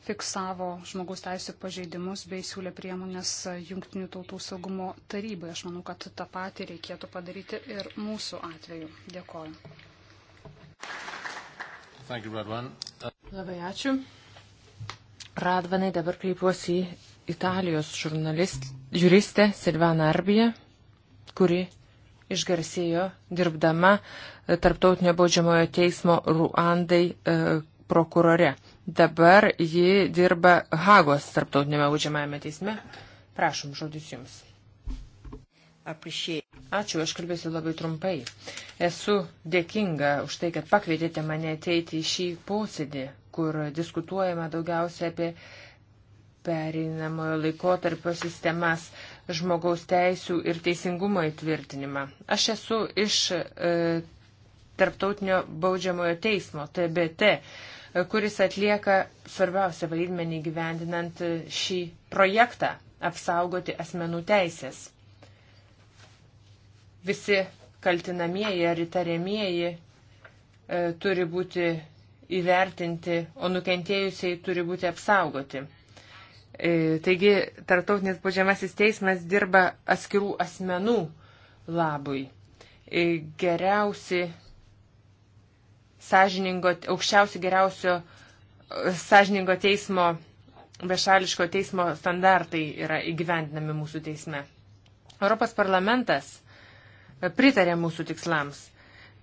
fiksavo žmogaus teisų pažeidimus bei siūlė priemonės Junktinių tautų saugumo tarybai. Aš manau, kad tą patį reikėtų padaryti ir mūsų atveju. Dėkoju. You, Labai ačiū. Radvanai, dabar kreipiuosi į Italijos juristę Silvaną Arbiją, kuri išgarsėjo dirbdama e, Tarptautinio baudžiamojo teismo Ruandai e, prokurore. Dabar ji dirba Hagos Tarptautinėme baudžiamajame teisme. Prašom, žodis jums. Ačiū, aš kalbėsiu labai trumpai. Esu dėkinga už tai, kad pakvietėte mane ateiti į šį posėdį, kur diskutuojama daugiausia apie pereinamojo laikotarpio sistemas, žmogaus teisų ir teisingumo įtvirtinimą. Aš esu iš e, Tarptautinio baudžiamojo teismo, TBT, e, kuris atlieka svarbiausią vaidmenį gyvendinant e, šį projektą - apsaugoti asmenų teisės. Visi kaltinamieji ar įtariamieji e, turi būti įvertinti, o nukentėjusiai turi būti apsaugoti. E, taigi, Tartautinis baudžiamasis teismas dirba atskirų asmenų labui. E, geriausi, sąžiningo, aukščiausi geriausio e, sąžiningo teismo, bešališko teismo standartai yra įgyvendinami mūsų teisme. Europos parlamentas pritarė mūsų tikslams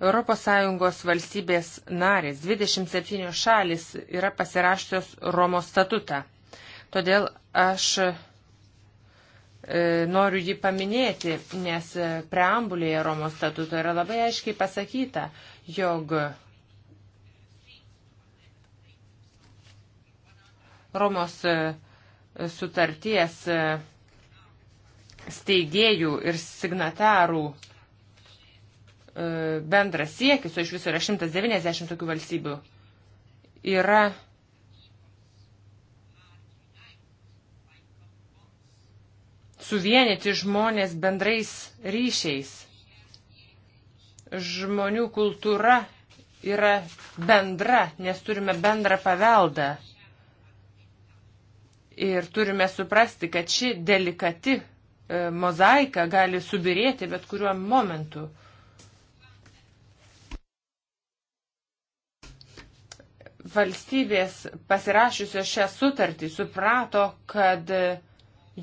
ES valstybės narės, 27 šalis yra pasirašusios Romos statutą. Todėl aš e, noriu jį paminėti, nes preambulėje Romos statuto yra labai aiškiai pasakyta, jog Romos e, sutarties e, steigėjų ir signatarų E, bendras siekis, o iš viso yra 190 tokių valstybių, yra suvienyti žmonės bendrais ryšiais. Žmonių kultūra yra bendra, nes turime bendrą paveldą. Ir turime suprasti, kad ši delikati e, mozaika gali subirėti bet kuriuo momentu. valstybės pasirašiusios šią sutartį suprato, kad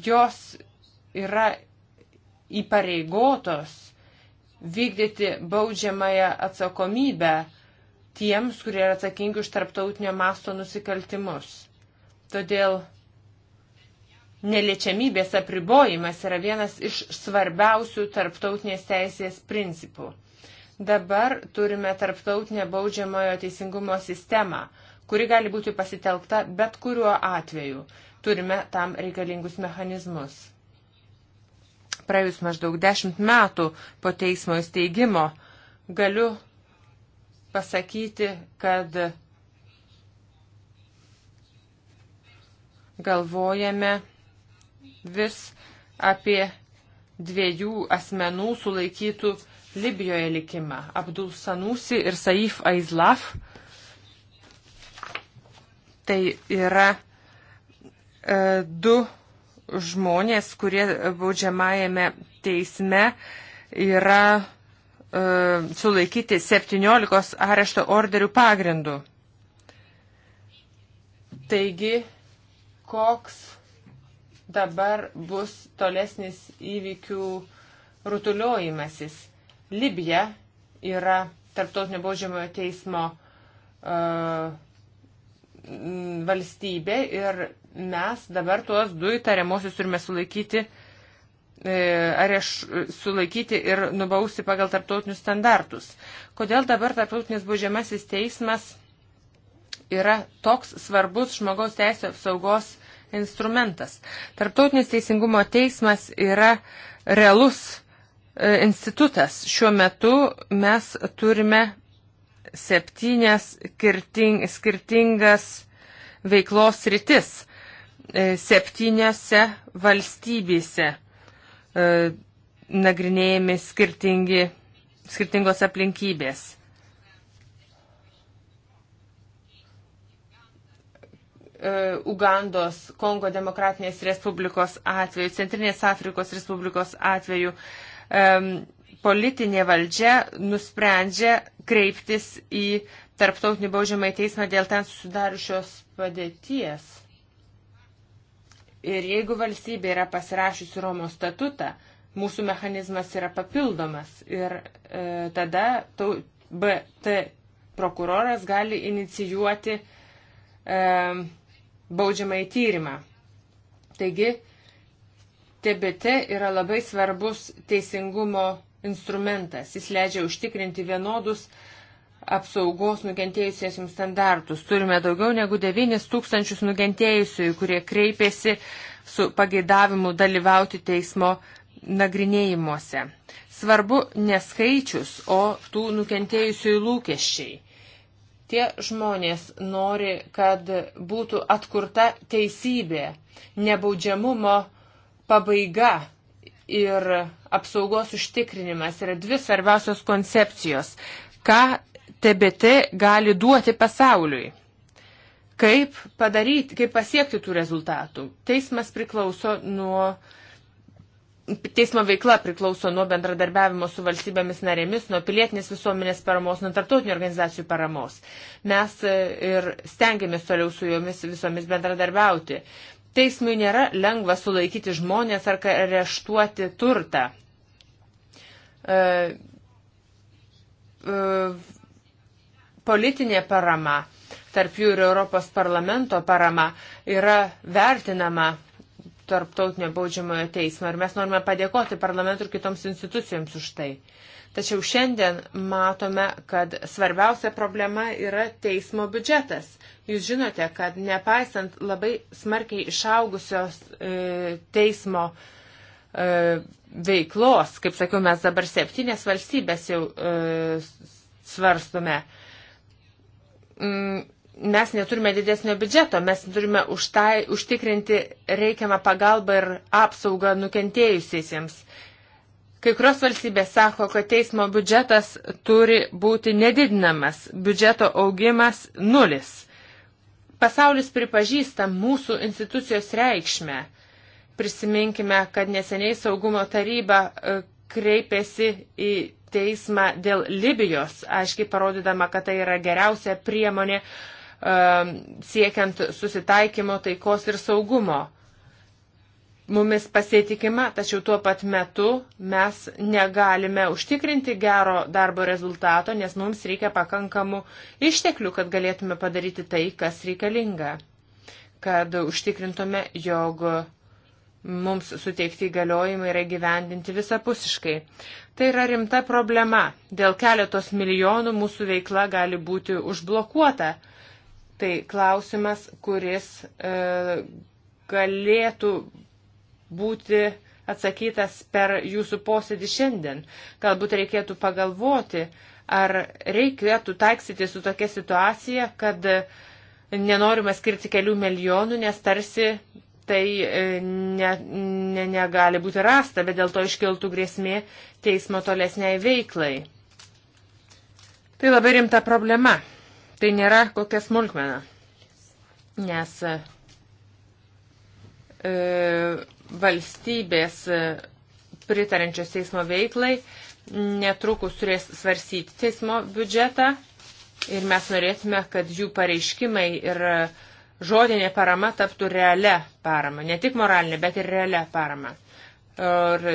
jos yra įpareigotos vykdyti baudžiamąją atsakomybę tiems, kurie yra atsakingi už tarptautinio masto nusikaltimus. Todėl neliečiamybės apribojimas yra vienas iš svarbiausių tarptautinės teisės principų. Dabar turime tarptautinę baudžiamojo teisingumo sistemą, kuri gali būti pasitelkta bet kuriuo atveju. Turime tam reikalingus mechanizmus. Praėjus maždaug dešimt metų po teismo įsteigimo galiu pasakyti, kad galvojame vis apie dviejų asmenų sulaikytų Libijoje likimą. Abdul Sanusi ir Saif Aizlaf. Tai yra e, du žmonės, kurie baudžiamajame teisme yra e, sulaikyti 17 arešto orderių pagrindų. Taigi, koks dabar bus tolesnis įvykių rutuliojimasis? Libija yra tarptautinio baudžiamojo teismo uh, valstybė ir mes dabar tuos du įtariamosius turime sulaikyti, uh, areš, sulaikyti ir nubausti pagal tarptautinius standartus. Kodėl dabar tarptautinis baudžiamasis teismas yra toks svarbus žmogaus teisų apsaugos instrumentas? Tarptautinis teisingumo teismas yra realus E, institutas. Šiuo metu mes turime septynias skirtingas veiklos rytis e, septyniose valstybėse e, nagrinėjami skirtingi, skirtingos aplinkybės. Ugandos, Kongo Demokratinės Respublikos atveju, Centrinės Afrikos Respublikos atveju politinė valdžia nusprendžia kreiptis į tarptautinį baudžiamą į teismą dėl ten susidariusios padėties. Ir jeigu valstybė yra pasirašiusi Romos statutą, mūsų mechanizmas yra papildomas ir e, tada tau, BT prokuroras gali inicijuoti e, baudžiamą į tyrimą. Taigi, TBT yra labai svarbus teisingumo instrumentas. Jis leidžia užtikrinti vienodus apsaugos nukentėjusiesiams standartus. Turime daugiau negu 9 tūkstančius nukentėjusiųjų, kurie kreipėsi su pageidavimu dalyvauti teismo nagrinėjimuose. Svarbu neskaičius, o tų nukentėjusiųjų lūkesčiai. Tie žmonės nori, kad būtų atkurta teisybė, nebaudžiamumo pabaiga ir apsaugos užtikrinimas yra dvi svarbiausios koncepcijos. Ką TBT gali duoti pasauliui? Kaip padaryti, kaip pasiekti tų rezultatų? Teismas priklauso nuo teismo veikla priklauso nuo bendradarbiavimo su valstybėmis narėmis, nuo pilietinės visuomenės paramos, nuo tartautinių organizacijų paramos. Mes ir stengiamės toliau su jomis visomis bendradarbiauti. Teismui nėra lengva sulaikyti žmonės ar areštuoti turtą. E, e, politinė parama, tarp jų ir Europos parlamento parama, yra vertinama tarptautinio baudžiamojo teismo ir mes norime padėkoti parlamentui ir kitoms institucijoms už tai. Uh, Tačiau šiandien matome, kad svarbiausia problema yra teismo biudžetas. Jūs žinote, kad nepaisant labai smarkiai išaugusios e, teismo e, veiklos, kaip sakiau, mes dabar septynės valstybės jau e, svarstume, mes neturime didesnio biudžeto, mes turime už tai, užtikrinti reikiamą pagalbą ir apsaugą nukentėjusiesiems. Kai kurios valstybės sako, kad teismo biudžetas turi būti nedidinamas, biudžeto augimas nulis. Pasaulis pripažįsta mūsų institucijos reikšmę. Prisiminkime, kad neseniai saugumo taryba e, kreipėsi į teismą dėl Libijos, aiškiai parodydama, kad tai yra geriausia priemonė e, siekiant susitaikymo, taikos ir saugumo mumis pasitikima, tačiau tuo pat metu mes negalime užtikrinti gero darbo rezultato, nes mums reikia pakankamų išteklių, kad galėtume padaryti tai, kas reikalinga, kad užtikrintume, jog mums suteikti įgaliojimai yra gyvendinti visapusiškai. Tai yra rimta problema. Dėl keletos milijonų mūsų veikla gali būti užblokuota. Tai klausimas, kuris e, galėtų būti atsakytas per jūsų posėdį šiandien. Galbūt reikėtų pagalvoti, ar reikėtų taiksyti su tokia situacija, kad nenorima skirti kelių milijonų, nes tarsi tai e, ne, ne, negali būti rasta, bet dėl to iškiltų grėsmė teismo tolesniai veiklai. Tai labai rimta problema. Tai nėra kokia smulkmena. Nes e, valstybės e, pritarančios teismo veiklai netrukus turės svarsyti teismo biudžetą ir mes norėtume, kad jų pareiškimai ir žodinė parama taptų realią paramą, ne tik moralinė, bet ir realią paramą. Ir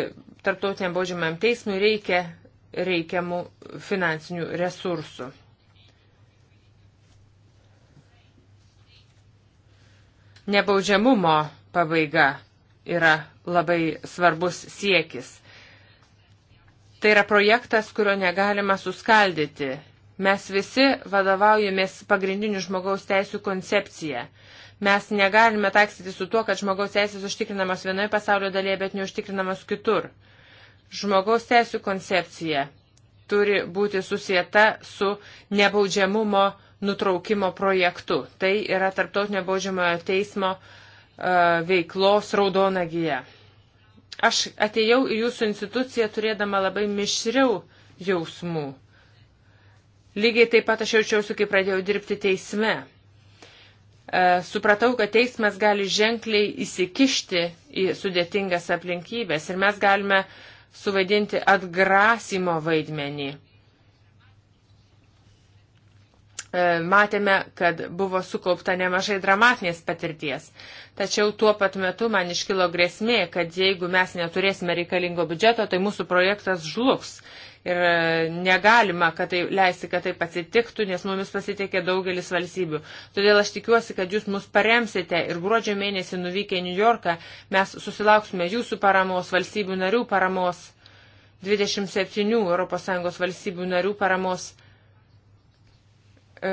tarptautiniam baudžiamam teismui reikia reikiamų finansinių resursų. Nebaudžiamumo pabaiga yra labai svarbus siekis. Tai yra projektas, kurio negalima suskaldyti. Mes visi vadovaujamės pagrindinių žmogaus teisų koncepciją. Mes negalime taksyti su tuo, kad žmogaus teisės užtikrinamos vienoje pasaulio dalyje, bet neužtikrinamos kitur. Žmogaus teisų koncepcija turi būti susieta su nebaudžiamumo nutraukimo projektu. Tai yra tarptautinio baudžiamojo teismo uh, veiklos raudonagyje. Aš atėjau į jūsų instituciją turėdama labai mišriau jausmų. Lygiai taip pat aš jaučiausi, kai pradėjau dirbti teisme. E, supratau, kad teismas gali ženkliai įsikišti į sudėtingas aplinkybės ir mes galime suvaidinti atgrasimo vaidmenį. E, matėme, kad buvo sukaupta nemažai dramatinės patirties. Tačiau tuo pat metu man iškilo grėsmė, kad jeigu mes neturėsime reikalingo biudžeto, tai mūsų projektas žlugs. Ir e, negalima, kad tai leisti, kad tai pasitiktų, nes mumis pasitikė daugelis valstybių. Todėl aš tikiuosi, kad jūs mus paremsite ir gruodžio mėnesį nuvykę į New Yorką mes susilauksime jūsų paramos, valstybių narių paramos, 27 ES valstybių narių paramos E,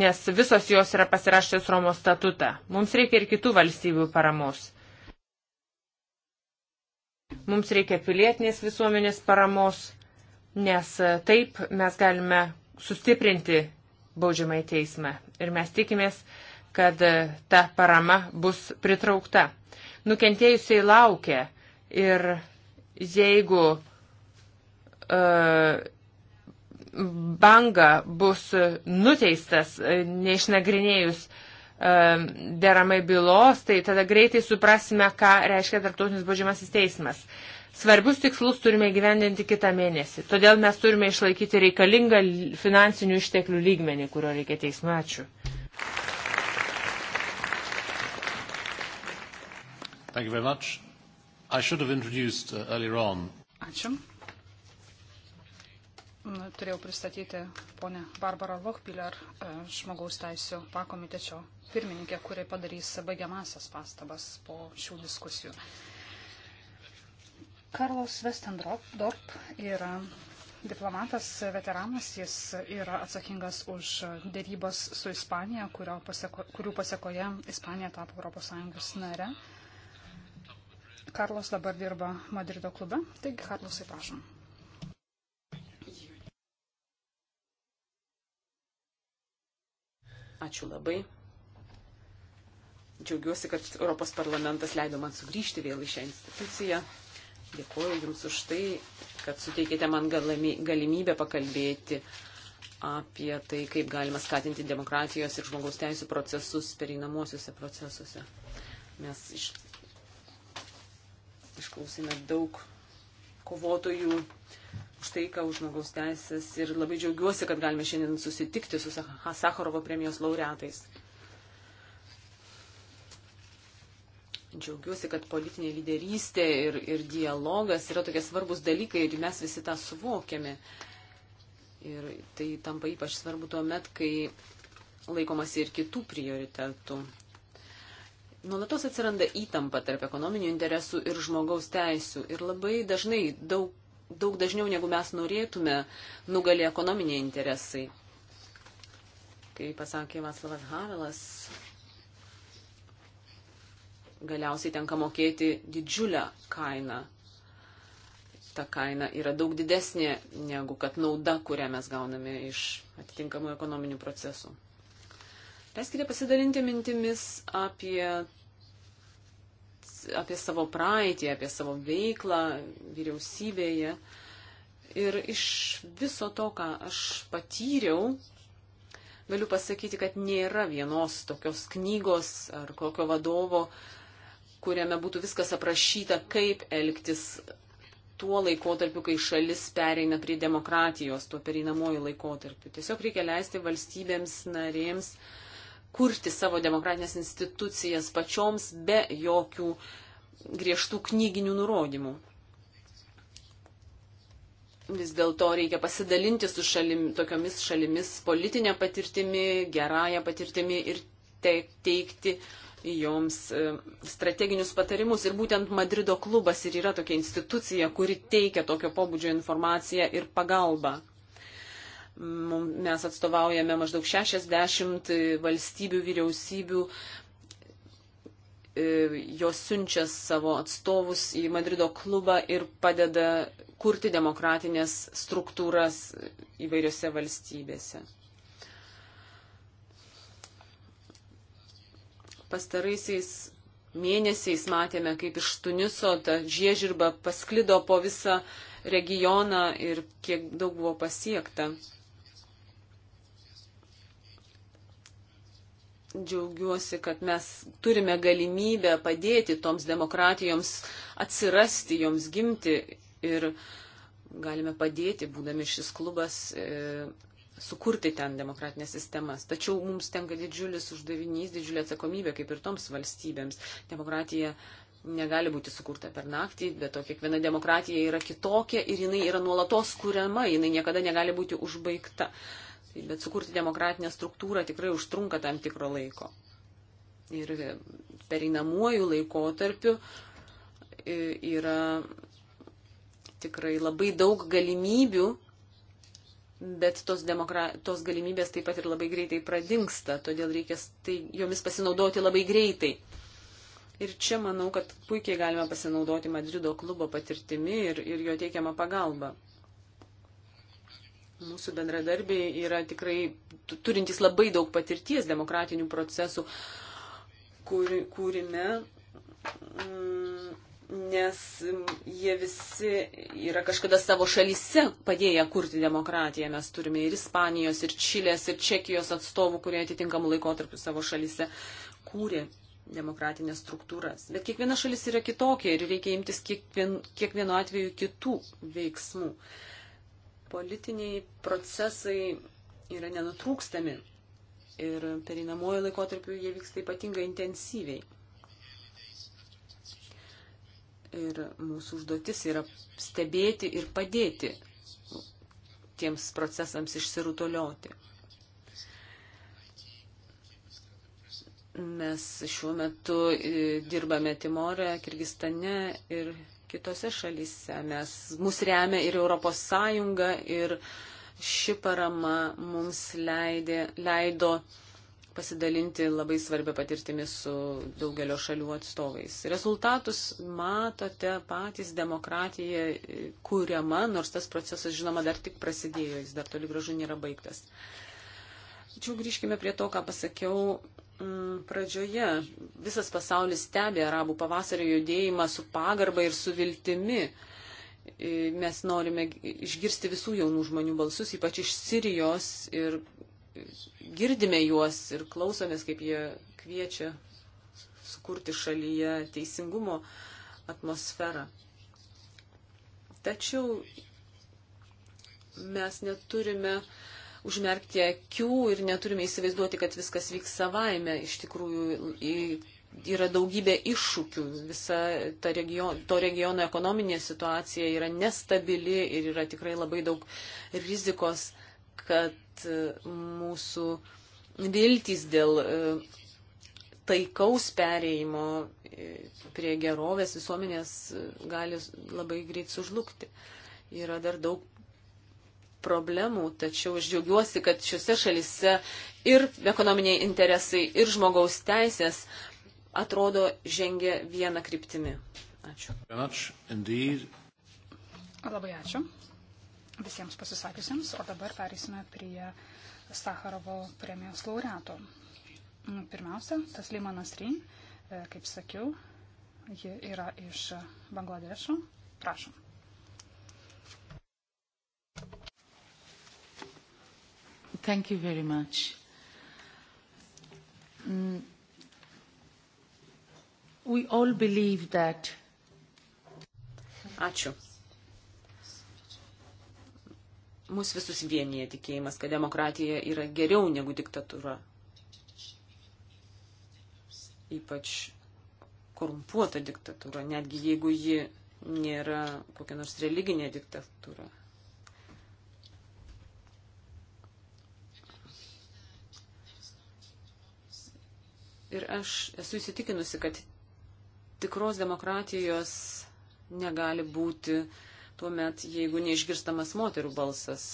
nes visos jos yra pasirašęs Romos statutą. Mums reikia ir kitų valstybių paramos. Mums reikia pilietinės visuomenės paramos, nes e, taip mes galime sustiprinti baudžiamąjį teismą. Ir mes tikimės, kad e, ta parama bus pritraukta. Nukentėjusiai laukia ir jeigu uh, banga bus nuteistas e, neišnagrinėjus e, deramai bylos, tai tada greitai suprasime, ką reiškia tarptautinis baudžiamasis teismas. Svarbius tikslus turime gyvendinti kitą mėnesį. Todėl mes turime išlaikyti reikalingą finansinių išteklių lygmenį, kurio reikia teismui. Ačiū. Uh, Ačiū turėjau pristatyti ponę Barbarą Lochpiller, e, žmogaus teisų pakomitečio pirmininkė, kuri padarys baigiamasias pastabas po šių diskusijų. Karlos Westendorp yra diplomatas veteranas, jis yra atsakingas už dėrybas su Ispanija, paseko, kurių pasiekoje Ispanija tapo ES nare. Karlos dabar dirba Madrido klube, taigi Karlosai prašom. Ačiū labai. Džiaugiuosi, kad Europos parlamentas leido man sugrįžti vėl į šią instituciją. Dėkuoju Jums už tai, kad suteikėte man galimybę pakalbėti apie tai, kaip galima skatinti demokratijos ir žmogaus teisų procesus pereinamosiuose procesuose. Mes iš, išklausėme daug kovotojų, už taiką, už žmogaus teisės ir labai džiaugiuosi, kad galime šiandien susitikti su Sakharovo premijos laureatais. Džiaugiuosi, kad politinė lyderystė ir, ir dialogas yra tokie svarbus dalykai ir mes visi tą suvokiame. Ir tai tampa ypač svarbu tuo met, kai laikomasi ir kitų prioritetų. Nulatos atsiranda įtampa tarp ekonominių interesų ir žmogaus teisų. Ir labai dažnai daug daug dažniau, negu mes norėtume, nugali ekonominiai interesai. Kaip pasakė Vaslavas Havelas, galiausiai tenka mokėti didžiulę kainą. Ta kaina yra daug didesnė negu kad nauda, kurią mes gauname iš atitinkamų ekonominių procesų. Leiskite pasidalinti mintimis apie apie savo praeitį, apie savo veiklą vyriausybėje. Ir iš viso to, ką aš patyriau, galiu pasakyti, kad nėra vienos tokios knygos ar kokio vadovo, kuriame būtų viskas aprašyta, kaip elgtis tuo laikotarpiu, kai šalis pereina prie demokratijos, tuo pereinamojų laikotarpiu. Tiesiog reikia leisti valstybėms narėms uh, kurti savo demokratinės institucijas pačioms be jokių griežtų knyginių nurodymų. Vis dėlto reikia pasidalinti su šalim, tokiomis šalimis politinė patirtimi, gerąją patirtimi ir te, teikti joms e, strateginius patarimus. Ir būtent Madrido klubas ir yra tokia institucija, kuri teikia tokio pobūdžio informaciją ir pagalbą. Mes atstovaujame maždaug 60 e, valstybių vyriausybių. E, jos siunčia savo atstovus į Madrido klubą ir padeda kurti demokratinės struktūras įvairiose valstybėse. Pastaraisiais mėnesiais matėme, kaip iš Tuniso ta žiežirba pasklido po visą regioną ir kiek daug buvo pasiekta. džiaugiuosi, kad mes turime galimybę padėti toms demokratijoms atsirasti, joms gimti ir galime padėti, būdami šis klubas, e, sukurti ten demokratinės sistemas. Tačiau mums tenka didžiulis uždavinys, didžiulė atsakomybė, kaip ir toms valstybėms. Demokratija negali būti sukurta per naktį, bet to kiekviena demokratija yra kitokia ir jinai yra nuolatos kuriama, jinai niekada negali būti užbaigta. Uh, bet sukurti demokratinę struktūrą tikrai užtrunka tam tikro laiko. Ir pereinamuoju laikotarpiu e, yra tikrai labai daug galimybių, bet tos, demokra... tos galimybės taip pat ir labai greitai pradingsta, todėl reikia tai, jomis pasinaudoti labai greitai. Ir čia manau, kad puikiai galima pasinaudoti Madrido klubo patirtimi ir, ir jo teikiamą pagalbą. Mūsų bendradarbiai yra tikrai turintys labai daug patirties demokratinių procesų kūrime, mm, nes jie visi yra kažkada savo šalyse padėję kurti demokratiją. Mes turime ir Ispanijos, ir Čilės, ir Čekijos atstovų, kurie atitinkamų laikotarpių savo šalyse kūrė demokratinės struktūras. Bet kiekviena šalis yra kitokia ir reikia imtis kiekvien, kiekvienu atveju kitų veiksmų. Uh, Politiniai procesai yra nenutrūkstami ir perinamojo laikotarpiu jie vyksta ypatingai intensyviai. Ir mūsų užduotis yra stebėti ir padėti tiems procesams išsirutulioti. Mes šiuo metu e, dirbame Timorė, Kirgistane ir kitose šalyse. Mes, mus remia ir Europos Sąjunga, ir ši parama mums leidė, leido pasidalinti labai svarbią patirtimį su daugelio šalių atstovais. Rezultatus matote patys demokratija kūriama, nors tas procesas, žinoma, dar tik prasidėjo, jis dar toli gražu nėra baigtas. Tačiau grįžkime prie to, ką pasakiau Mm, pradžioje visas pasaulis stebi arabų pavasario judėjimą su pagarba ir su viltimi. Mes norime išgirsti visų jaunų žmonių balsus, ypač iš Sirijos, ir girdime juos ir klausomės, kaip jie kviečia sukurti šalyje teisingumo atmosferą. Tačiau mes neturime uh, užmerkti akių ir neturime įsivaizduoti, kad viskas vyks savaime. Iš tikrųjų yra daugybė iššūkių. Visa region, to regiono ekonominė situacija yra nestabili ir yra tikrai labai daug rizikos, kad e, mūsų viltys dėl e, taikaus pereimo e, prie gerovės visuomenės gali labai greit sužlugti. Yra dar daug problemų, tačiau aš džiaugiuosi, kad šiuose šalise ir ekonominiai interesai, ir žmogaus teisės atrodo žengia vieną kryptimį. Ačiū. Labai ačiū visiems pasisakiusiems, o dabar perėsime prie Sakarovo premijos laureato. Pirmiausia, tas Limanas Rin, e, kaip sakiau, ji yra iš Bangladešo. Prašom. Thank you very much. Mm. We all believe that. Ačiū. Mūsų visus vienyje tikėjimas, kad demokratija yra geriau negu diktatūra. Ypač korumpuota diktatūra, netgi jeigu ji nėra kokia nors religinė diktatūra. Ir aš esu įsitikinusi, kad tikros demokratijos negali būti tuo met, jeigu neišgirstamas moterų balsas.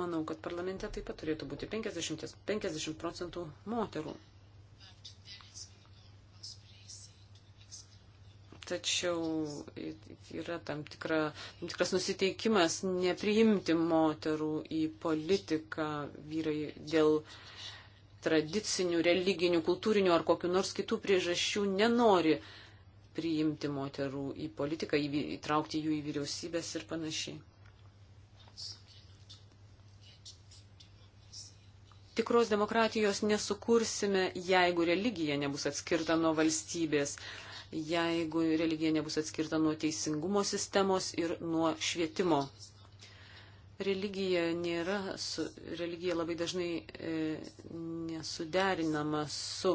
Manau, kad parlamente taip pat turėtų būti 50, 50 procentų moterų. tačiau yra tam, tikra, tam tikras nusiteikimas nepriimti moterų į politiką vyrai dėl tradicinių, religinių, kultūrinių ar kokiu nors kitų priežasčių nenori priimti moterų į politiką, įtraukti jų į vyriausybės ir panašiai. Tikros demokratijos nesukursime, jeigu religija nebus atskirta nuo valstybės jeigu religija nebus atskirta nuo teisingumo sistemos ir nuo švietimo. Religija, nėra, su, religija labai dažnai e, nesuderinama su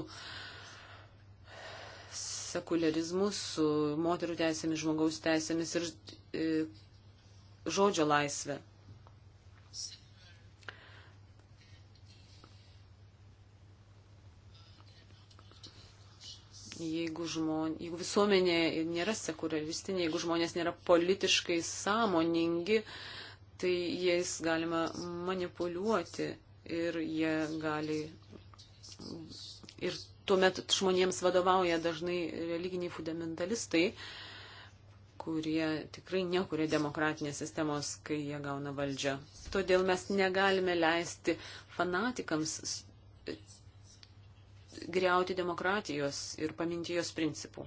sekularizmu, su moterų teisėmis, žmogaus teisėmis ir e, žodžio laisvė. jeigu, žmon, jeigu visuomenė nėra sekularistinė, jeigu žmonės nėra politiškai sąmoningi, tai jais galima manipuliuoti ir jie gali. Ir tuomet žmonėms vadovauja dažnai religiniai fundamentalistai, kurie tikrai nekuria demokratinės sistemos, kai jie gauna valdžią. Todėl mes negalime leisti fanatikams greuti demokratijos ir pamintijos principų.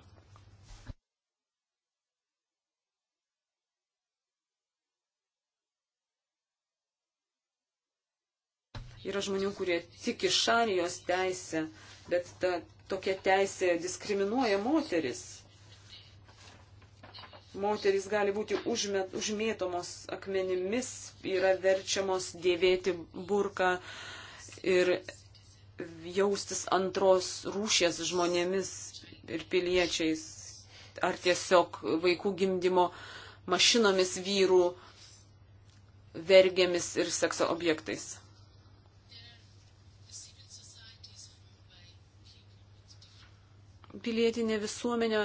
Yra žmonių, kurie tik iš šarijos teisę, bet ta, tokia teisė diskriminuoja moteris. Moteris gali būti užmet, užmėtomos akmenimis, yra verčiamos dėvėti burką ir jaustis antros rūšės žmonėmis ir piliečiais, ar tiesiog vaikų gimdymo mašinomis vyrų, vergėmis ir sekso objektais. Pilietinė visuomenė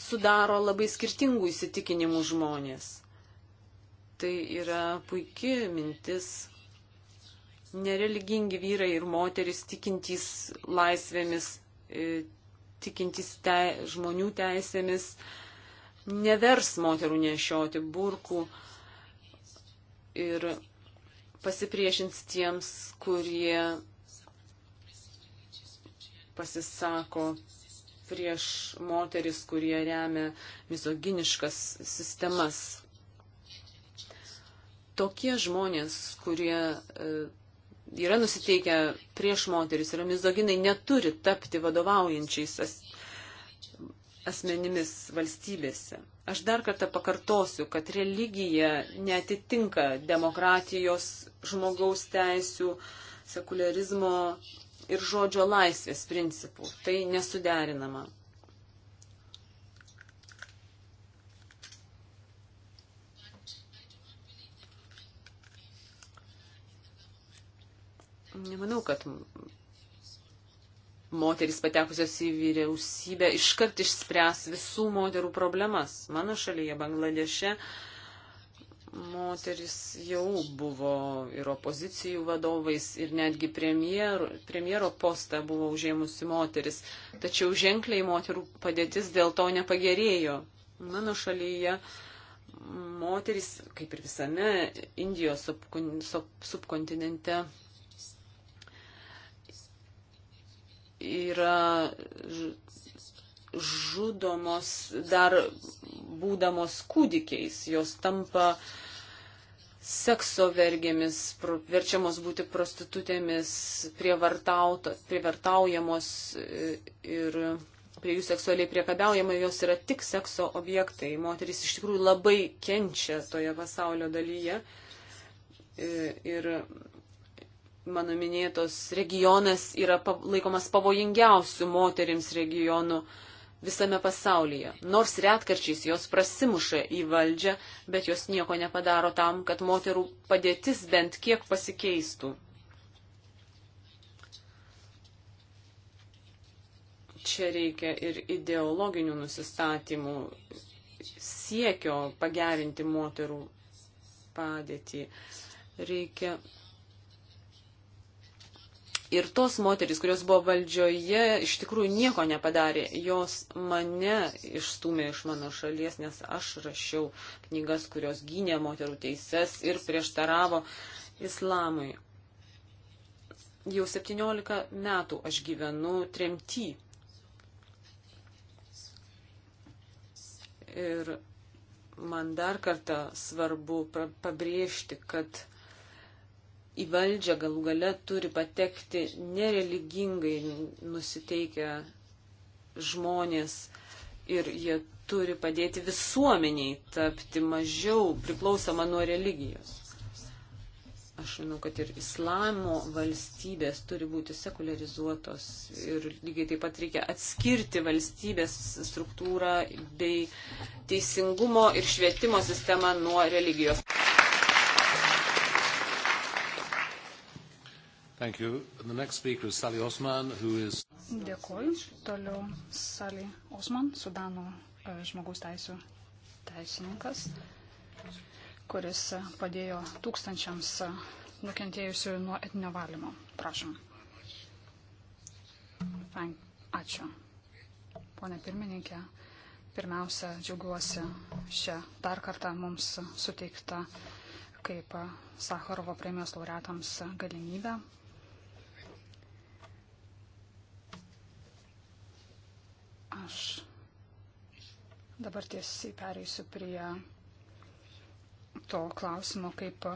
sudaro labai skirtingų įsitikinimų žmonės. Tai yra puikia mintis nereligingi vyrai ir moteris tikintys laisvėmis, e, tikintys te, žmonių teisėmis, nevers moterų nešioti burkų ir pasipriešins tiems, kurie pasisako prieš moteris, kurie remia misoginiškas sistemas. Tokie žmonės, kurie e, yra nusiteikę prieš moteris, yra mizoginai, neturi tapti vadovaujančiais as, asmenimis valstybėse. Aš dar kartą pakartosiu, kad religija netitinka demokratijos, žmogaus teisų, sekularizmo ir žodžio laisvės principų. Tai nesuderinama. Nemanau, kad moteris patekusios į vyriausybę iškart išspręs visų moterų problemas. Mano šalyje, Bangladeše, moteris jau buvo ir opozicijų vadovais, ir netgi premjero, premjero postą buvo užėmusi moteris. Tačiau ženkliai moterų padėtis dėl to nepagerėjo. Mano šalyje moteris, kaip ir visame Indijos subkontinente, yra žudomos dar būdamos kūdikiais, jos tampa sekso vergėmis, verčiamos būti prostitutėmis, prievartaujamos e, ir prie jų seksualiai priekabiaujama, jos yra tik sekso objektai. Moteris iš tikrųjų labai kenčia toje pasaulio dalyje. E, ir mano minėtos regionas yra laikomas pavojingiausių moterims regionų visame pasaulyje. Nors retkarčiais jos prasimuša į valdžią, bet jos nieko nepadaro tam, kad moterų padėtis bent kiek pasikeistų. Čia reikia ir ideologinių nusistatymų, siekio pagerinti moterų padėtį. Reikia Ir tos moteris, kurios buvo valdžioje, iš tikrųjų nieko nepadarė. Jos mane išstumė iš mano šalies, nes aš rašiau knygas, kurios gynė moterų teises ir prieštaravo islamui. Jau 17 metų aš gyvenu tremty. Ir man dar kartą svarbu pabrėžti, kad į valdžią galų gale turi patekti nereligingai nusiteikę žmonės ir jie turi padėti visuomeniai tapti mažiau priklausoma nuo religijos. Aš manau, kad ir islamo valstybės turi būti sekularizuotos ir lygiai taip pat reikia atskirti valstybės struktūrą bei teisingumo ir švietimo sistemą nuo religijos. Thank you. And the next speaker is Sally Osman, who is... Dėkuoju. Toliau Sally Osman, Sudano e, žmogaus teisų teisininkas, kuris padėjo tūkstančiams nukentėjusių nuo etinio valymo. Prašom. Ačiū. Pone pirmininkė, pirmiausia, džiaugiuosi šią dar kartą mums suteiktą kaip Sakarovo premijos laureatams galimybę Aš dabar tiesiai pereisiu prie to klausimo, kaip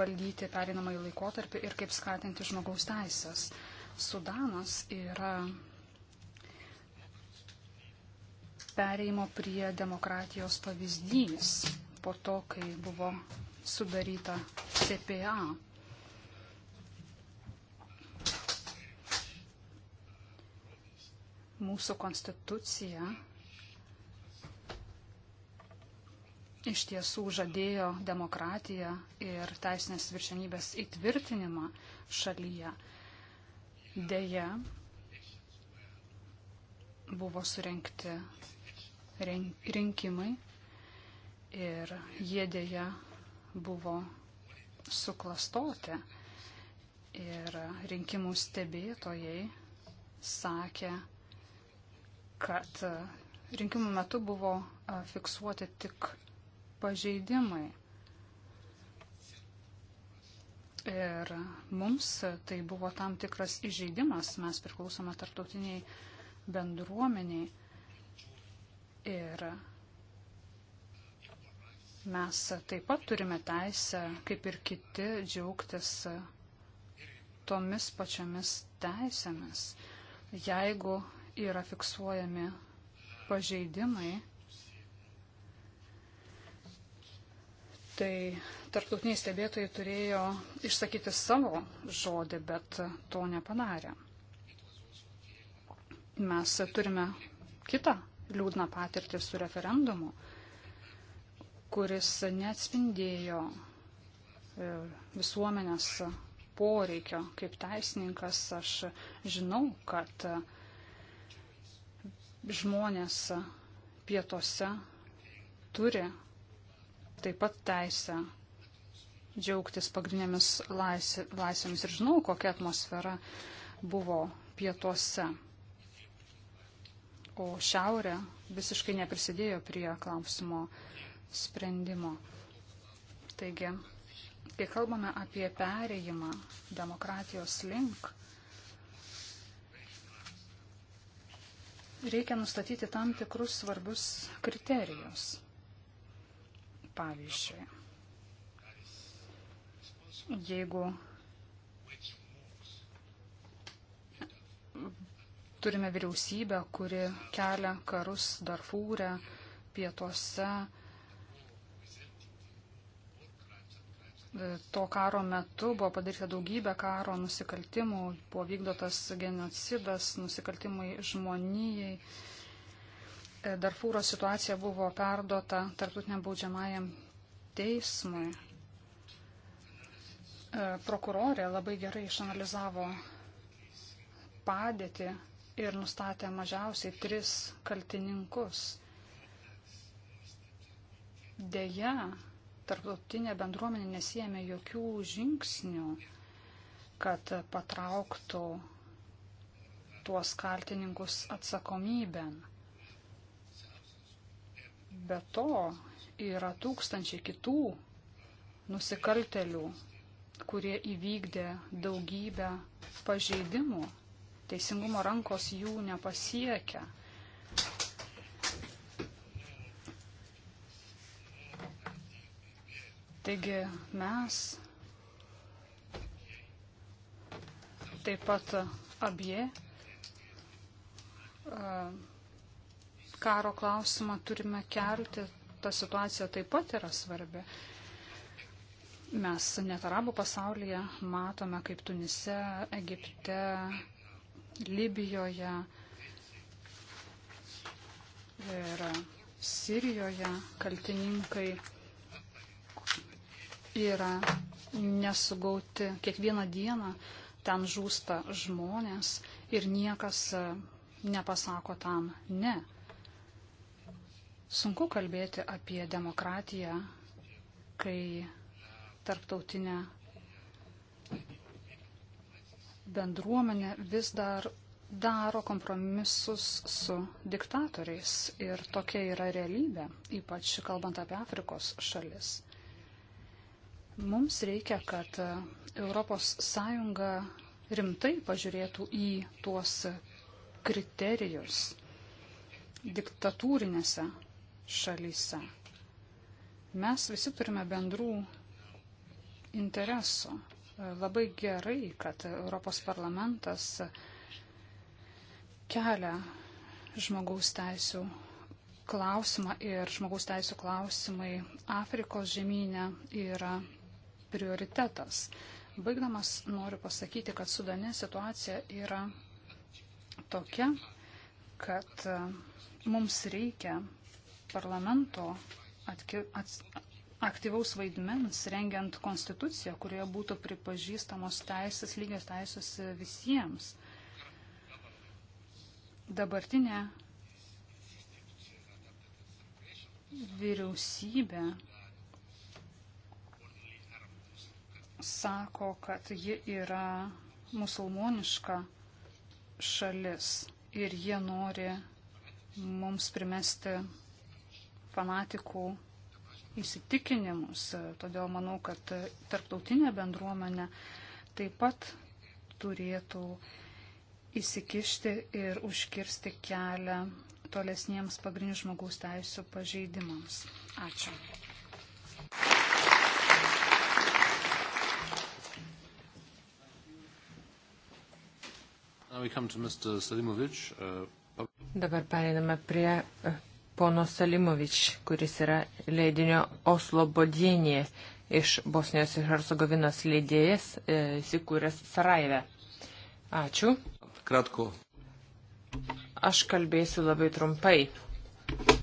valdyti perinamąjį laikotarpį ir kaip skatinti žmogaus teisės. Sudanas yra pereimo prie demokratijos pavyzdys po to, kai buvo sudaryta CPA Mūsų konstitucija iš tiesų žadėjo demokratiją ir teisinės viršenybės įtvirtinimą šalyje. Deja, buvo surinkti rinkimai ir jie dėja buvo suklastoti. Ir rinkimų stebėtojai sakė, kad e, rinkimų metu buvo e, fiksuoti tik pažeidimai. Ir mums tai buvo tam tikras įžeidimas, mes priklausome tarptautiniai bendruomeniai. Ir mes taip pat turime teisę, kaip ir kiti, džiaugtis tomis pačiomis teisėmis. Jeigu yra fiksuojami pažeidimai, tai tarptautiniai stebėtojai turėjo išsakyti savo žodį, bet to nepadarė. Mes turime kitą liūdną patirtį su referendumu, kuris neatspindėjo e, visuomenės poreikio. Kaip teisininkas aš žinau, kad žmonės pietuose turi taip pat teisę džiaugtis pagrindinėmis laisvėmis ir žinau, kokia atmosfera buvo pietuose. O šiaurė visiškai neprisidėjo prie klausimo sprendimo. Taigi, kai kalbame apie perėjimą demokratijos link, reikia nustatyti tam tikrus svarbus kriterijus. Pavyzdžiui, jeigu turime vyriausybę, kuri kelia karus Darfūrę, pietuose, to karo metu buvo padaryta daugybė karo nusikaltimų, buvo vykdotas genocidas, nusikaltimai žmonijai. E, Darfūro situacija buvo perduota tarptautiniam baudžiamajam teismui. E, prokurorė labai gerai išanalizavo padėtį ir nustatė mažiausiai tris kaltininkus. Deja, tarptautinė bendruomenė nesijėmė jokių žingsnių, kad patrauktų tuos kaltininkus atsakomybėn. Be to yra tūkstančiai kitų nusikaltelių, kurie įvykdė daugybę pažeidimų. Teisingumo rankos jų nepasiekia. Taigi mes taip pat abie e, karo klausimą turime kelti. Ta situacija taip pat yra svarbi. Mes net arabų pasaulyje matome, kaip Tunise, Egipte, Libijoje ir Sirijoje kaltininkai yra nesugauti. Kiekvieną dieną ten žūsta žmonės ir niekas e, nepasako tam ne. Sunku kalbėti apie demokratiją, kai tarptautinė bendruomenė vis dar daro kompromisus su diktatoriais ir tokia yra realybė, ypač kalbant apie Afrikos šalis. Mums reikia, kad ES rimtai pažiūrėtų į tuos kriterijus diktatūrinėse šalyse. Mes visi turime bendrų interesų. E, labai gerai, kad Europos parlamentas kelia žmogaus teisų klausimą ir žmogaus teisų klausimai Afrikos žemynė yra prioritetas. Baigdamas noriu pasakyti, kad Sudane situacija yra tokia, kad e, mums reikia parlamento atki, ats, aktyvaus vaidmens, rengiant konstituciją, kurioje būtų pripažįstamos teisės, lygios teisės visiems. Dabartinė vyriausybė sako, kad ji yra musulmoniška šalis ir jie nori mums primesti fanatikų įsitikinimus. Todėl manau, kad tarptautinė bendruomenė taip pat turėtų įsikišti ir užkirsti kelią tolesniems pagrindinių žmogaus teisų pažeidimams. Ačiū. Uh, Dabar pereiname prie uh, pono Salimovič, kuris yra leidinio Oslo Bodienė iš Bosnijos ir Hercegovinos leidėjas, e, įsikūręs Sarajeve. Ačiū. Kratko. Aš kalbėsiu labai trumpai.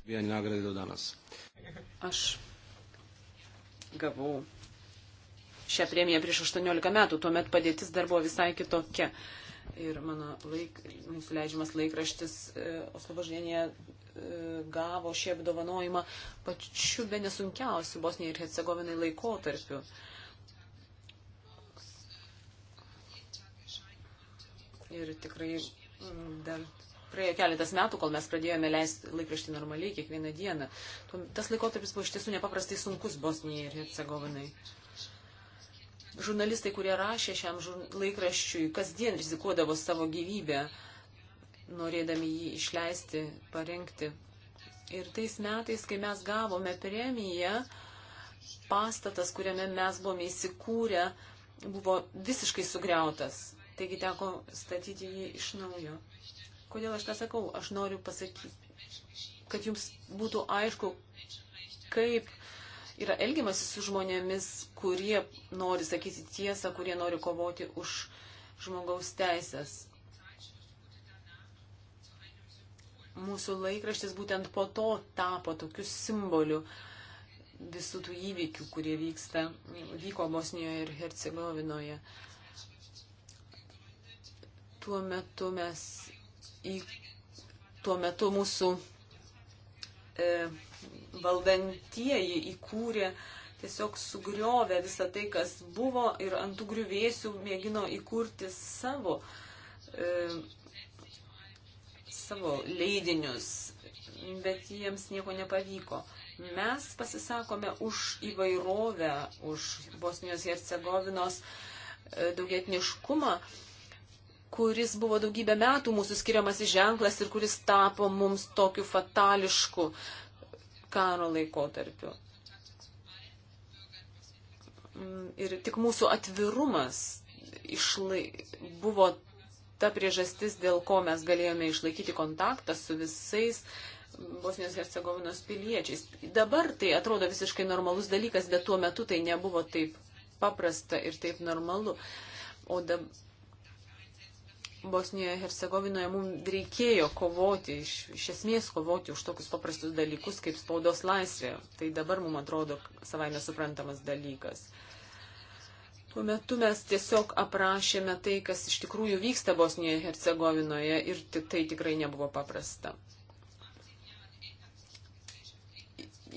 Vieni nagradai do danas. Aš gavau šią premiją prieš 18 metų, tuomet padėtis dar buvo visai kitokia ir mano laik, mūsų leidžiamas laikraštis e, Oslo Važinėje e, gavo šį apdovanojimą pačiu be nesunkiausiu Bosnijai ir Hercegovinai laikotarpiu. Ir tikrai mm, dar praėjo keletas metų, kol mes pradėjome leisti laikraštį normaliai kiekvieną dieną. Tas laikotarpis buvo iš tiesų nepaprastai sunkus Bosnijai ir Hercegovinai. E, Žurnalistai, kurie rašė šiam laikraščiui, kasdien rizikuodavo savo gyvybę, norėdami jį išleisti, parengti. Ir tais metais, kai mes gavome premiją, pastatas, kuriame mes buvome įsikūrę, buvo visiškai sugriautas. Taigi teko statyti jį iš naujo. Kodėl aš tą sakau? Aš noriu pasakyti, kad jums būtų aišku, kaip uh, yra elgiamasi su žmonėmis, kurie nori sakyti tiesą, kurie nori kovoti už žmogaus teisės. Mūsų laikraštis būtent po to tapo tokiu simboliu visų tų įvykių, kurie vyksta, vyko Bosnijoje ir Hercegovinoje. Tuo metu mes į, tuo metu mūsų e, valdantieji įkūrė, tiesiog sugriovė visą tai, kas buvo ir ant tų griuvėsių mėgino įkurti savo, e, savo leidinius, bet jiems nieko nepavyko. Mes pasisakome už įvairovę, už Bosnijos Hercegovinos e, daugietniškumą, kuris buvo daugybę metų mūsų skiriamas į ženklas ir kuris tapo mums tokiu fatališku karo laikotarpiu. Ir tik mūsų atvirumas išlai... buvo ta priežastis, dėl ko mes galėjome išlaikyti kontaktą su visais Bosnijos Hercegovinos piliečiais. Dabar tai atrodo visiškai normalus dalykas, bet tuo metu tai nebuvo taip paprasta ir taip normalu. O dabar Bosnijoje, Hercegovinoje mums reikėjo kovoti, iš, iš esmės kovoti už tokius paprastus dalykus kaip spaudos laisvė. Tai dabar mums atrodo savai nesuprantamas dalykas. Tuo metu mes tiesiog aprašėme tai, kas iš tikrųjų vyksta Bosnijoje, Hercegovinoje ir tai tikrai nebuvo paprasta.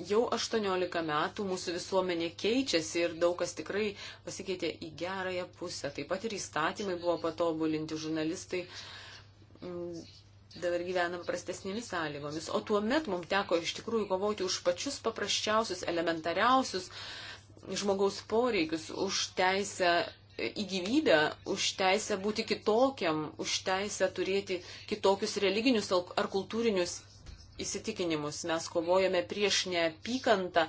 Jau 18 metų mūsų visuomenė keičiasi ir daug kas tikrai pasikeitė į gerąją pusę. Taip pat ir įstatymai buvo patobulinti, žurnalistai mm, dabar gyvenam prastesnėmis sąlygomis. O tuo met mums teko iš tikrųjų kovoti už pačius paprasčiausius, elementariausius žmogaus poreikius, už teisę į gyvybę, už teisę būti kitokiam, už teisę turėti kitokius religinius ar kultūrinius įsitikinimus. Mes kovojame prieš neapykantą,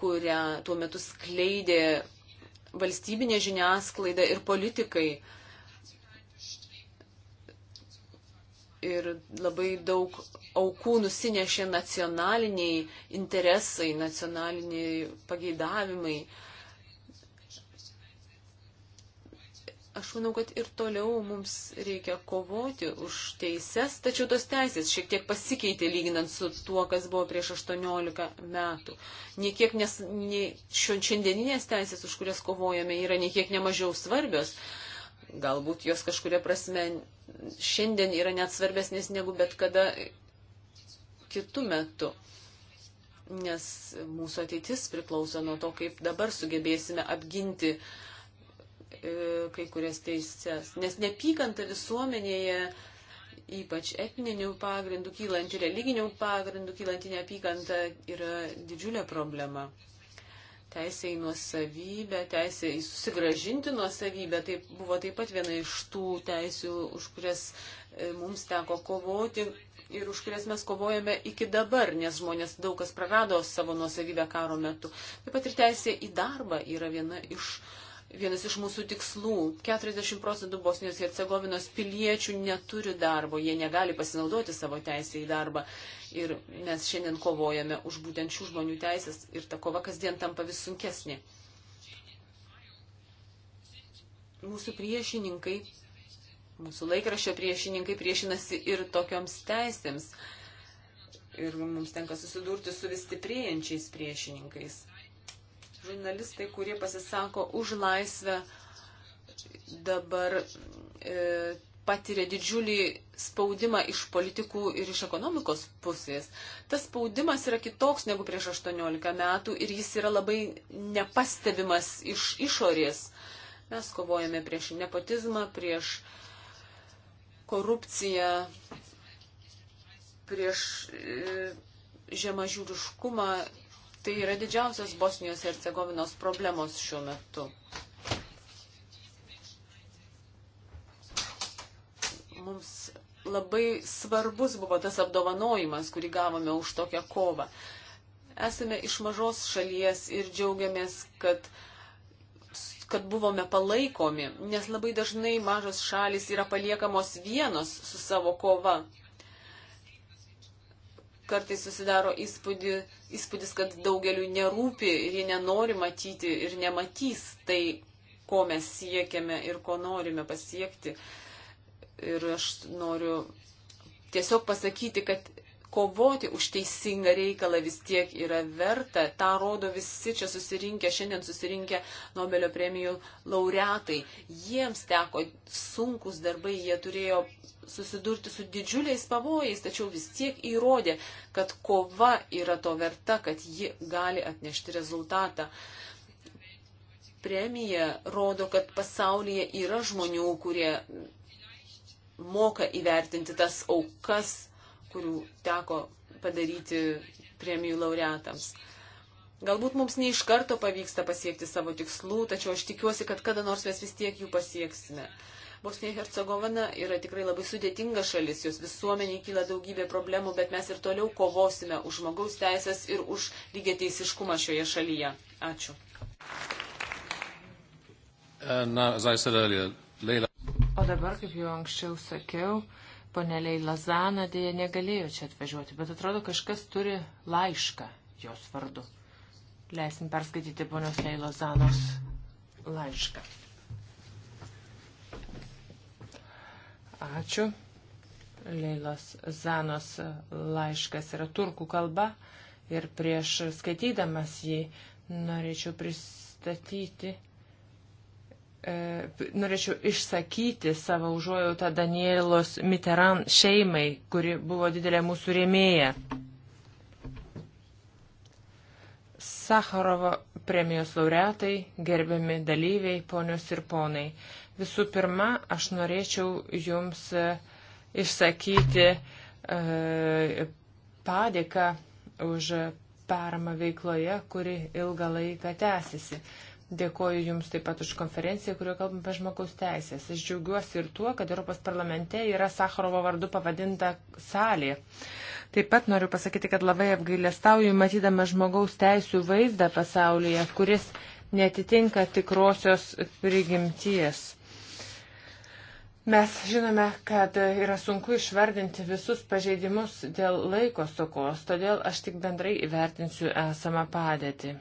kurią tuo metu skleidė valstybinė žiniasklaida ir politikai. Ir labai daug aukų nusinešė nacionaliniai interesai, nacionaliniai pageidavimai. Uh, Aš manau, kad ir toliau mums reikia kovoti už teises, tačiau tos teisės šiek tiek pasikeitė lyginant su tuo, kas buvo prieš 18 metų. Niekiek nes nie, šiandieninės teisės, už kurias kovojame, yra niekiek nemažiau svarbios. Galbūt jos kažkuria prasme šiandien yra net svarbesnės negu bet kada kitų metų nes mūsų ateitis priklauso nuo to, kaip dabar sugebėsime apginti uh, E, kai kurias teises, nes nepykanta visuomenėje, ypač etninių pagrindų kylanti, religinių pagrindų kylanti neapykanta yra didžiulė problema. Teisė į nuosavybę, teisė į susigražinti nuosavybę, tai buvo taip pat viena iš tų teisių, už kurias e, mums teko kovoti ir už kurias mes kovojame iki dabar, nes žmonės daug kas prarado savo nuosavybę karo metu. Taip pat ir teisė į darbą yra viena iš uh, vienas iš mūsų tikslų. 40 procentų Bosnijos ir Cegovinos piliečių neturi darbo, jie negali pasinaudoti savo teisę į darbą. Ir mes šiandien kovojame už būtent šių žmonių teisės ir ta kova kasdien tampa vis sunkesnė. Mūsų priešininkai, mūsų laikraščio priešininkai priešinasi ir tokioms teisėms. Ir mums tenka susidurti su vis stiprėjančiais priešininkais žurnalistai, kurie pasisako už laisvę, dabar e, patiria didžiulį spaudimą iš politikų ir iš ekonomikos pusės. Tas spaudimas yra kitoks negu prieš 18 metų ir jis yra labai nepastebimas iš išorės. Mes kovojame prieš nepotizmą, prieš korupciją, prieš e, žemažiūriškumą Tai yra didžiausios Bosnijos ir Cegovinos problemos šiuo metu. Mums labai svarbus buvo tas apdovanojimas, kurį gavome už tokią kovą. Esame iš mažos šalies ir džiaugiamės, kad kad buvome palaikomi, nes labai dažnai mažos šalis yra paliekamos vienos su savo kova kartais susidaro įspūdį, įspūdis, kad daugeliu nerūpi ir jie nenori matyti ir nematys tai, ko mes siekiame ir ko norime pasiekti. Ir aš noriu tiesiog pasakyti, kad kovoti už teisingą reikalą vis tiek yra verta. Ta rodo visi čia susirinkę, šiandien susirinkę Nobelio premijų laureatai. Jiems teko sunkus darbai, jie turėjo susidurti su didžiuliais pavojais, tačiau vis tiek įrodė, kad kova yra to verta, kad ji gali atnešti rezultatą premija rodo, kad pasaulyje yra žmonių, kurie moka įvertinti tas aukas kurių teko padaryti premijų laureatams. Galbūt mums ne iš karto pavyksta pasiekti savo tikslų, tačiau aš tikiuosi, kad kada nors mes vis tiek jų pasieksime. Bosnija Hercegovina yra tikrai labai sudėtinga šalis, jos visuomeniai kyla daugybė problemų, bet mes ir toliau kovosime už žmogaus teisės ir už lygiateisiškumą šioje šalyje. Ačiū. O dabar, kaip jau anksčiau sakiau, Ponelė Lazana dėja negalėjo čia atvažiuoti, bet atrodo kažkas turi laišką jos vardu. Leisim perskaityti ponios Leilozanos laišką. Ačiū. Leilos Zanos laiškas yra turkų kalba ir prieš skaitydamas jį norėčiau pristatyti E, norėčiau išsakyti savo užuojautą Danielos Mitterrand šeimai, kuri buvo didelė mūsų rėmėja. Sakharovo premijos laureatai, gerbiami dalyviai, ponios ir ponai. Visų pirma, aš norėčiau Jums e, išsakyti e, padėką už paramą veikloje, kuri ilgą laiką tęsiasi. Dėkoju Jums taip pat už konferenciją, kurioje kalbame apie žmogaus teisės. Aš džiaugiuosi ir tuo, kad Europos parlamente yra Sakharovo vardu pavadinta salė. Taip pat noriu pasakyti, kad labai apgailestauju, matydama žmogaus teisų vaizdą pasaulyje, kuris netitinka tikrosios prigimties. Mes žinome, kad yra sunku išvardinti visus pažeidimus dėl laiko stokos, todėl aš tik bendrai įvertinsiu esamą padėtį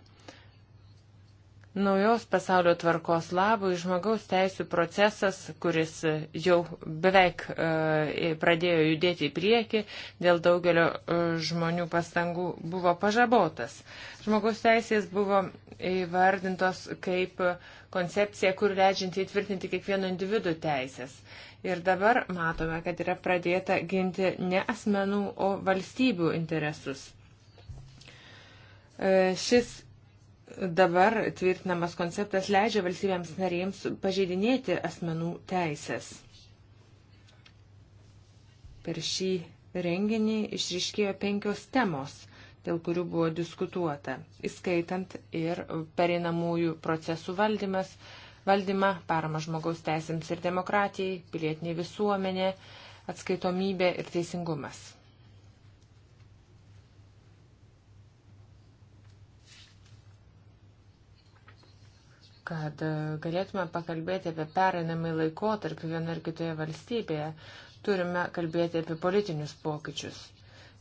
naujos pasaulio tvarkos labui žmogaus teisų procesas, kuris jau beveik e, pradėjo judėti į priekį, dėl daugelio e, žmonių pastangų buvo pažabotas. Žmogaus teisės buvo įvardintos kaip koncepcija, kur leidžianti įtvirtinti kiekvieno individu teisės. Ir dabar matome, kad yra pradėta ginti ne asmenų, o valstybių interesus. E, šis dabar tvirtinamas konceptas leidžia valstybėms narėms pažeidinėti asmenų teisės. Per šį renginį išriškėjo penkios temos, dėl kurių buvo diskutuota, įskaitant ir pereinamųjų procesų valdymas, valdymą, parama žmogaus teisėms ir demokratijai, pilietiniai visuomenė, atskaitomybė ir teisingumas. kad e, galėtume pakalbėti apie pereinamąjį laikotarpį vienoje ar kitoje valstybėje, turime kalbėti apie politinius pokyčius.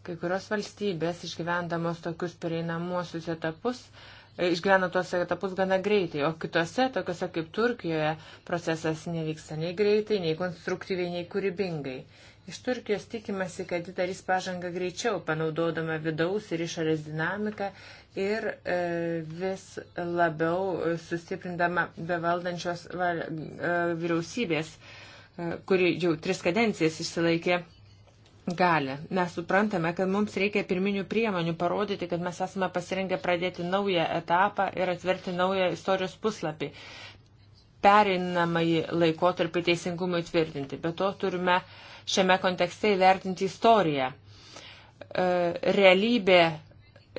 Kai kurios valstybės išgyvendamos tokius pereinamuosius etapus, e, išgyvena tuos etapus gana greitai, o kitose, tokiuose kaip Turkijoje, procesas nevyksta nei greitai, nei konstruktyviai, nei kūrybingai. Iš Turkijos tikimasi, kad ji darys pažangą greičiau, panaudodama vidaus ir išorės dinamiką ir e, vis labiau sustiprindama bevaldančios val, e, vyriausybės, e, kuri jau tris kadencijas išsilaikė galę. Mes suprantame, kad mums reikia pirminių priemonių parodyti, kad mes esame pasirengę pradėti naują etapą ir atverti naują istorijos puslapį pereinamąjį laikotarpį teisingumui tvirtinti. Be to turime uh, šiame kontekste įvertinti istoriją. E, realybė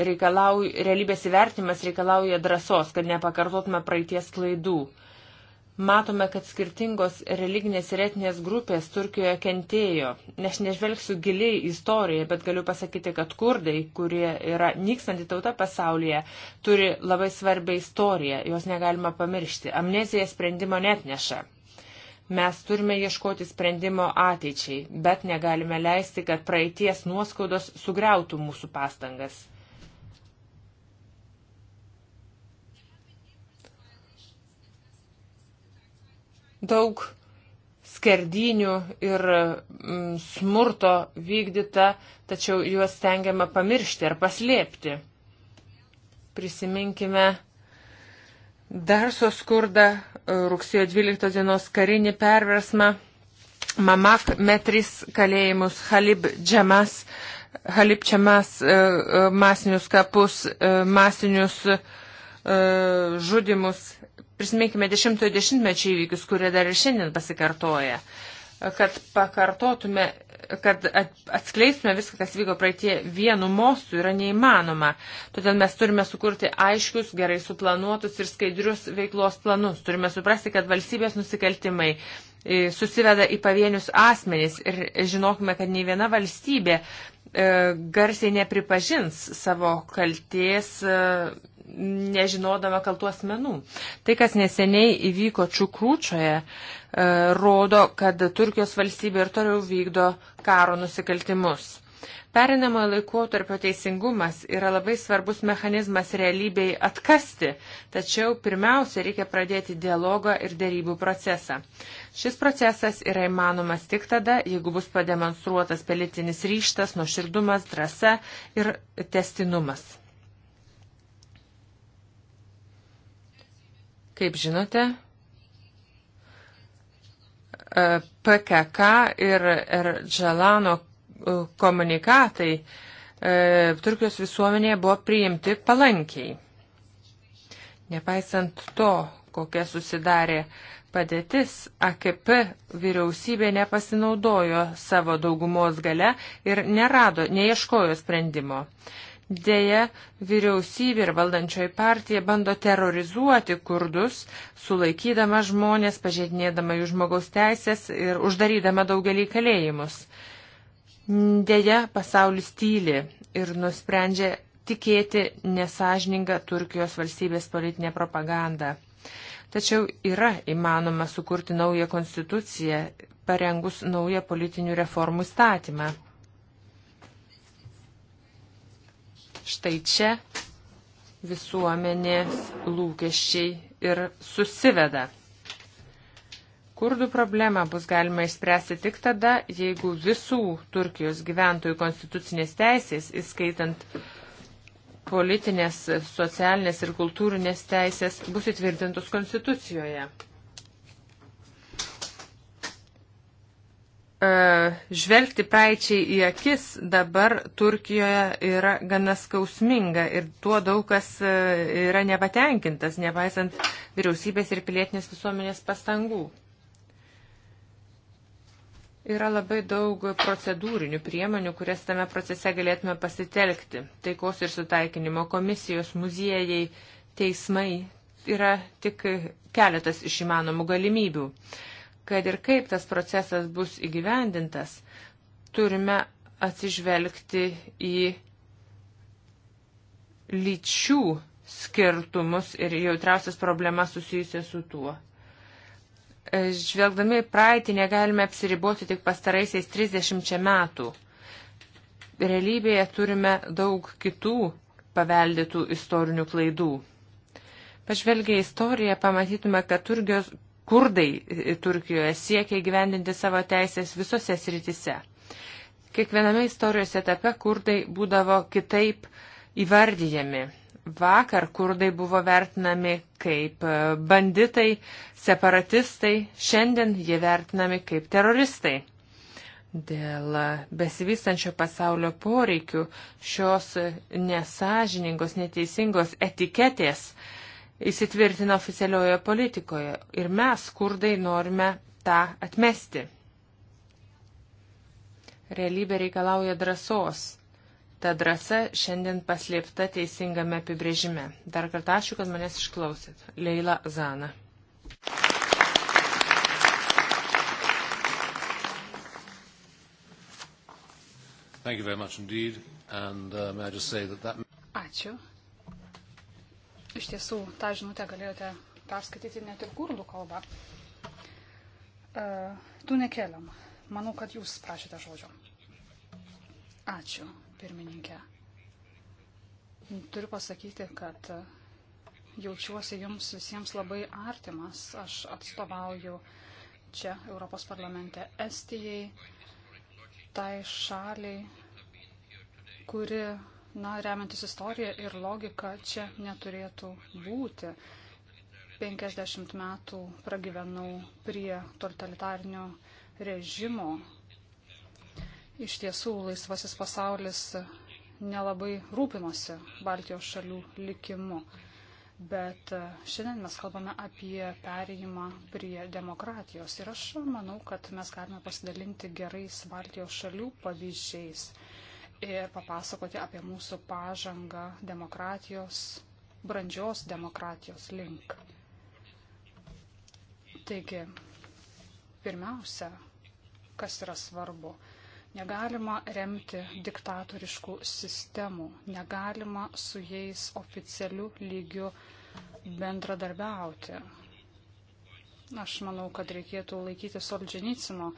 reikalau, realybės įvertimas reikalauja drąsos, kad nepakartotume praeities klaidų. Matome, kad skirtingos religinės ir etinės grupės Turkijoje kentėjo. Aš nežvelgsiu giliai į istoriją, bet galiu pasakyti, kad kurdai, kurie yra nykstanti tauta pasaulyje, turi labai svarbią istoriją, jos negalima pamiršti. Amnezija sprendimo net neša. Mes turime ieškoti sprendimo ateičiai, bet negalime leisti, kad praeities nuoskaudos sugriautų mūsų pastangas. Daug skerdinių ir mm, smurto vykdyta, tačiau juos tengiama pamiršti ar paslėpti. Prisiminkime Dar suskurda e, rugsėjo 12 dienos karinį perversmą. Mamak metris kalėjimus Halib Džemas, Halib Čemas e, e, masinius kapus, masinius žudimus. Prisiminkime 10-ojo dešimtmečio įvykius, kurie dar ir šiandien pasikartoja kad pakartotume, kad atskleistume viską, kas vyko praeitie vienu mostu, yra neįmanoma. Todėl mes turime sukurti aiškius, gerai suplanuotus ir skaidrius veiklos planus. Turime suprasti, kad valstybės nusikaltimai e, susiveda į pavienius asmenys ir žinokime, kad nei viena valstybė e, garsiai nepripažins savo kalties e, nežinodama kaltų asmenų. Tai, kas neseniai įvyko Čukrūčioje, e, rodo, kad Turkijos valstybė ir toliau vykdo karo nusikaltimus. Perinamojo laikotarpio teisingumas yra labai svarbus mechanizmas realybėj atkasti, tačiau pirmiausia reikia pradėti dialogą ir dėrybų procesą. Šis procesas yra įmanomas tik tada, jeigu bus pademonstruotas pelitinis ryštas, nuoširdumas, drąsa ir testinumas. Kaip žinote, e, PKK ir Erdžalano e, komunikatai e, Turkijos visuomenėje buvo priimti palankiai. Nepaisant to, kokia susidarė padėtis, AKP vyriausybė nepasinaudojo savo daugumos gale ir nerado, neieškojo sprendimo. Deja, vyriausybė ir valdančioji partija bando terrorizuoti kurdus, sulaikydama žmonės, pažeidinėdama jų žmogaus teisės ir uždarydama daugelį kalėjimus. Deja, pasaulis tyli ir nusprendžia tikėti nesažininga Turkijos valstybės politinė propaganda. Tačiau yra įmanoma sukurti naują konstituciją, parengus naują politinių reformų statymą. Štai čia visuomenės lūkesčiai ir susiveda. Kurdų problemą bus galima išspręsti tik tada, jeigu visų Turkijos gyventojų konstitucinės teisės, įskaitant politinės, socialinės ir kultūrinės teisės, bus įtvirtintos konstitucijoje. E, žvelgti praeičiai į akis dabar Turkijoje yra gana skausminga ir tuo daug kas e, yra nepatenkintas, nepaisant vyriausybės ir pilietinės visuomenės pastangų. Yra labai daug procedūrinių priemonių, kurias tame procese galėtume pasitelkti. Taikos ir sutaikinimo komisijos, muziejai, teismai yra tik keletas iš įmanomų galimybių. Uh, kad ir kaip tas procesas bus įgyvendintas, turime atsižvelgti į lyčių skirtumus ir jautriausias problemas susijusias su tuo. E, žvelgdami praeitį negalime apsiriboti tik pastaraisiais 30 metų. Realybėje turime daug kitų paveldėtų istorinių klaidų. Pažvelgę į istoriją, pamatytume, kad Turkijos, kurdai e, Turkijoje siekia gyvendinti savo teisės visose sritise. Kiekviename istorijos etape kurdai būdavo kitaip įvardyjami. Vakar kurdai buvo vertinami kaip e, banditai, separatistai, šiandien jie vertinami kaip teroristai. Dėl besivystančio pasaulio poreikių šios nesažiningos, neteisingos etiketės uh, įsitvirtina oficialioje politikoje ir mes, kurdai, norime tą atmesti. Realybė reikalauja drąsos. Ta drąsa šiandien paslėpta teisingame apibrėžime. Dar kartą ačiū, kad manęs išklausėt. Leila Zana. Thank you very much indeed. And uh, may I just say that that... Ačiū. Iš tiesų, tą žinutę galėjote perskaityti net ir kurdų kalbą. Uh, e, tu nekeliam. Manau, kad jūs prašėte žodžio. Ačiū, pirmininkė. Turiu pasakyti, kad jaučiuosi jums visiems labai artimas. Aš atstovauju čia Europos parlamente Estijai, tai šaliai, kuri na, remiantis istoriją ir logiką, čia neturėtų būti. 50 metų pragyvenau prie totalitarnio režimo. Iš tiesų, laisvasis pasaulis nelabai rūpinosi Baltijos šalių likimu. Bet e, šiandien mes kalbame apie perėjimą prie demokratijos ir aš manau, kad mes galime pasidalinti gerais Baltijos šalių pavyzdžiais ir papasakoti apie mūsų pažangą demokratijos, brandžios demokratijos link. Taigi, pirmiausia, kas yra svarbu, negalima remti diktatoriškų sistemų, negalima su jais oficialiu lygiu bendradarbiauti. Aš manau, kad reikėtų laikyti Solženicino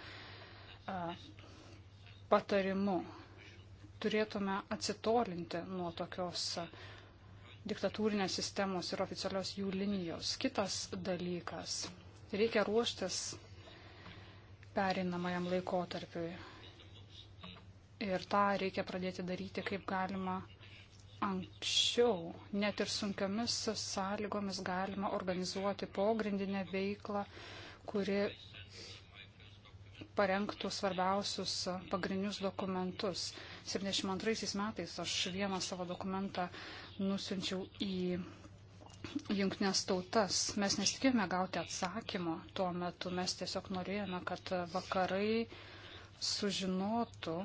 patarimų turėtume atsitolinti nuo tokios diktatūrinės sistemos ir oficialios jų linijos. Kitas dalykas - reikia ruoštis pereinamajam laikotarpiui. Ir tą reikia pradėti daryti kaip galima anksčiau. Net ir sunkiomis sąlygomis galima organizuoti pogrindinę veiklą, kuri parengtų svarbiausius pagrindinius dokumentus. 72 metais aš vieną savo dokumentą nusinčiau į jungtinės tautas. Mes nesitikėjome gauti atsakymo tuo metu, mes tiesiog norėjome, kad vakarai sužinotų,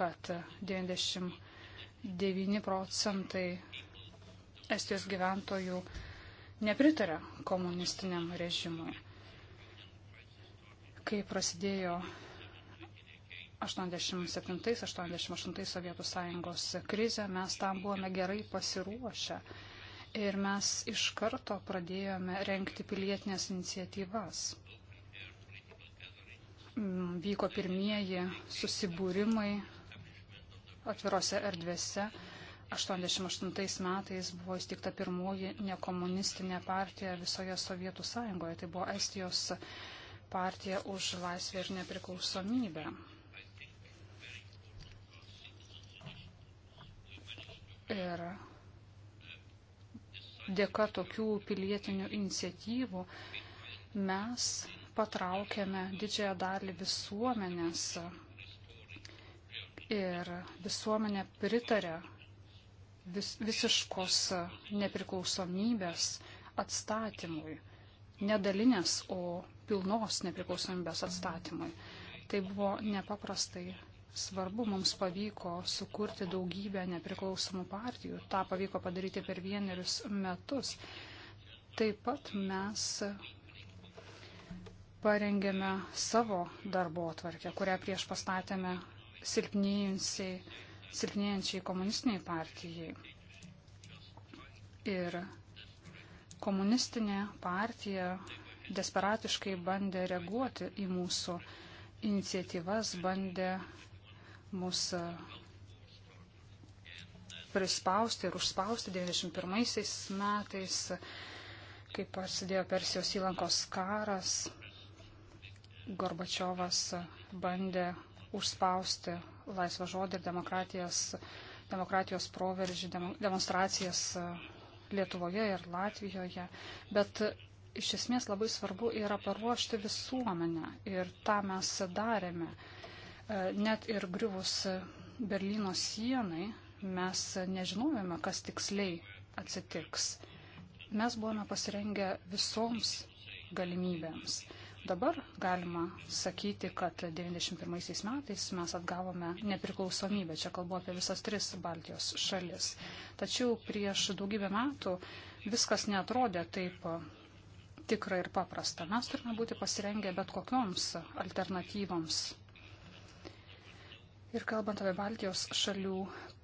kad 99 procentai Estijos gyventojų nepritarė komunistiniam režimui kai prasidėjo 87-88 Sovietų sąjungos krizė, mes tam buvome gerai pasiruošę ir mes iš karto pradėjome renkti pilietinės iniciatyvas mm, vyko pirmieji susibūrimai atvirose erdvėse. 88 metais buvo įstikta pirmoji nekomunistinė partija visoje Sovietų sąjungoje. Tai buvo Estijos partija už laisvę ir nepriklausomybę. Ir dėka tokių pilietinių iniciatyvų mes patraukėme didžiąją dalį visuomenės ir visuomenė pritarė vis, visiškos nepriklausomybės atstatymui, nedalinės, o pilnos nepriklausomybės atstatymui. Tai buvo nepaprastai svarbu, mums pavyko sukurti daugybę nepriklausomų partijų. Ta pavyko padaryti per vienerius metus. Taip pat mes parengėme savo darbo atvarkę, kurią prieš pastatėme silpnėjančiai komunistiniai partijai. Ir komunistinė partija desperatiškai bandė reaguoti į mūsų iniciatyvas, bandė mus e, prispausti ir užspausti 91 metais, kai prasidėjo Persijos įlankos karas. Gorbačiovas bandė užspausti laisvą žodį ir demokratijos, demokratijos proveržį, demonstracijas e, Lietuvoje ir Latvijoje. Bet iš esmės labai svarbu yra paruošti visuomenę ir tą mes darėme. E, net ir griuvus Berlyno sienai mes nežinojome, kas tiksliai atsitiks. Mes buvome pasirengę visoms galimybėms. Dabar galima sakyti, kad 91 metais mes atgavome nepriklausomybę. Čia kalbu apie visas tris Baltijos šalis. Tačiau prieš daugybę metų viskas netrodė taip tikra ir paprasta. Mes turime būti pasirengę bet kokioms alternatyvoms. Ir kalbant apie Baltijos šalių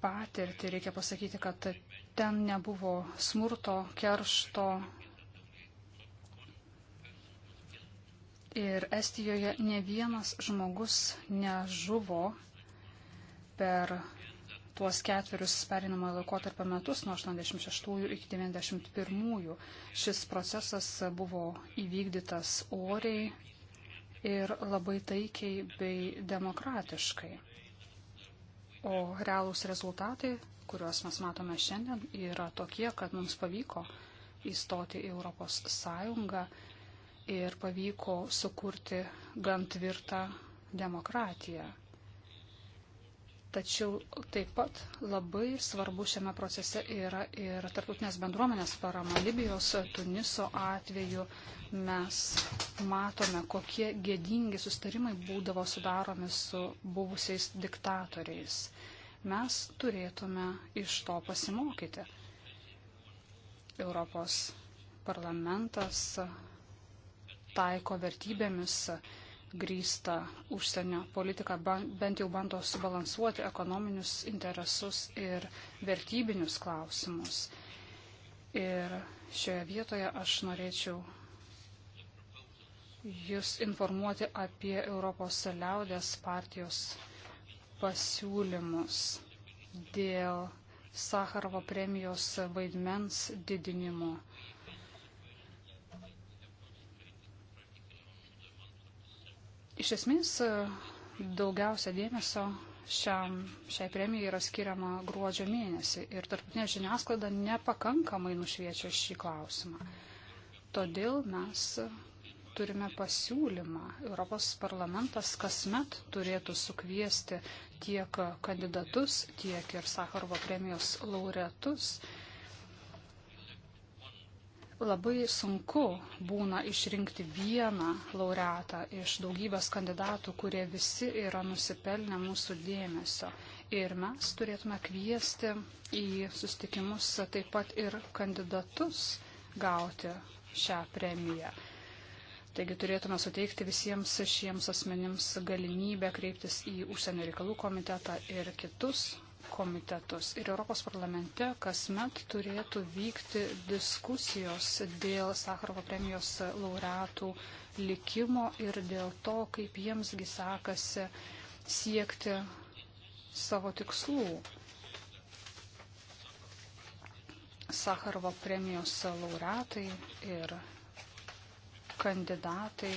patirtį, reikia pasakyti, kad ten nebuvo smurto, keršto. Ir Estijoje ne vienas žmogus nežuvo per tuos ketverius perinamojo laikotarpio metus nuo 86 iki 91. Šis procesas buvo įvykdytas oriai ir labai taikiai bei demokratiškai. O realūs rezultatai, kuriuos mes matome šiandien, yra tokie, kad mums pavyko įstoti į Europos Sąjungą ir pavyko sukurti gan tvirtą demokratiją. Tačiau taip pat labai svarbu šiame procese yra ir tarptautinės bendruomenės parama. Libijos, Tuniso atveju mes matome, kokie gėdingi sustarimai būdavo sudaromi su buvusiais diktatoriais. Mes turėtume iš to pasimokyti. Europos parlamentas taiko vertybėmis grįstą užsienio politiką bent jau bando subalansuoti ekonominius interesus ir vertybinius klausimus. Ir šioje vietoje aš norėčiau Jūs informuoti apie Europos liaudės partijos pasiūlymus dėl Sakarovo premijos vaidmens didinimo Iš esmės daugiausia dėmesio šiam, šiai premijai yra skiriama gruodžio mėnesį ir tarptautinė žiniasklaida nepakankamai nušviečia šį klausimą. Todėl mes turime pasiūlymą. Europos parlamentas kasmet turėtų sukviesti tiek kandidatus, tiek ir Sakarovo premijos laureatus labai sunku būna išrinkti vieną laureatą iš daugybės kandidatų, kurie visi yra nusipelnę mūsų dėmesio. Ir mes turėtume kviesti į sustikimus taip pat ir kandidatus gauti šią premiją. Taigi turėtume suteikti visiems šiems asmenims galimybę kreiptis į užsienio reikalų komitetą ir kitus komitetus. Ir Europos parlamente kasmet turėtų vykti diskusijos dėl Sakarovo premijos laureatų likimo ir dėl to, kaip jiemsgi sekasi siekti savo tikslų. Sakarovo premijos laureatai ir kandidatai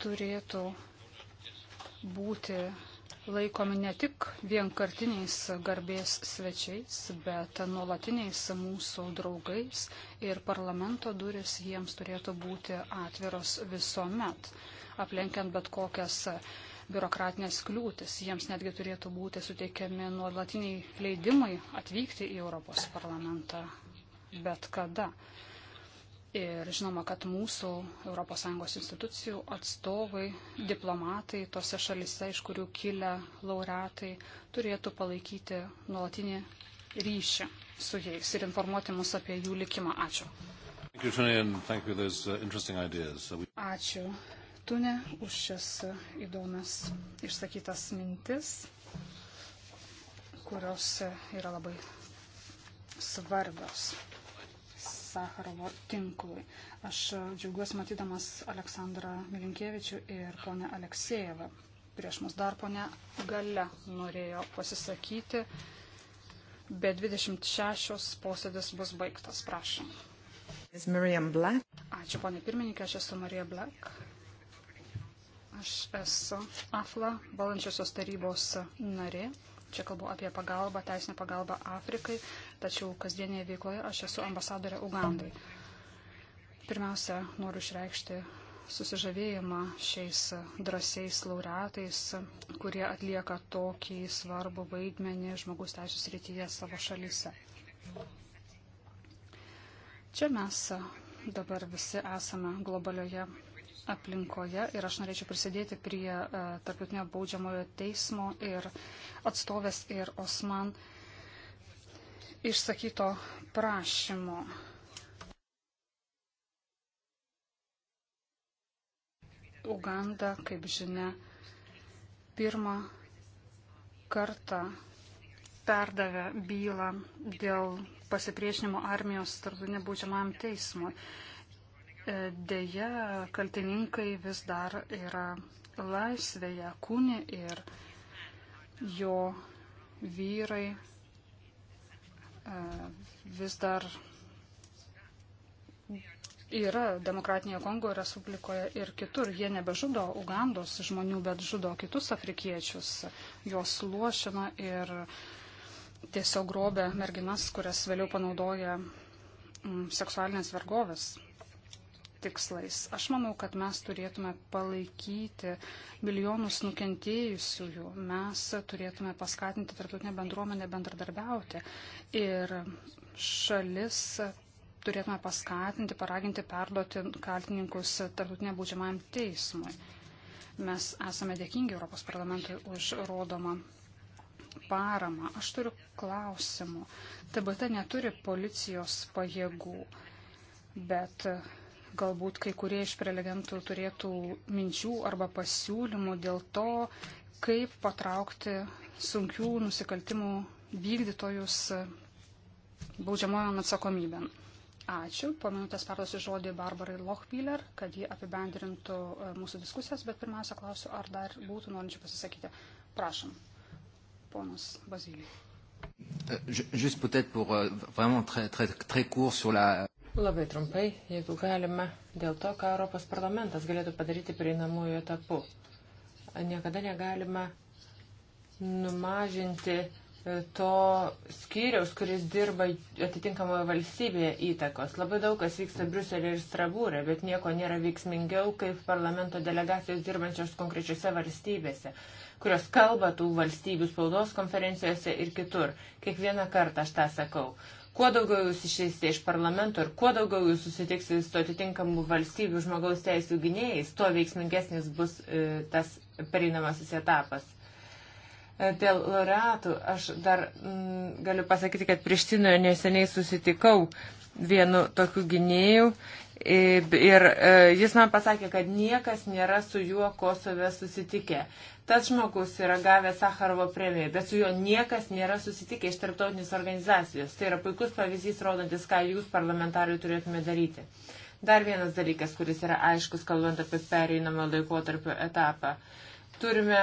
turėtų būti laikomi ne tik vienkartiniais garbės svečiais, bet nuolatiniais mūsų draugais ir parlamento duris jiems turėtų būti atviros visuomet, aplenkiant bet kokias biurokratinės kliūtis. Jiems netgi turėtų būti suteikiami nuolatiniai leidimai atvykti į Europos parlamentą bet kada. Ir žinoma, kad mūsų ES institucijų atstovai, diplomatai tose šalise, iš kurių kilę laureatai, turėtų palaikyti nuolatinį ryšį su jais ir informuoti mus apie jų likimą. Ačiū. Uh, Ačiū, Tune, už šias įdomias išsakytas mintis, kurios uh, yra labai svarbios. Sakarovo tinklui. Aš džiaugiuosi matydamas Aleksandrą Milinkievičių ir ponę Aleksejevą. Prieš mus dar ponę gale norėjo pasisakyti. Be 26 posėdis bus baigtas. Prašom. Ačiū, ponė pirmininkė, aš esu Marija Black. Aš esu AFLA valančiosios tarybos narė Čia kalbu apie pagalbą, teisinę pagalbą Afrikai, tačiau kasdienėje veikloje aš esu ambasadorė Ugandai. Pirmiausia, noriu išreikšti susižavėjimą šiais drąsiais laureatais, kurie atlieka tokį svarbų vaidmenį žmogus teisės rytyje savo šalyse. Čia mes dabar visi esame globalioje aplinkoje ir aš norėčiau prisidėti prie e, tarptautinio baudžiamojo teismo ir atstovės ir Osman išsakyto prašymo. Uganda, kaip žinia, pirmą kartą perdavė bylą dėl pasipriešinimo armijos tarptautinio baudžiamajam teismui. E, Deja, kaltininkai vis dar yra laisvėje, kūnė ir jo vyrai e, vis dar yra Demokratinėje Kongo Respublikoje ir kitur. Jie nebežudo Ugandos žmonių, bet žudo kitus afrikiečius. Jos luošina ir tiesiog grobia merginas, kurias vėliau panaudoja mm, seksualinės vergovės tikslais. Aš manau, kad mes turėtume palaikyti milijonus nukentėjusiųjų, mes turėtume paskatinti tarptautinę bendruomenę bendradarbiauti ir šalis turėtume paskatinti, paraginti perduoti kaltininkus tarptautinė būdžiamajam teismui. Mes esame dėkingi Europos parlamentui už rodomą paramą. Aš turiu klausimų. TBT neturi policijos pajėgų, bet Galbūt kai kurie iš prelegentų turėtų minčių arba pasiūlymų dėl to, kaip patraukti sunkių nusikaltimų vykdytojus baudžiamojom atsakomybėn. Ačiū. Po minutės perduosiu žodį Barbarai Lochpiller, kad ji apibendrintų e, mūsų diskusijas, bet pirmiausia klausiu, ar dar būtų norinčių pasisakyti. Prašom, ponas Bazilijai. Euh, juste peut-être pour euh, vraiment très, très, très court sur la. Labai trumpai, jeigu galima, dėl to, ką Europos parlamentas galėtų padaryti prieinamųjų etapų. Niekada negalima numažinti e, to skyriaus, kuris dirba atitinkamoje valstybėje įtakos. Labai daug kas vyksta Briuselė ir Strabūrė, bet nieko nėra veiksmingiau, kaip parlamento delegacijos dirbančios konkrečiose valstybėse, kurios kalba tų valstybių spaudos konferencijose ir kitur. Kiekvieną kartą aš tą sakau. Kuo daugiau jūs išeisite iš parlamento ir kuo daugiau jūs susitiksite su atitinkamų valstybių žmogaus teisų gynėjais, tuo veiksmingesnis bus e, tas pereinamasis etapas. E, dėl laureatų aš dar m, mm, galiu pasakyti, kad prieš Sinoje neseniai susitikau vienu tokiu gynėju Ir e, jis man pasakė, kad niekas nėra su juo Kosove susitikę. Tas žmogus yra gavęs Sakarovo premiją, bet su juo niekas nėra susitikę iš tarptautinės organizacijos. Tai yra puikus pavyzdys, rodantis, ką jūs parlamentarai turėtume daryti. Dar vienas dalykas, kuris yra aiškus, kalbant apie pereinamą laikotarpio etapą. Turime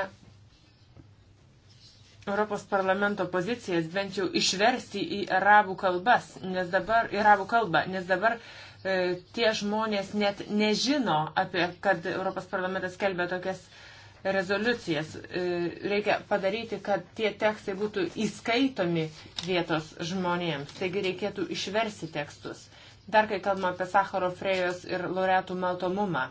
Europos parlamento pozicijas bent jau išversti į arabų kalbas, nes dabar, į arabų kalbą, nes dabar uh, E, tie žmonės net nežino apie, kad Europos parlamentas skelbia tokias rezoliucijas. E, reikia padaryti, kad tie tekstai būtų įskaitomi vietos žmonėms. Taigi reikėtų išversi tekstus. Dar kai kalbame apie Sakaro Frejos ir laureatų maltomumą.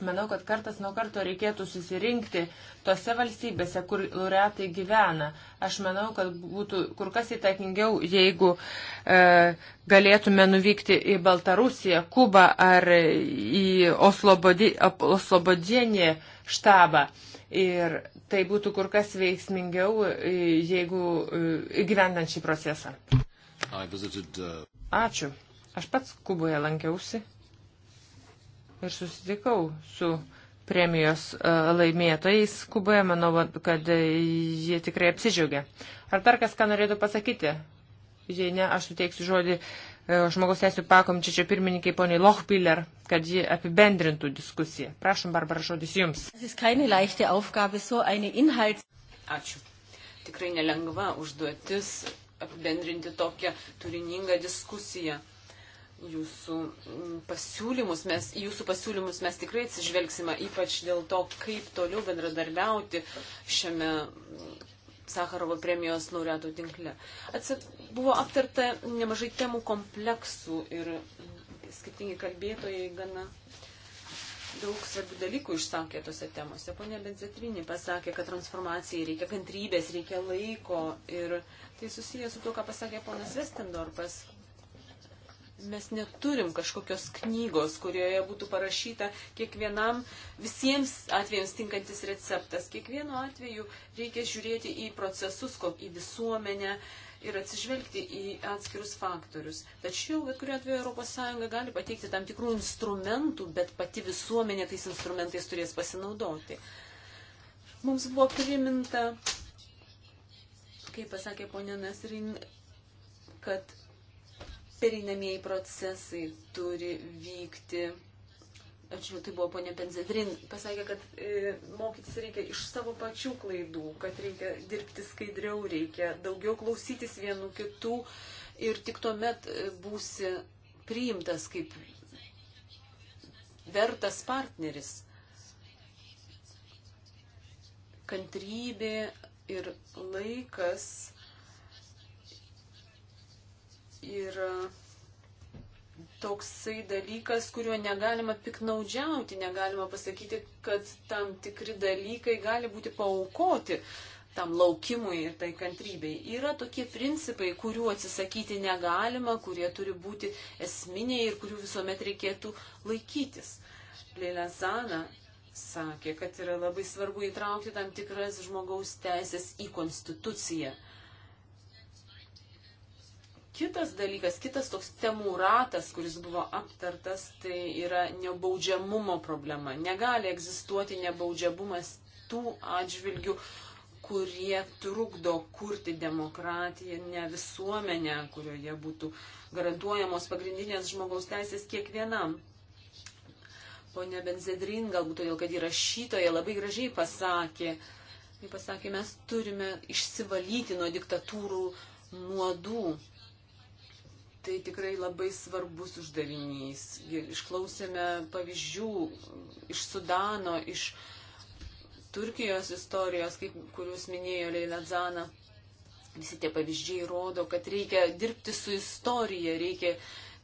Manau, kad kartas nuo karto reikėtų susirinkti tose valstybėse, kur laureatai gyvena. Aš manau, kad būtų kur kas įtakingiau, jeigu e, galėtume nuvykti į Baltarusiją, Kubą ar į Oslobodienį štabą. Ir tai būtų kur kas veiksmingiau, e, jeigu e, įgyvendant šį procesą. Uh, Ačiū. Aš pats Kuboje lankiausi ir susitikau su premijos e, laimėtojais Kuboje. Manau, kad e, jie tikrai apsidžiaugia. Ar dar kas ką norėtų pasakyti? Jei ne, aš suteiksiu žodį e, žmogaus teisų pakomčičio pirmininkai poniai Lochbiller, kad ji apibendrintų diskusiją. Prašom, Barbara, žodis jums. Ačiū. Tikrai nelengva užduotis apibendrinti tokią turiningą diskusiją jūsų mm, pasiūlymus. Mes, jūsų pasiūlymus mes tikrai atsižvelgsime, ypač dėl to, kaip toliau bendradarbiauti šiame mm, Sakarovo premijos laureatų tinkle. Atsit, buvo aptarta nemažai temų kompleksų ir mm, skirtingi kalbėtojai gana daug svarbių dalykų išsakė tose temose. Pone Benzetrinė pasakė, kad transformacijai reikia kantrybės, reikia laiko ir tai susijęs su to, ką pasakė ponas Vestendorpas. Mes neturim kažkokios knygos, kurioje būtų parašyta kiekvienam visiems atvejams tinkantis receptas. Kiekvienu atveju reikia žiūrėti į procesus, į visuomenę ir atsižvelgti į atskirus faktorius. Tačiau, bet kuriuo atveju, ES gali pateikti tam tikrų instrumentų, bet pati visuomenė tais instrumentais turės pasinaudoti. Mums buvo priminta, kaip pasakė ponė Nasrin, kad pereinamieji procesai turi vykti. Ačiū, tai buvo ponė Penzedrin, pasakė, kad e, mokytis reikia iš savo pačių klaidų, kad reikia dirbti skaidriau, reikia daugiau klausytis vienų kitų ir tik tuomet e, būsi priimtas kaip vertas partneris. Kantrybė ir laikas yra e, toksai dalykas, kuriuo negalima piknaudžiauti, negalima pasakyti, kad tam tikri dalykai gali būti paukoti tam laukimui ir tai kantrybei. Yra tokie principai, kurių atsisakyti negalima, kurie turi būti esminiai ir kurių visuomet reikėtų laikytis. Leila Zana sakė, kad yra labai svarbu įtraukti tam tikras žmogaus teisės į konstituciją. Kitas dalykas, kitas toks temų ratas, kuris buvo aptartas, tai yra nebaudžiamumo problema. Negali egzistuoti nebaudžiamumas tų atžvilgių, kurie trukdo kurti demokratiją, ne visuomenę, kurioje būtų garantuojamos pagrindinės žmogaus teisės kiekvienam. Pone Benzedrin, galbūt todėl, kad įrašytoje labai gražiai pasakė, ji pasakė, mes turime išsivalyti nuo diktatūrų nuodų. Tai tikrai labai svarbus uždavinys. Išklausėme pavyzdžių iš Sudano, iš Turkijos istorijos, kaip, kuriuos minėjo Leila Zana. Visi tie pavyzdžiai rodo, kad reikia dirbti su istorija, reikia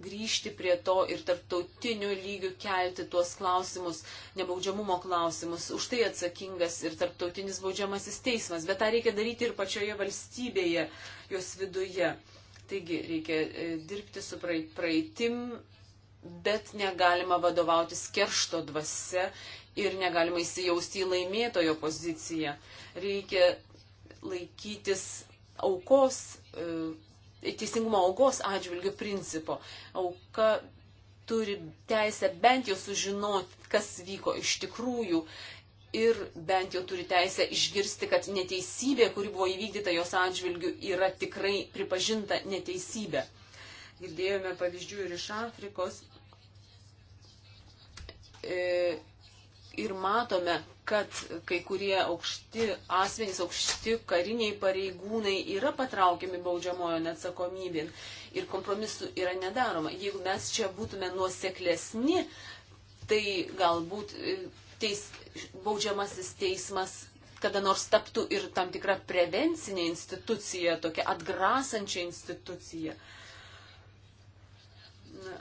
grįžti prie to ir tarptautiniu lygiu kelti tuos klausimus, nebaudžiamumo klausimus. Už tai atsakingas ir tarptautinis baudžiamasis teismas, bet tą reikia daryti ir pačioje valstybėje, jos viduje. Taigi reikia e, dirbti su praeitim, bet negalima vadovautis keršto dvasia ir negalima įsijausti į laimėtojo poziciją. Reikia laikytis aukos, e, teisingumo aukos atžvilgių principo. Auka turi teisę bent jau sužinoti, kas vyko iš tikrųjų ir bent jau turi teisę išgirsti, kad neteisybė, kuri buvo įvykdyta jos atžvilgių, yra tikrai pripažinta neteisybė. Girdėjome pavyzdžių ir iš Afrikos. E, ir matome, kad kai kurie aukšti asmenys, aukšti kariniai pareigūnai yra patraukiami baudžiamojo neatsakomybin ir kompromisų yra nedaroma. Jeigu mes čia būtume nuoseklesni, tai galbūt e, teis, baudžiamasis teismas kada nors taptų ir tam tikra prevencinė institucija, tokia atgrasančia institucija. Na,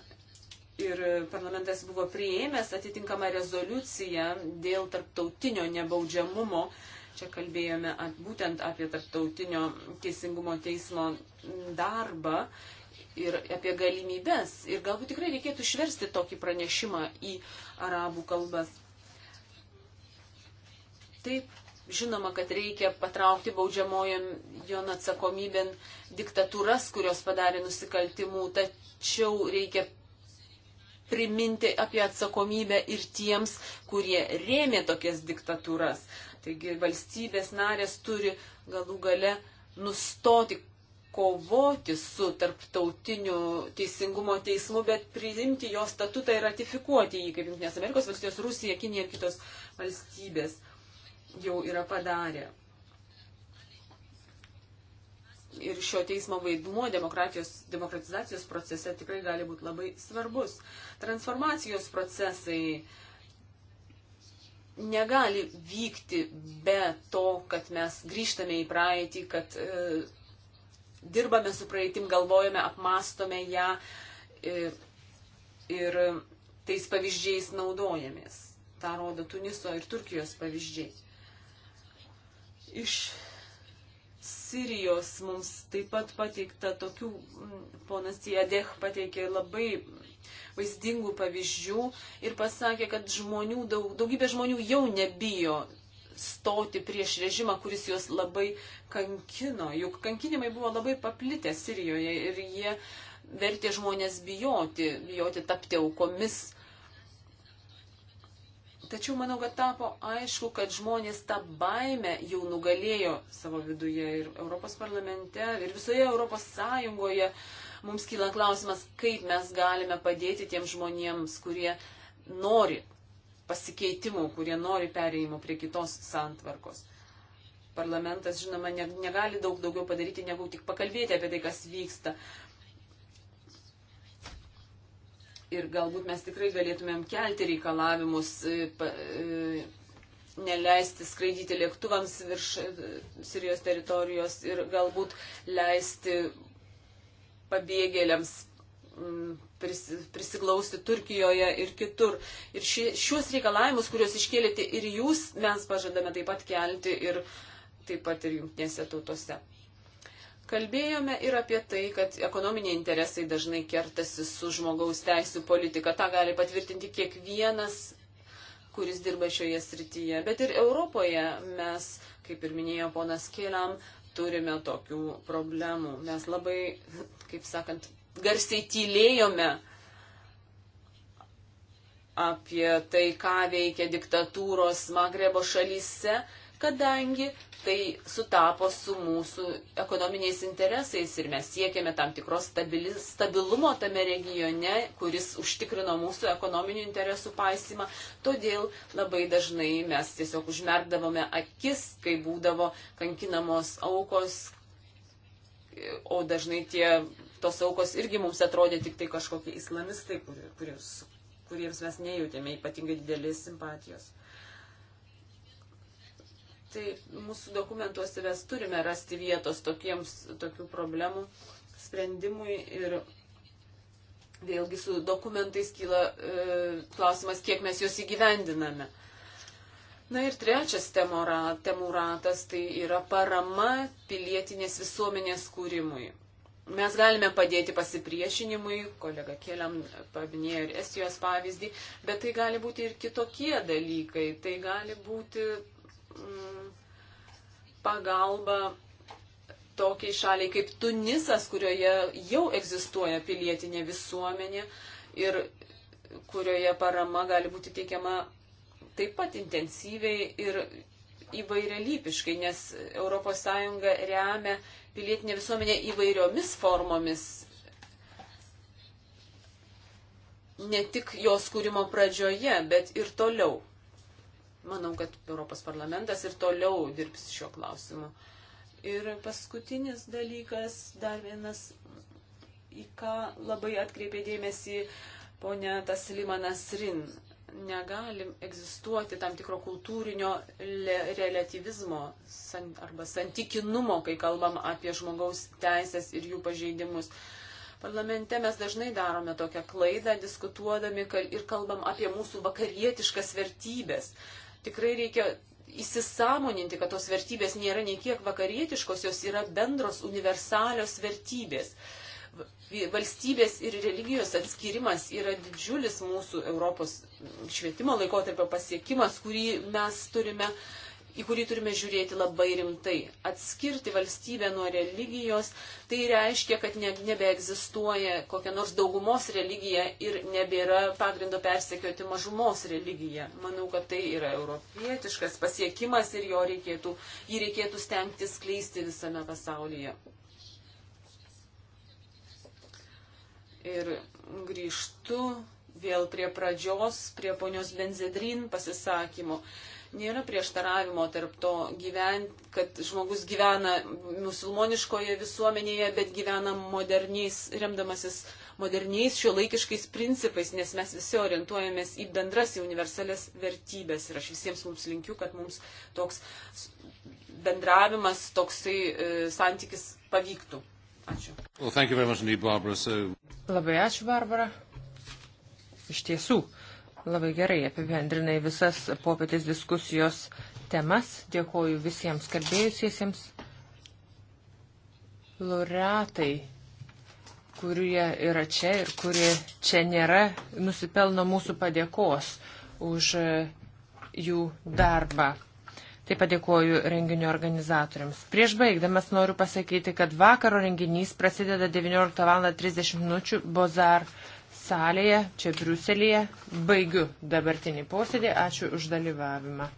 ir parlamentas buvo priėmęs atitinkamą rezoliuciją dėl tarptautinio nebaudžiamumo. Čia kalbėjome at, būtent apie tarptautinio teisingumo teismo darbą ir apie galimybės. Ir galbūt tikrai reikėtų išversti tokį pranešimą į arabų kalbas. Taip, žinoma, kad reikia patraukti baudžiamojon atsakomybėn diktatūras, kurios padarė nusikaltimų, tačiau reikia priminti apie atsakomybę ir tiems, kurie rėmė tokias diktatūras. Taigi valstybės narės turi galų gale nustoti kovoti su tarptautiniu teisingumo teismu, bet priimti jo statutą ir ratifikuoti jį, kaip Junktinės Amerikos valstijos, Rusija, Kinija ir kitos valstybės jau yra padarę. Ir šio teismo vaidmuo demokratizacijos procese tikrai gali būti labai svarbus. Transformacijos procesai negali vykti be to, kad mes grįžtame į praeitį, kad e, dirbame su praeitim, galvojame, apmastome ją ir, e, ir tais pavyzdžiais naudojamės. Ta rodo Tuniso ir Turkijos pavyzdžiai. Iš Sirijos mums taip pat pateikta tokių, ponas Jadech pateikė labai vaizdingų pavyzdžių ir pasakė, kad žmonių, daug, daugybė žmonių jau nebijo stoti prieš režimą, kuris juos labai kankino. Juk kankinimai buvo labai paplitę Sirijoje ir jie vertė žmonės bijoti, bijoti tapti aukomis Tačiau manau, kad tapo aišku, kad žmonės tą baimę jau nugalėjo savo viduje ir Europos parlamente, ir visoje Europos Sąjungoje. Mums kyla klausimas, kaip mes galime padėti tiems žmonėms, kurie nori pasikeitimų, kurie nori pereimo prie kitos santvarkos. Parlamentas, žinoma, negali daug daugiau padaryti, negu tik pakalbėti apie tai, kas vyksta ir galbūt mes tikrai galėtumėm kelti reikalavimus, e, e, neleisti skraidyti lėktuvams virš e, Sirijos teritorijos ir galbūt leisti pabėgėliams mm, prisiglausti Turkijoje ir kitur. Ir šie, šiuos reikalavimus, kuriuos iškėlėte ir jūs, mes pažadame taip pat kelti ir taip pat ir jungtinėse tautose. Kalbėjome ir apie tai, kad ekonominiai interesai dažnai kertasi su žmogaus teisų politika. Ta gali patvirtinti kiekvienas, kuris dirba šioje srityje. Bet ir Europoje mes, kaip ir minėjo ponas Kėlam, turime tokių problemų. Mes labai, kaip sakant, garsiai tylėjome apie tai, ką veikia diktatūros Magrebo šalyse kadangi tai sutapo su mūsų ekonominiais interesais ir mes siekėme tam tikros stabilis, stabilumo tame regione, kuris užtikrino mūsų ekonominių interesų paisimą. Todėl labai dažnai mes tiesiog užmerkdavome akis, kai būdavo kankinamos aukos, o dažnai tie, tos aukos irgi mums atrodė tik tai kažkokie islamistai, kur, kurius, kuriems mes nejautėme ypatingai didelės simpatijos. Taip, mūsų dokumentuose mes turime rasti vietos tokiems, tokių problemų sprendimui ir vėlgi su dokumentais kyla e, klausimas, kiek mes juos įgyvendiname. Na ir trečias temų ratas tai yra parama pilietinės visuomenės kūrimui. Mes galime padėti pasipriešinimui, kolega Keliam paminėjo ir Estijos pavyzdį, bet tai gali būti ir kitokie dalykai. Tai gali būti Mm, pagalbą tokiai šaliai kaip Tunisas, kurioje jau egzistuoja pilietinė visuomenė ir kurioje parama gali būti teikiama taip pat intensyviai ir įvairialypiškai, nes ES remia pilietinę visuomenę įvairiomis formomis. Ne tik jos kūrimo pradžioje, bet ir toliau manau, kad Europos parlamentas ir toliau dirbs šiuo klausimu. Ir paskutinis dalykas, dar vienas, į ką labai atkreipė dėmesį ponia Taslimanas Rin. Negalim egzistuoti tam tikro kultūrinio relativizmo san, arba santykinumo, kai kalbam apie žmogaus teisės ir jų pažeidimus. Parlamente mes dažnai darome tokią klaidą, diskutuodami ir kalbam apie mūsų vakarietiškas vertybės tikrai reikia įsisamoninti, kad tos vertybės nėra nei kiek vakarietiškos, jos yra bendros universalios vertybės. Valstybės ir religijos atskirimas yra didžiulis mūsų Europos švietimo laikotarpio pasiekimas, kurį mes turime uh, į kurį turime žiūrėti labai rimtai. Atskirti valstybę nuo religijos, tai reiškia, kad ne, nebeegzistuoja kokia nors daugumos religija ir nebėra pagrindo persekioti mažumos religiją. Manau, kad tai yra europietiškas pasiekimas ir jo reikėtų, jį reikėtų stengtis kleisti visame pasaulyje. Ir grįžtu vėl prie pradžios, prie ponios Benzedrin pasisakymo. Uh, Nėra prieštaravimo tarp to, gyven, kad žmogus gyvena musulmoniškoje visuomenėje, bet gyvena moderniais, remdamasis moderniais šiuolaikiškais principais, nes mes visi orientuojamės į bendras, į universalias vertybės. Ir aš visiems mums linkiu, kad mums toks bendravimas, toksai e, santykis pavyktų. Ačiū. Well, indeed, Barbara, so... Labai ačiū, Barbara. Iš tiesų Labai gerai apibendrinai visas popietės diskusijos temas. Dėkoju visiems kalbėjusiesiems. Laureatai, kurie yra čia ir kurie čia nėra, nusipelno mūsų padėkos už e, jų darbą. Taip padėkoju renginio organizatoriams. Prieš baigdamas noriu pasakyti, kad vakaro renginys prasideda 19.30 min. Bozar salėje, čia Briuselėje. Baigiu dabartinį posėdį. Ačiū už dalyvavimą.